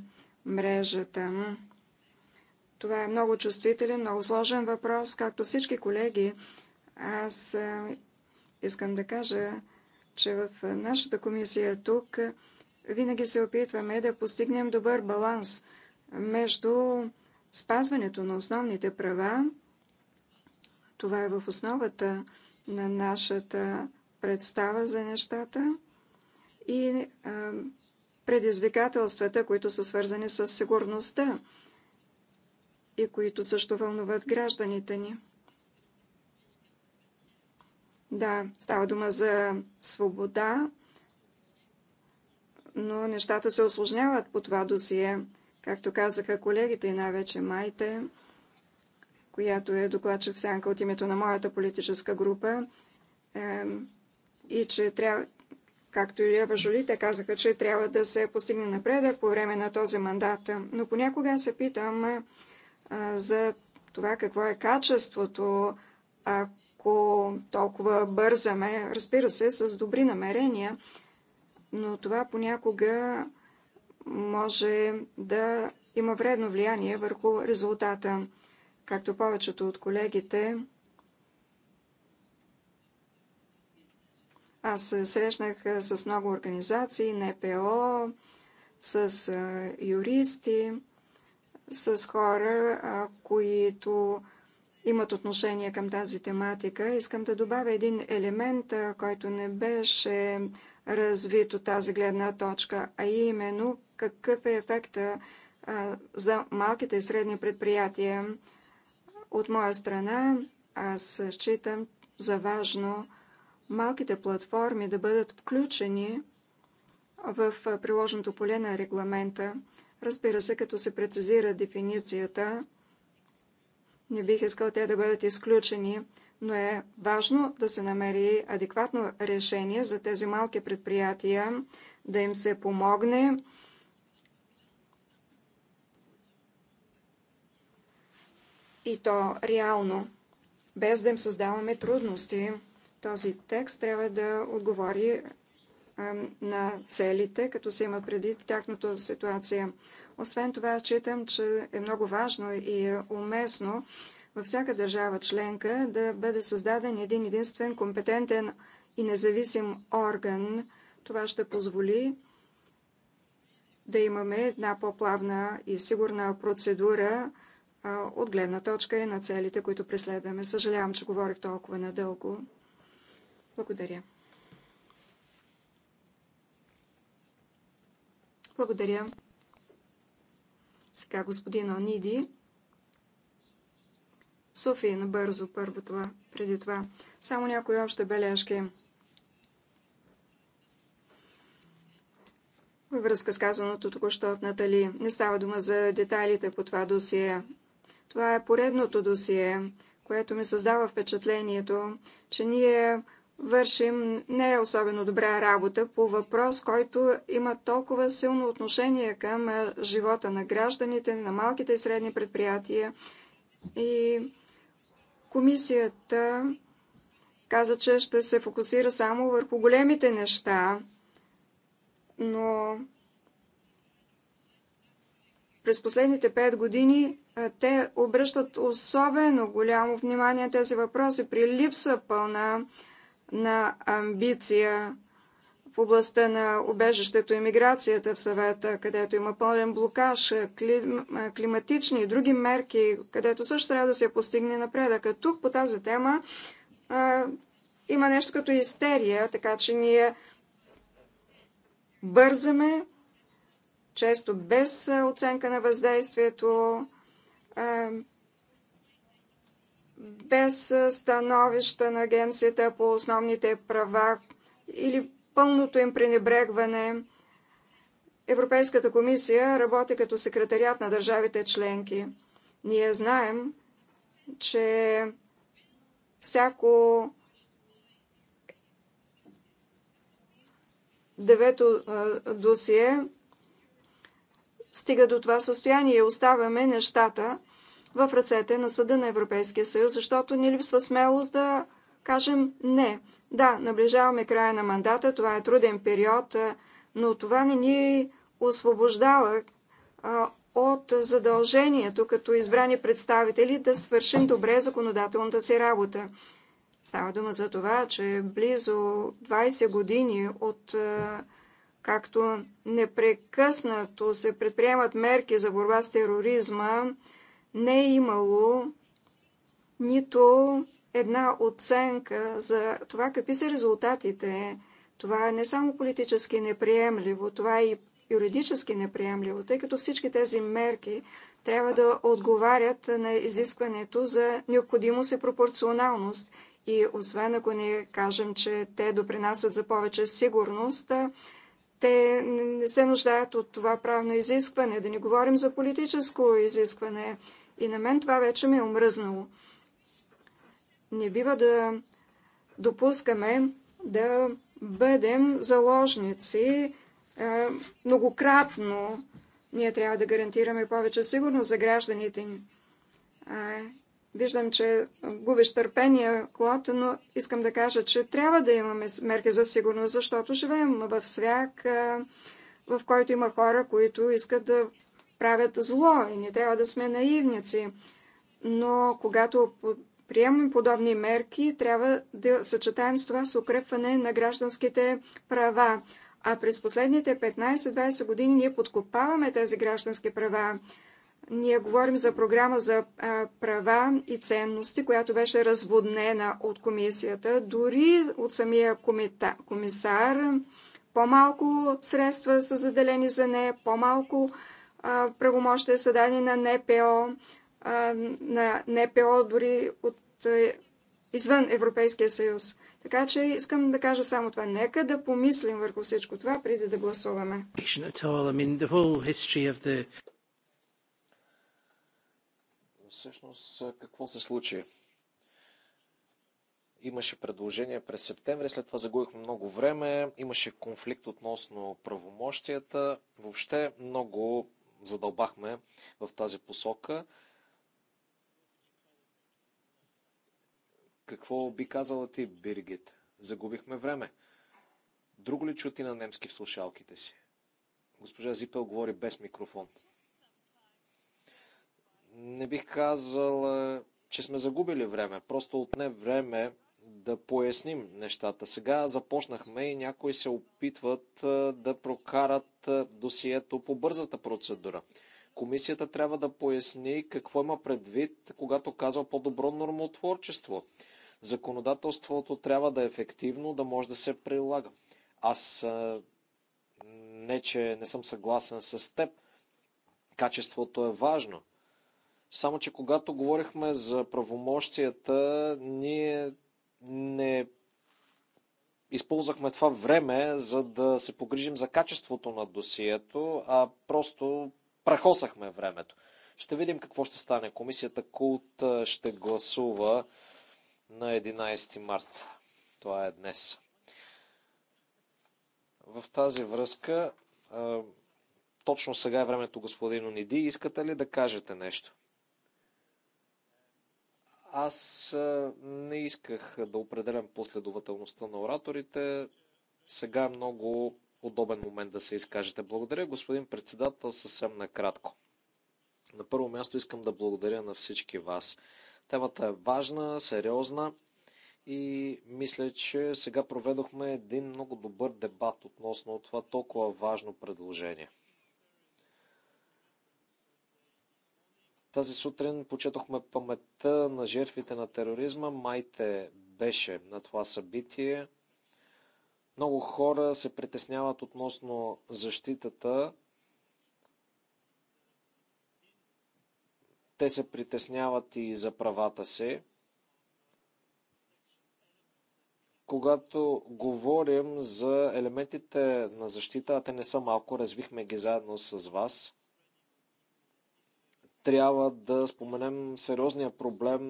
мрежата. Това е много чувствителен, много сложен въпрос. Както всички колеги, аз а, искам да кажа, че в нашата комисия тук винаги се опитваме да постигнем добър баланс между спазването на основните права. Това е в основата на нашата представа за нещата и е, предизвикателствата, които са свързани с сигурността и които също вълнуват гражданите ни. Да, става дума за свобода, но нещата се осложняват по това досие. Както казаха колегите и най-вече майте, която е докладчик сянка от името на моята политическа група, е, и че трябва, както и Ева Жоли, те казаха, че трябва да се постигне напредък по време на този мандат. Но понякога се питам е, за това какво е качеството, ако толкова бързаме, разбира се, с добри намерения, но това понякога може да има вредно влияние върху резултата. Както повечето от колегите, аз се срещнах с много организации, НПО, с юристи, с хора, които имат отношение към тази тематика. Искам да добавя един елемент, който не беше развито тази гледна точка, а именно какъв е ефекта за малките и средни предприятия. От моя страна аз считам за важно малките платформи да бъдат включени в приложеното поле на регламента. Разбира се, като се прецизира дефиницията, не бих искал те да бъдат изключени, но е важно да се намери адекватно решение за тези малки предприятия, да им се помогне. И то реално, без да им създаваме трудности. Този текст трябва да отговори на целите, като се имат преди тяхната ситуация. Освен това, читам, че е много важно и е уместно във всяка държава членка да бъде създаден един единствен компетентен и независим орган. Това ще позволи да имаме една по-плавна и сигурна процедура а, от гледна точка и на целите, които преследваме. Съжалявам, че говорих толкова надълго. Благодаря. Благодаря. Сега господин Ониди. Софин, е бързо, първо това, преди това. Само някои още бележки. Във връзка с казаното току-що от Натали, не става дума за детайлите по това досие. Това е поредното досие, което ми създава впечатлението, че ние вършим не особено добра работа по въпрос, който има толкова силно отношение към живота на гражданите, на малките и средни предприятия и Комисията каза, че ще се фокусира само върху големите неща, но през последните пет години те обръщат особено голямо внимание тези въпроси при липса пълна на амбиция в областта на убежището и миграцията в съвета, където има пълен блокаж, клим, климатични и други мерки, където също трябва да се постигне напредък. А тук по тази тема а, има нещо като истерия, така че ние бързаме, често без оценка на въздействието, а, без становища на агенцията по основните права или пълното им пренебрегване. Европейската комисия работи като секретарят на държавите членки. Ние знаем, че всяко девето досие стига до това състояние и оставяме нещата в ръцете на Съда на Европейския съюз, защото ни липсва смелост да кажем не. Да, наближаваме края на мандата, това е труден период, но това не ни освобождава от задължението като избрани представители да свършим добре законодателната си работа. Става дума за това, че близо 20 години от както непрекъснато се предприемат мерки за борба с тероризма, не е имало нито една оценка за това какви са резултатите. Това е не само политически неприемливо, това е и юридически неприемливо, тъй като всички тези мерки трябва да отговарят на изискването за необходимост и пропорционалност. И освен ако ни кажем, че те допринасят за повече сигурност, те не се нуждаят от това правно изискване, да не говорим за политическо изискване. И на мен това вече ми е омръзнало не бива да допускаме да бъдем заложници е, многократно. Ние трябва да гарантираме повече сигурност за гражданите ни. Е, виждам, че губиш търпение, Клод, но искам да кажа, че трябва да имаме мерки за сигурност, защото живеем в свяк, е, в който има хора, които искат да правят зло и не трябва да сме наивници. Но когато приемаме подобни мерки, трябва да съчетаем с това с укрепване на гражданските права. А през последните 15-20 години ние подкопаваме тези граждански права. Ние говорим за програма за а, права и ценности, която беше разводнена от комисията, дори от самия комита, комисар. По-малко средства са заделени за нея, по-малко правомощия са дадени на НПО на НПО дори от извън Европейския съюз. Така че искам да кажа само това. Нека да помислим върху всичко това, преди да гласуваме. Всъщност, какво се случи? Имаше предложение през септември, след това загубихме много време, имаше конфликт относно правомощията. Въобще много задълбахме в тази посока. Какво би казала ти, Биргит? Загубихме време. Друго ли чути на немски в слушалките си? Госпожа Зипел говори без микрофон. Не бих казал, че сме загубили време. Просто отне време да поясним нещата. Сега започнахме и някои се опитват да прокарат досието по бързата процедура. Комисията трябва да поясни какво има предвид, когато казва по-добро нормотворчество. Законодателството трябва да е ефективно, да може да се прилага. Аз не, че не съм съгласен с теб. Качеството е важно. Само, че когато говорихме за правомощията, ние не използвахме това време, за да се погрижим за качеството на досието, а просто прахосахме времето. Ще видим какво ще стане. Комисията Култ ще гласува на 11 март. Това е днес. В тази връзка, точно сега е времето, господин Ониди. Искате ли да кажете нещо? Аз не исках да определям последователността на ораторите. Сега е много удобен момент да се изкажете. Благодаря, господин председател, съвсем накратко. На първо място искам да благодаря на всички вас. Темата е важна, сериозна и мисля, че сега проведохме един много добър дебат относно това толкова важно предложение. Тази сутрин почетохме паметта на жертвите на тероризма. Майте беше на това събитие. Много хора се притесняват относно защитата Те се притесняват и за правата си. Когато говорим за елементите на защита, а те не са малко, развихме ги заедно с вас, трябва да споменем сериозния проблем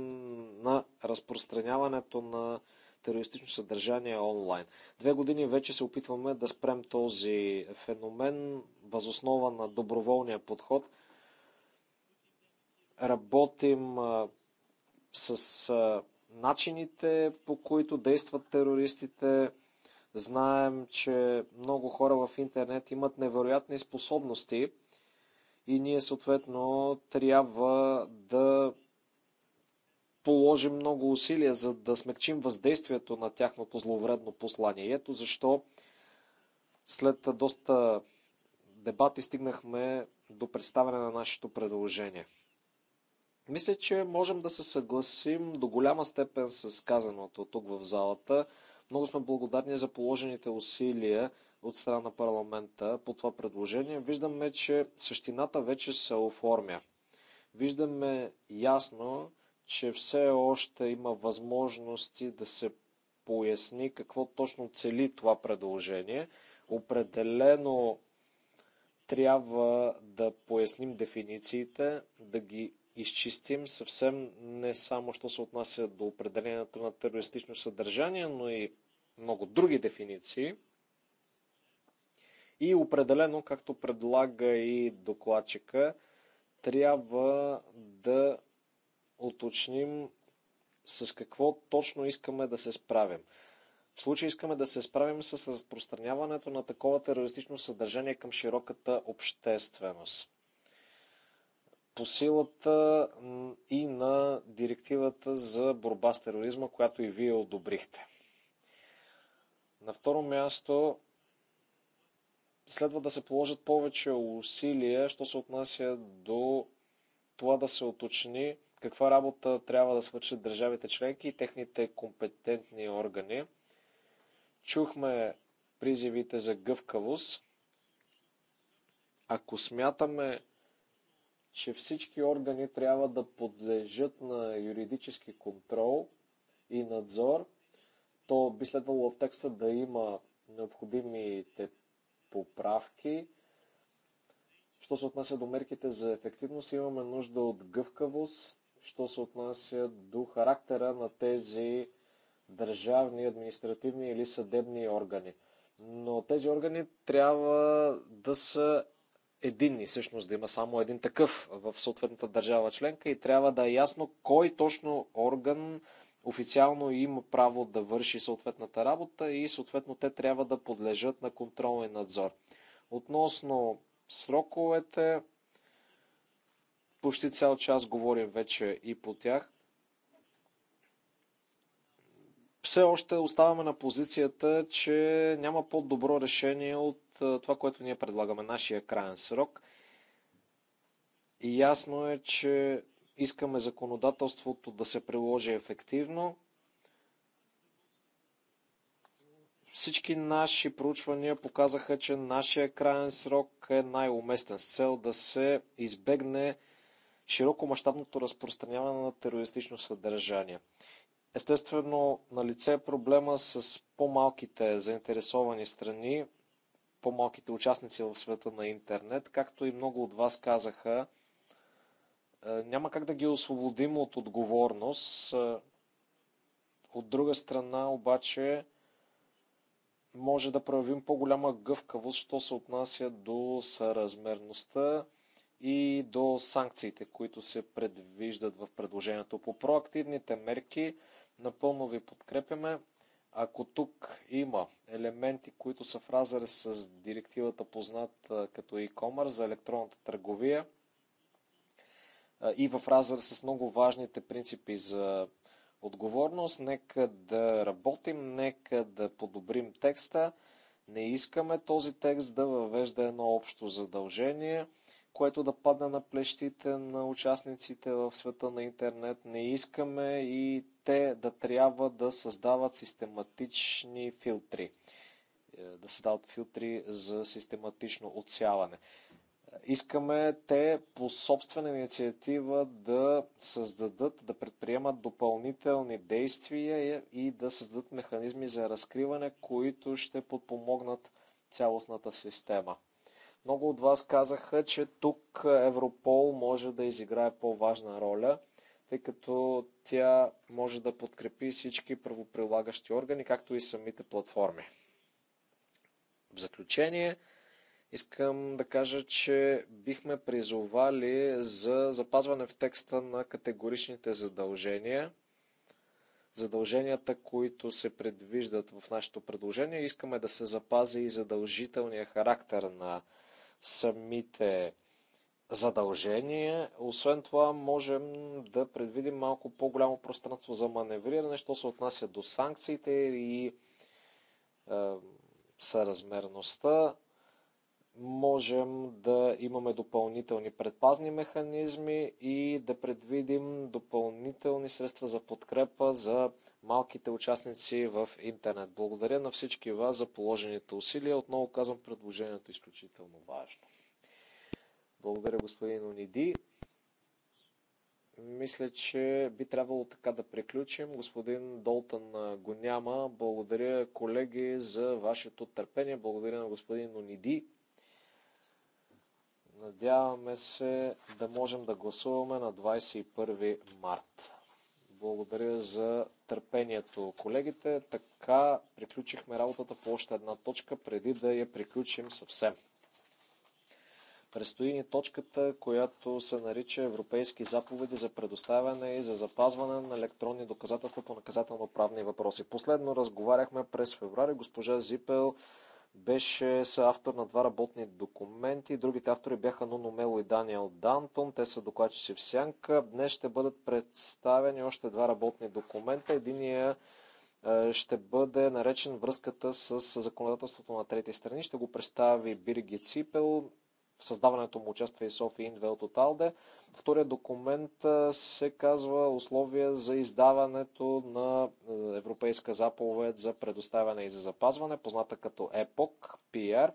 на разпространяването на терористично съдържание онлайн. Две години вече се опитваме да спрем този феномен възоснова на доброволния подход – Работим с начините, по които действат терористите. Знаем, че много хора в интернет имат невероятни способности и ние съответно трябва да положим много усилия, за да смекчим въздействието на тяхното зловредно послание. Ето защо след доста дебати стигнахме до представяне на нашето предложение. Мисля, че можем да се съгласим до голяма степен с казаното тук в залата. Много сме благодарни за положените усилия от страна на парламента по това предложение. Виждаме, че същината вече се оформя. Виждаме ясно, че все още има възможности да се поясни какво точно цели това предложение. Определено трябва да поясним дефинициите, да ги изчистим съвсем не само, що се отнася до определението на терористично съдържание, но и много други дефиниции. И определено, както предлага и докладчика, трябва да уточним с какво точно искаме да се справим. В случай искаме да се справим с разпространяването на такова терористично съдържание към широката общественост по силата и на директивата за борба с тероризма, която и вие одобрихте. На второ място следва да се положат повече усилия, що се отнася до това да се оточни каква работа трябва да свършат държавите членки и техните компетентни органи. Чухме призивите за гъвкавост. Ако смятаме, че всички органи трябва да подлежат на юридически контрол и надзор, то би следвало в текста да има необходимите поправки. Що се отнася до мерките за ефективност, имаме нужда от гъвкавост. Що се отнася до характера на тези държавни, административни или съдебни органи. Но тези органи трябва да са единни, всъщност да има само един такъв в съответната държава членка и трябва да е ясно кой точно орган официално има право да върши съответната работа и съответно те трябва да подлежат на контрол и надзор. Относно сроковете, почти цял час говорим вече и по тях. все още оставаме на позицията, че няма по-добро решение от това, което ние предлагаме, нашия крайен срок. И ясно е, че искаме законодателството да се приложи ефективно. Всички наши проучвания показаха, че нашия крайен срок е най-уместен с цел да се избегне широко мащабното разпространяване на терористично съдържание. Естествено, налице е проблема с по-малките заинтересовани страни, по-малките участници в света на интернет. Както и много от вас казаха, е, няма как да ги освободим от отговорност. Е, от друга страна, обаче, може да проявим по-голяма гъвкавост, що се отнася до съразмерността и до санкциите, които се предвиждат в предложението. По проактивните мерки, Напълно ви подкрепяме. Ако тук има елементи, които са в разрез с директивата позната като e-commerce за електронната търговия и в разрез с много важните принципи за отговорност, нека да работим, нека да подобрим текста. Не искаме този текст да въвежда едно общо задължение, което да падне на плещите на участниците в света на интернет. Не искаме и те да трябва да създават систематични филтри. Е, да създават филтри за систематично отсяване. Искаме те по собствена инициатива да създадат, да предприемат допълнителни действия и да създадат механизми за разкриване, които ще подпомогнат цялостната система. Много от вас казаха, че тук Европол може да изиграе по-важна роля – тъй като тя може да подкрепи всички правоприлагащи органи, както и самите платформи. В заключение, искам да кажа, че бихме призовали за запазване в текста на категоричните задължения, задълженията, които се предвиждат в нашето предложение. Искаме да се запази и задължителния характер на самите задължение. Освен това, можем да предвидим малко по-голямо пространство за маневриране, що се отнася до санкциите и е, съразмерността. Можем да имаме допълнителни предпазни механизми и да предвидим допълнителни средства за подкрепа за малките участници в интернет. Благодаря на всички вас за положените усилия. Отново казвам, предложението е изключително важно. Благодаря, господин Ониди. Мисля, че би трябвало така да приключим. Господин Долтън го няма. Благодаря, колеги, за вашето търпение. Благодаря на господин Ониди. Надяваме се да можем да гласуваме на 21 март. Благодаря за търпението, колегите. Така приключихме работата по още една точка, преди да я приключим съвсем. Предстои ни точката, която се нарича Европейски заповеди за предоставяне и за запазване на електронни доказателства по наказателно-правни въпроси. Последно разговаряхме през феврари. Госпожа Зипел беше автор на два работни документи. Другите автори бяха Нуно Мело и Даниел Дантон. Те са докладчици в Сянка. Днес ще бъдат представени още два работни документа. Единия е, ще бъде наречен връзката с законодателството на трети страни. Ще го представи Бирги Ципел в създаването му участва и София Индвелт от Алде. Вторият документ се казва условия за издаването на Европейска заповед за предоставяне и за запазване, позната като ЕПОК, PR.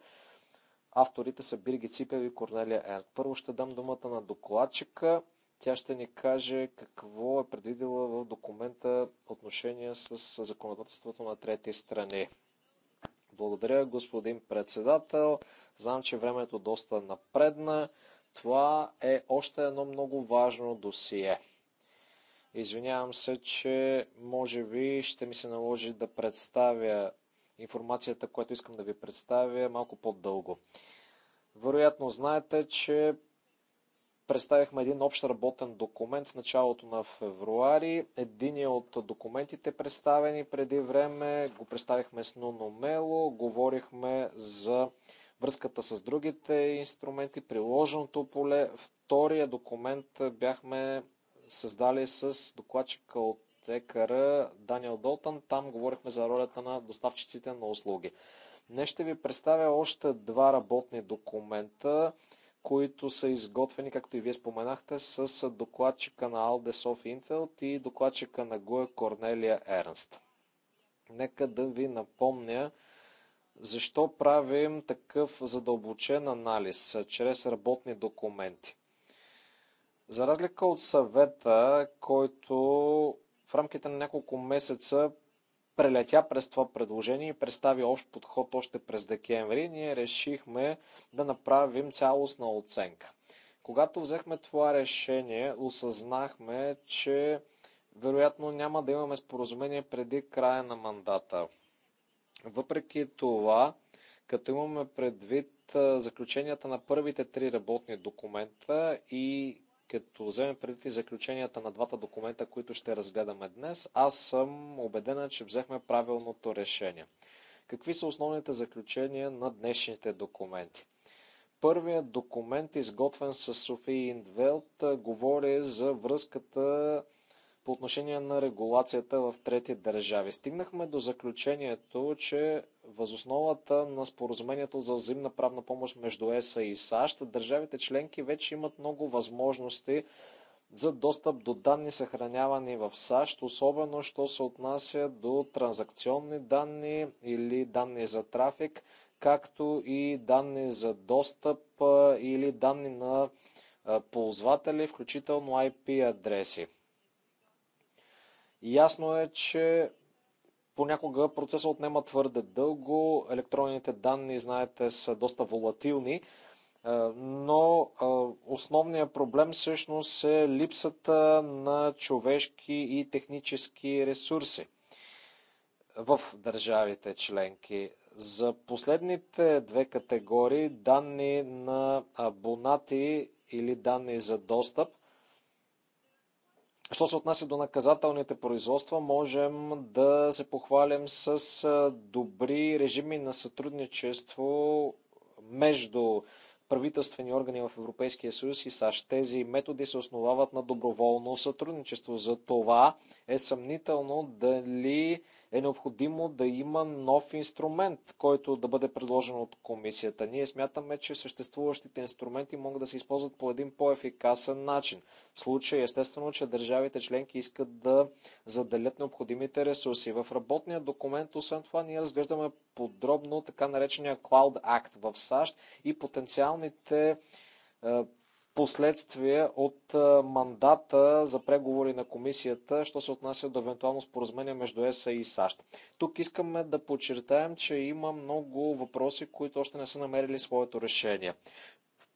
Авторите са Бирги Ципев и Корнелия Ерт. Първо ще дам думата на докладчика. Тя ще ни каже какво е предвидила в документа отношения с законодателството на трети страни. Благодаря, господин председател. Знам, че времето доста напредна. Това е още едно много важно досие. Извинявам се, че може би ще ми се наложи да представя информацията, която искам да ви представя малко по-дълго. Вероятно знаете, че представихме един общ работен документ в началото на февруари. Един от документите представени преди време го представихме с Нуно Мело, говорихме за връзката с другите инструменти, приложеното поле. Втория документ бяхме създали с докладчика от ЕКР Даниел Долтан. Там говорихме за ролята на доставчиците на услуги. Днес ще ви представя още два работни документа, които са изготвени, както и вие споменахте, с докладчика на Алде Софи Инфелд и докладчика на Гуе Корнелия Ернст. Нека да ви напомня, защо правим такъв задълбочен анализ чрез работни документи? За разлика от съвета, който в рамките на няколко месеца прелетя през това предложение и представи общ подход още през декември, ние решихме да направим цялостна оценка. Когато взехме това решение, осъзнахме, че вероятно няма да имаме споразумение преди края на мандата. Въпреки това, като имаме предвид заключенията на първите три работни документа и като вземем предвид и заключенията на двата документа, които ще разгледаме днес, аз съм убедена, че взехме правилното решение. Какви са основните заключения на днешните документи? Първият документ, изготвен с Софи Индвелт, говори за връзката по отношение на регулацията в трети държави. Стигнахме до заключението, че възосновата на споразумението за взаимна правна помощ между ЕСА и САЩ, държавите членки вече имат много възможности за достъп до данни съхранявани в САЩ, особено що се отнася до транзакционни данни или данни за трафик, както и данни за достъп или данни на ползватели, включително IP адреси. Ясно е, че понякога процесът отнема твърде дълго, електронните данни, знаете, са доста волатилни, е, но е, основният проблем всъщност е липсата на човешки и технически ресурси в държавите членки. За последните две категории данни на абонати или данни за достъп Що се отнася до наказателните производства, можем да се похвалим с добри режими на сътрудничество между правителствени органи в Европейския съюз и САЩ. Тези методи се основават на доброволно сътрудничество. За това е съмнително дали е необходимо да има нов инструмент, който да бъде предложен от комисията. Ние смятаме, че съществуващите инструменти могат да се използват по един по-ефикасен начин. В случай естествено, че държавите членки искат да заделят необходимите ресурси. В работния документ, освен това, ние разглеждаме подробно така наречения Cloud Act в САЩ и потенциалните е, Последствия от мандата за преговори на комисията, що се отнася до евентуално споразумение между ЕСА и САЩ. Тук искаме да подчертаем, че има много въпроси, които още не са намерили своето решение.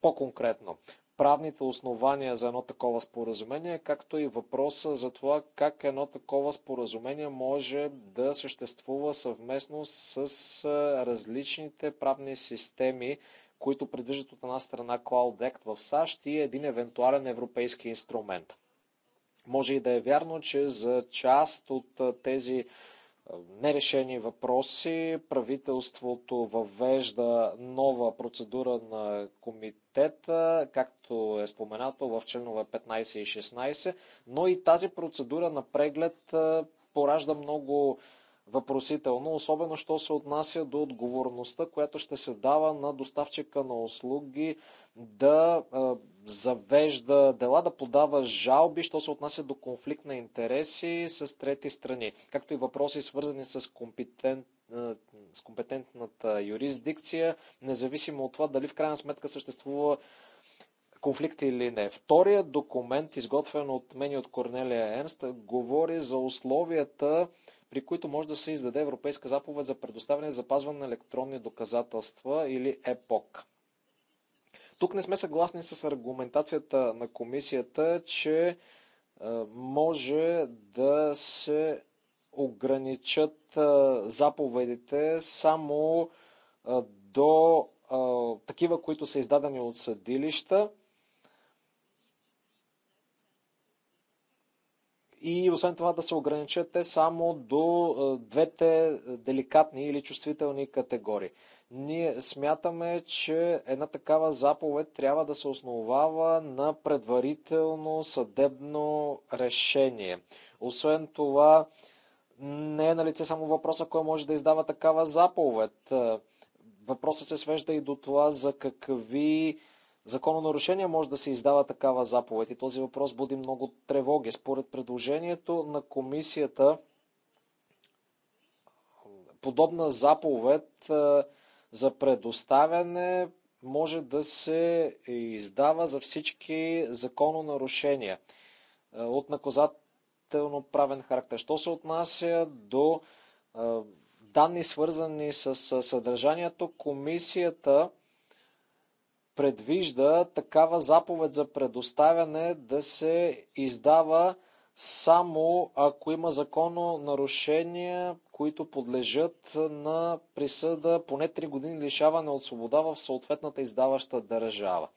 По-конкретно, правните основания за едно такова споразумение, както и въпроса за това как едно такова споразумение може да съществува съвместно с различните правни системи които предвиждат от една страна Cloud Act в САЩ и един евентуален европейски инструмент. Може и да е вярно, че за част от тези нерешени въпроси правителството въвежда нова процедура на комитета, както е споменато в членове 15 и 16, но и тази процедура на преглед поражда много въпросително, особено що се отнася до отговорността, която ще се дава на доставчика на услуги да завежда дела, да подава жалби, що се отнася до конфликт на интереси с трети страни, както и въпроси свързани с, компетент, с компетентната юрисдикция, независимо от това дали в крайна сметка съществува конфликт или не. Втория документ, изготвен от мен и от Корнелия Ернст, говори за условията, при които може да се издаде Европейска заповед за предоставяне и запазване на електронни доказателства или ЕПОК. Тук не сме съгласни с аргументацията на комисията, че може да се ограничат заповедите само до такива, които са издадени от съдилища. и освен това да се ограничат те само до двете деликатни или чувствителни категории. Ние смятаме, че една такава заповед трябва да се основава на предварително съдебно решение. Освен това, не е на лице само въпроса кой може да издава такава заповед. Въпросът се свежда и до това за какви закононарушение може да се издава такава заповед и този въпрос буди много тревоги. Според предложението на комисията, подобна заповед за предоставяне може да се издава за всички закононарушения от наказателно правен характер. Що се отнася до данни свързани с съдържанието, комисията предвижда такава заповед за предоставяне да се издава само ако има нарушения, които подлежат на присъда поне 3 години лишаване от свобода в съответната издаваща държава.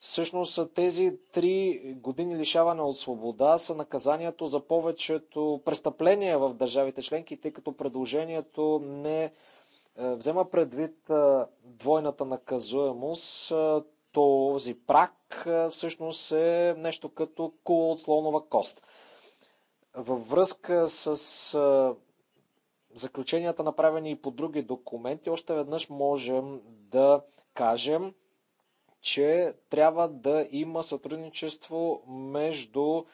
Всъщност тези 3 години лишаване от свобода са наказанието за повечето престъпления в държавите членки, тъй като предложението не е, взема предвид е, двойната наказуемост, е, този прак всъщност е нещо като кула от слонова кост. Във връзка с заключенията, направени и по други документи, още веднъж можем да кажем, че трябва да има сътрудничество между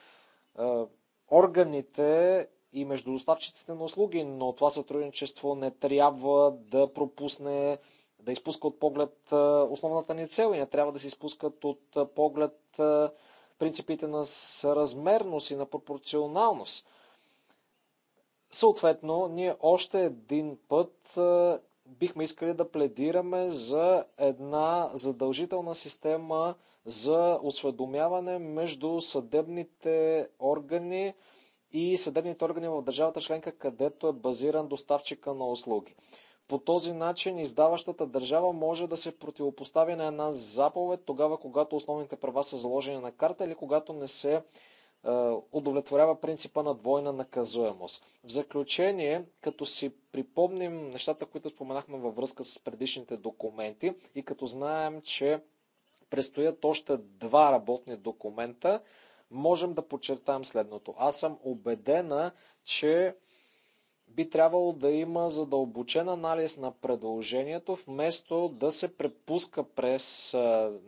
органите и между доставчиците на услуги, но това сътрудничество не трябва да пропусне, да изпуска от поглед основната ни цел и не трябва да се изпускат от поглед принципите на съразмерност и на пропорционалност. Съответно, ние още един път бихме искали да пледираме за една задължителна система за осведомяване между съдебните органи и съдебните органи в държавата членка, където е базиран доставчика на услуги. По този начин издаващата държава може да се противопостави на една заповед тогава, когато основните права са заложени на карта или когато не се е, удовлетворява принципа на двойна наказуемост. В заключение, като си припомним нещата, които споменахме във връзка с предишните документи и като знаем, че предстоят още два работни документа, можем да подчертаем следното. Аз съм убедена, че би трябвало да има задълбочен анализ на предложението, вместо да се препуска през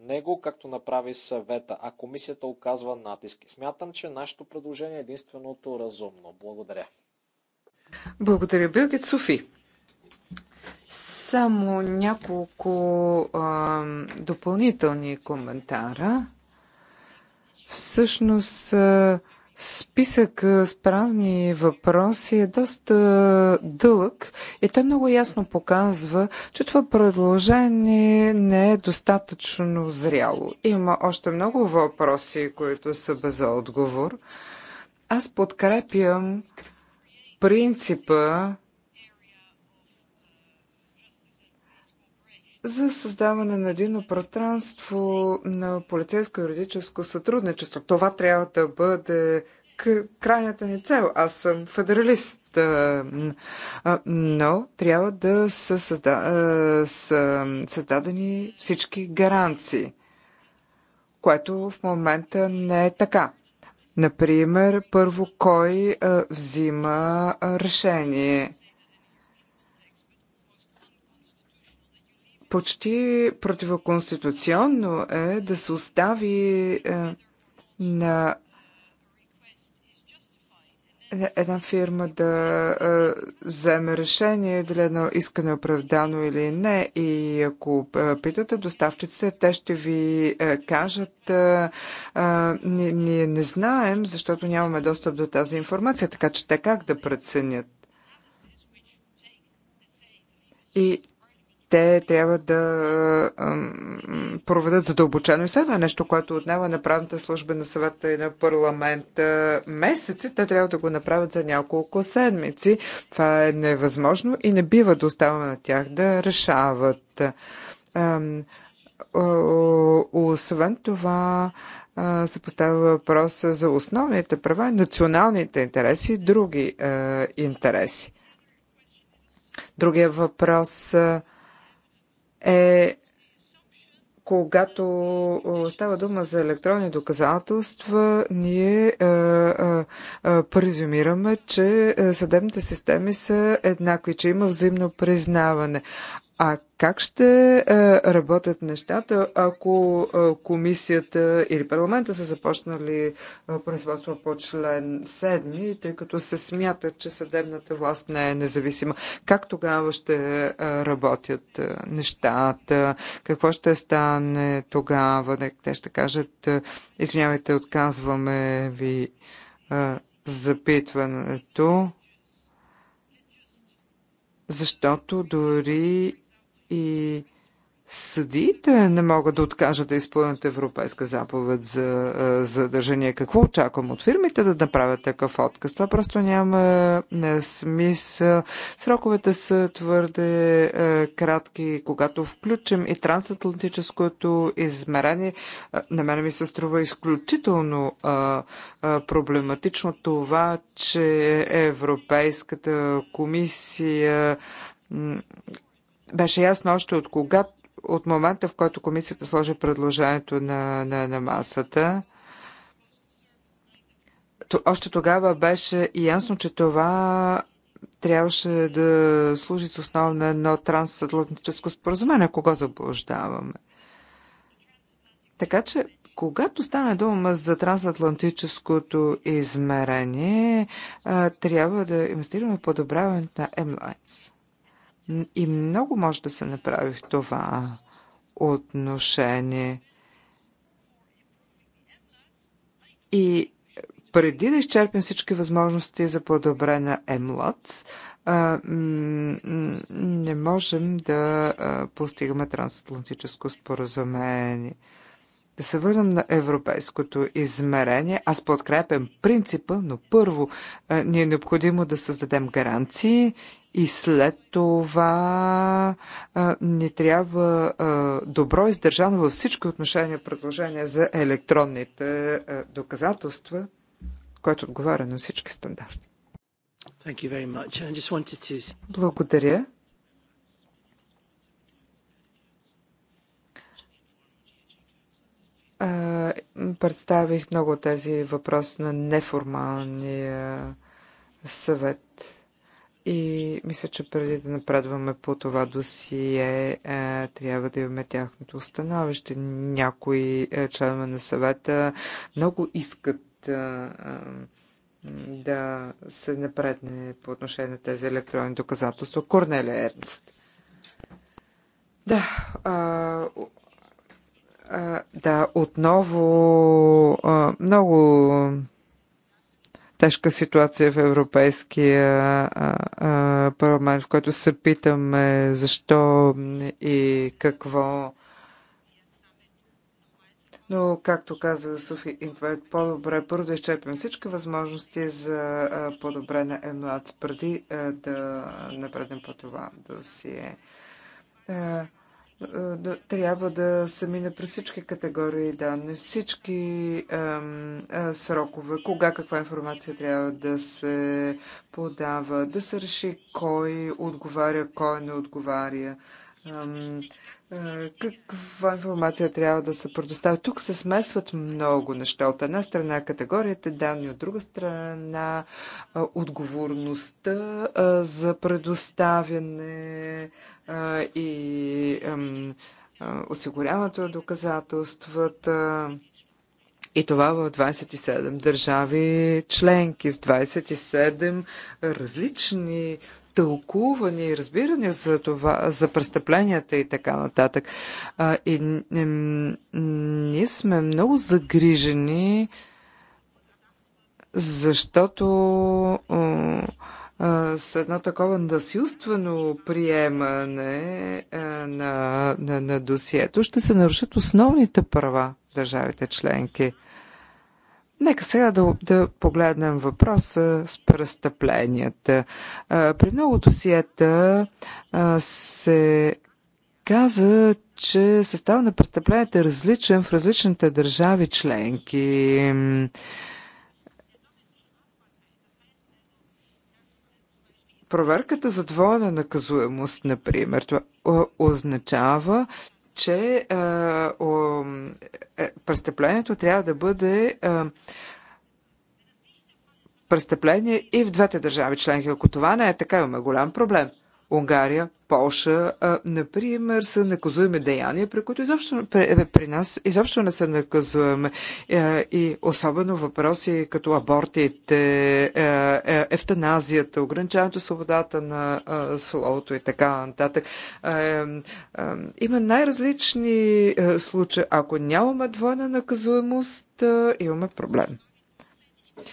него, както направи съвета, а комисията оказва натиск. Смятам, че нашето предложение е единственото разумно. Благодаря. Благодаря, Билгет Софи. Само няколко а, допълнителни коментара. Всъщност списък с правни въпроси е доста дълъг и той много ясно показва, че това предложение не е достатъчно зряло. Има още много въпроси, които са без отговор. Аз подкрепям принципа за създаване на едино пространство на полицейско-юридическо сътрудничество. Това трябва да бъде крайната ни цел. Аз съм федералист, но трябва да са, създа... са създадени всички гаранции, което в момента не е така. Например, първо кой взима решение – Почти противоконституционно е да се остави е, на е, една фирма да е, вземе решение дали едно искане е оправдано или не. И ако е, питате доставчиците, те ще ви е, кажат, е, е, ние, ние не знаем, защото нямаме достъп до тази информация, така че те как да преценят? И те трябва да проведат задълбочено изследване, нещо, което отнема на правната служба на съвета и на парламента месеци. Те трябва да го направят за няколко седмици. Това е невъзможно и не бива да оставаме на тях да решават. Освен това, се поставя въпрос за основните права, националните интереси и други интереси. Другия въпрос – е когато става дума за електронни доказателства, ние е, е, е, презюмираме, че съдебните системи са еднакви, че има взаимно признаване. А как ще е, работят нещата, ако е, комисията или парламента са започнали е, производство по член 7, тъй като се смята, че съдебната власт не е независима? Как тогава ще работят нещата? Какво ще стане тогава? Те ще кажат, извинявайте, отказваме ви запитването защото дори и съдиите не могат да откажат да изпълнят европейска заповед за задържание. Какво очаквам от фирмите да направят такъв отказ? Това просто няма смисъл. Сроковете са твърде е, кратки. Когато включим и трансатлантическото измерение, на мен ми се струва изключително е, проблематично това, че Европейската комисия беше ясно още от кога, от момента, в който комисията сложи предложението на, на, на масата. То, още тогава беше и ясно, че това трябваше да служи с основа на едно трансатлантическо споразумение, кого заблуждаваме. Така че, когато стане дума за трансатлантическото измерение, трябва да инвестираме в подобряването на M-Lines. И много може да се направи в това отношение. И преди да изчерпим всички възможности за подобрена Емлад, не можем да постигаме трансатлантическо споразумение. Да се върнем на европейското измерение. Аз подкрепям принципа, но първо ни е необходимо да създадем гаранции и след това а, ни трябва а, добро издържано във всички отношения предложения за електронните а, доказателства, което отговаря на всички стандарти. To... Благодаря. представих много тези въпроси на неформалния съвет. И мисля, че преди да напредваме по това досие, е, трябва да имаме тяхното установище. Някои е, членове на съвета много искат е, да се напредне по отношение на тези електронни доказателства. Корнелия Ернст. Да, а, а, да, отново а, много тежка ситуация в Европейския парламент, в който се питаме защо и какво. Но, както каза Софи Интвайт, по-добре първо да изчерпим всички възможности за по-добре на емлад, преди да напреднем по това досие. Е, трябва да се мине през всички категории данни, всички срокове, кога каква информация трябва да се подава, да се реши кой отговаря, кой не отговаря. Ам, каква информация трябва да се предоставя. Тук се смесват много неща. От една страна категорията данни, от друга страна отговорността за предоставяне и осигуряването на доказателствата. И това в 27 държави членки с 27 различни тълкувания и разбирания за, това, за престъпленията и така нататък. и, ние сме много загрижени, защото с едно такова насилствено приемане на, на, на досието ще се нарушат основните права в държавите членки. Нека сега да, да погледнем въпроса с престъпленията. При много досиета се каза, че състава на престъпленията е различен в различните държави членки. проверката за двойна наказуемост, например, това означава, че а, о, е, престъплението трябва да бъде а, престъпление и в двете държави членки. Ако това не е така, имаме голям проблем. Унгария, Полша, а, например, са наказуеми деяния, при които изобщо при, е, при нас изобщо не са наказуеми. Е, и особено въпроси като абортите, е, ефтаназията, ограничаването свободата на е, словото и така нататък. има най-различни случаи. Ако нямаме двойна наказуемост, имаме проблем.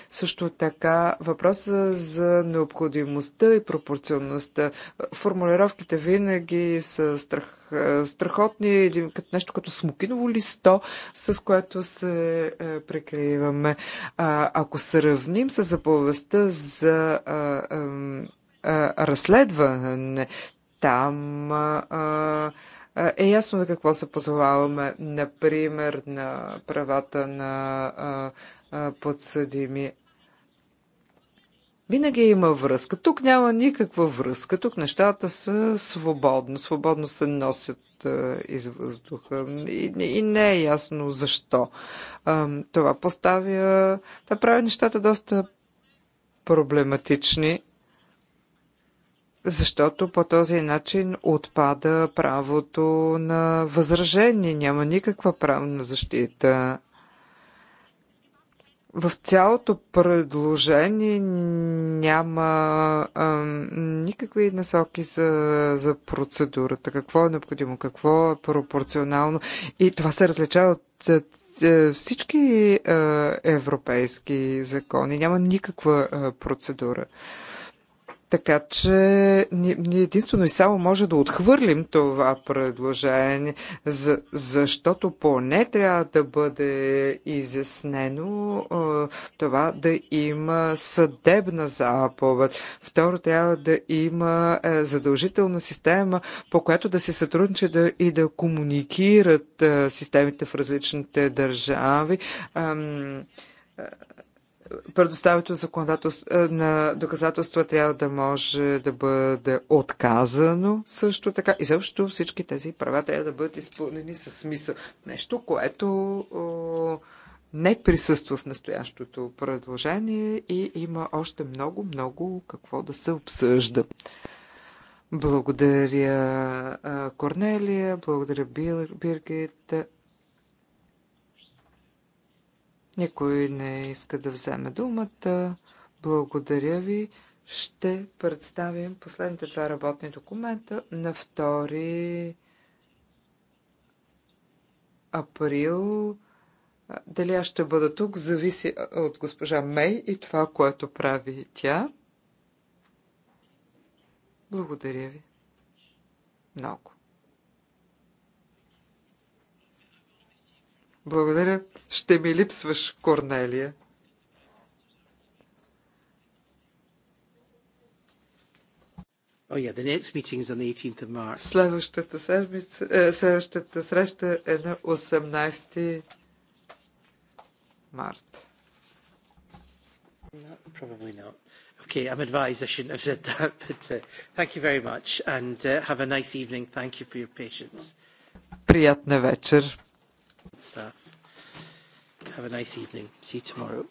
Също така въпроса за необходимостта и пропорционността. Формулировките винаги са страх, е, страхотни, или като нещо като смокиново листо, с което се прекриваме. прикриваме. А, ако сравним с заповестта за а, а, разследване, там а, е ясно на какво се позоваваме, например, на правата на а, подсъдими. Винаги има връзка. Тук няма никаква връзка. Тук нещата са свободно. Свободно се носят из въздуха. И, и не е ясно защо. Това поставя. Това прави нещата доста проблематични, защото по този начин отпада правото на възражение. Няма никаква правна защита в цялото предложение няма а, никакви насоки за, за процедурата. Какво е необходимо, какво е пропорционално. И това се различава от а, е, всички а, е, европейски закони. Няма никаква а, е, процедура. Така че ние единствено и само може да отхвърлим това предложение, защото поне трябва да бъде изяснено това да има съдебна заповед. Второ, трябва да има е, задължителна система, по която да се сътрудничат и да комуникират е, системите в различните държави е, предоставянето е, на доказателства трябва да може да бъде отказано също така. И защо всички тези права трябва да бъдат изпълнени със смисъл. Нещо, което не присъства в настоящото предложение и има още много, много какво да се обсъжда. Благодаря Корнелия, благодаря Бир, Биргит. Никой не иска да вземе думата. Благодаря ви. Ще представим последните два работни документа на 2 април. Дали аз ще бъда тук, зависи от госпожа Мей и това, което прави тя. Благодаря ви. Много. Благодаря. Ще ми липсваш, Корнелия. Oh, yeah, the next meeting is on the 18th of March. Следващата, седмица, е, следващата среща е на 18 март. No, probably not. Okay, I'm advised I shouldn't have said that, but uh, thank you very much and uh, have a nice evening. Thank you for your patience. Приятна вечер. Have a nice evening. See you tomorrow.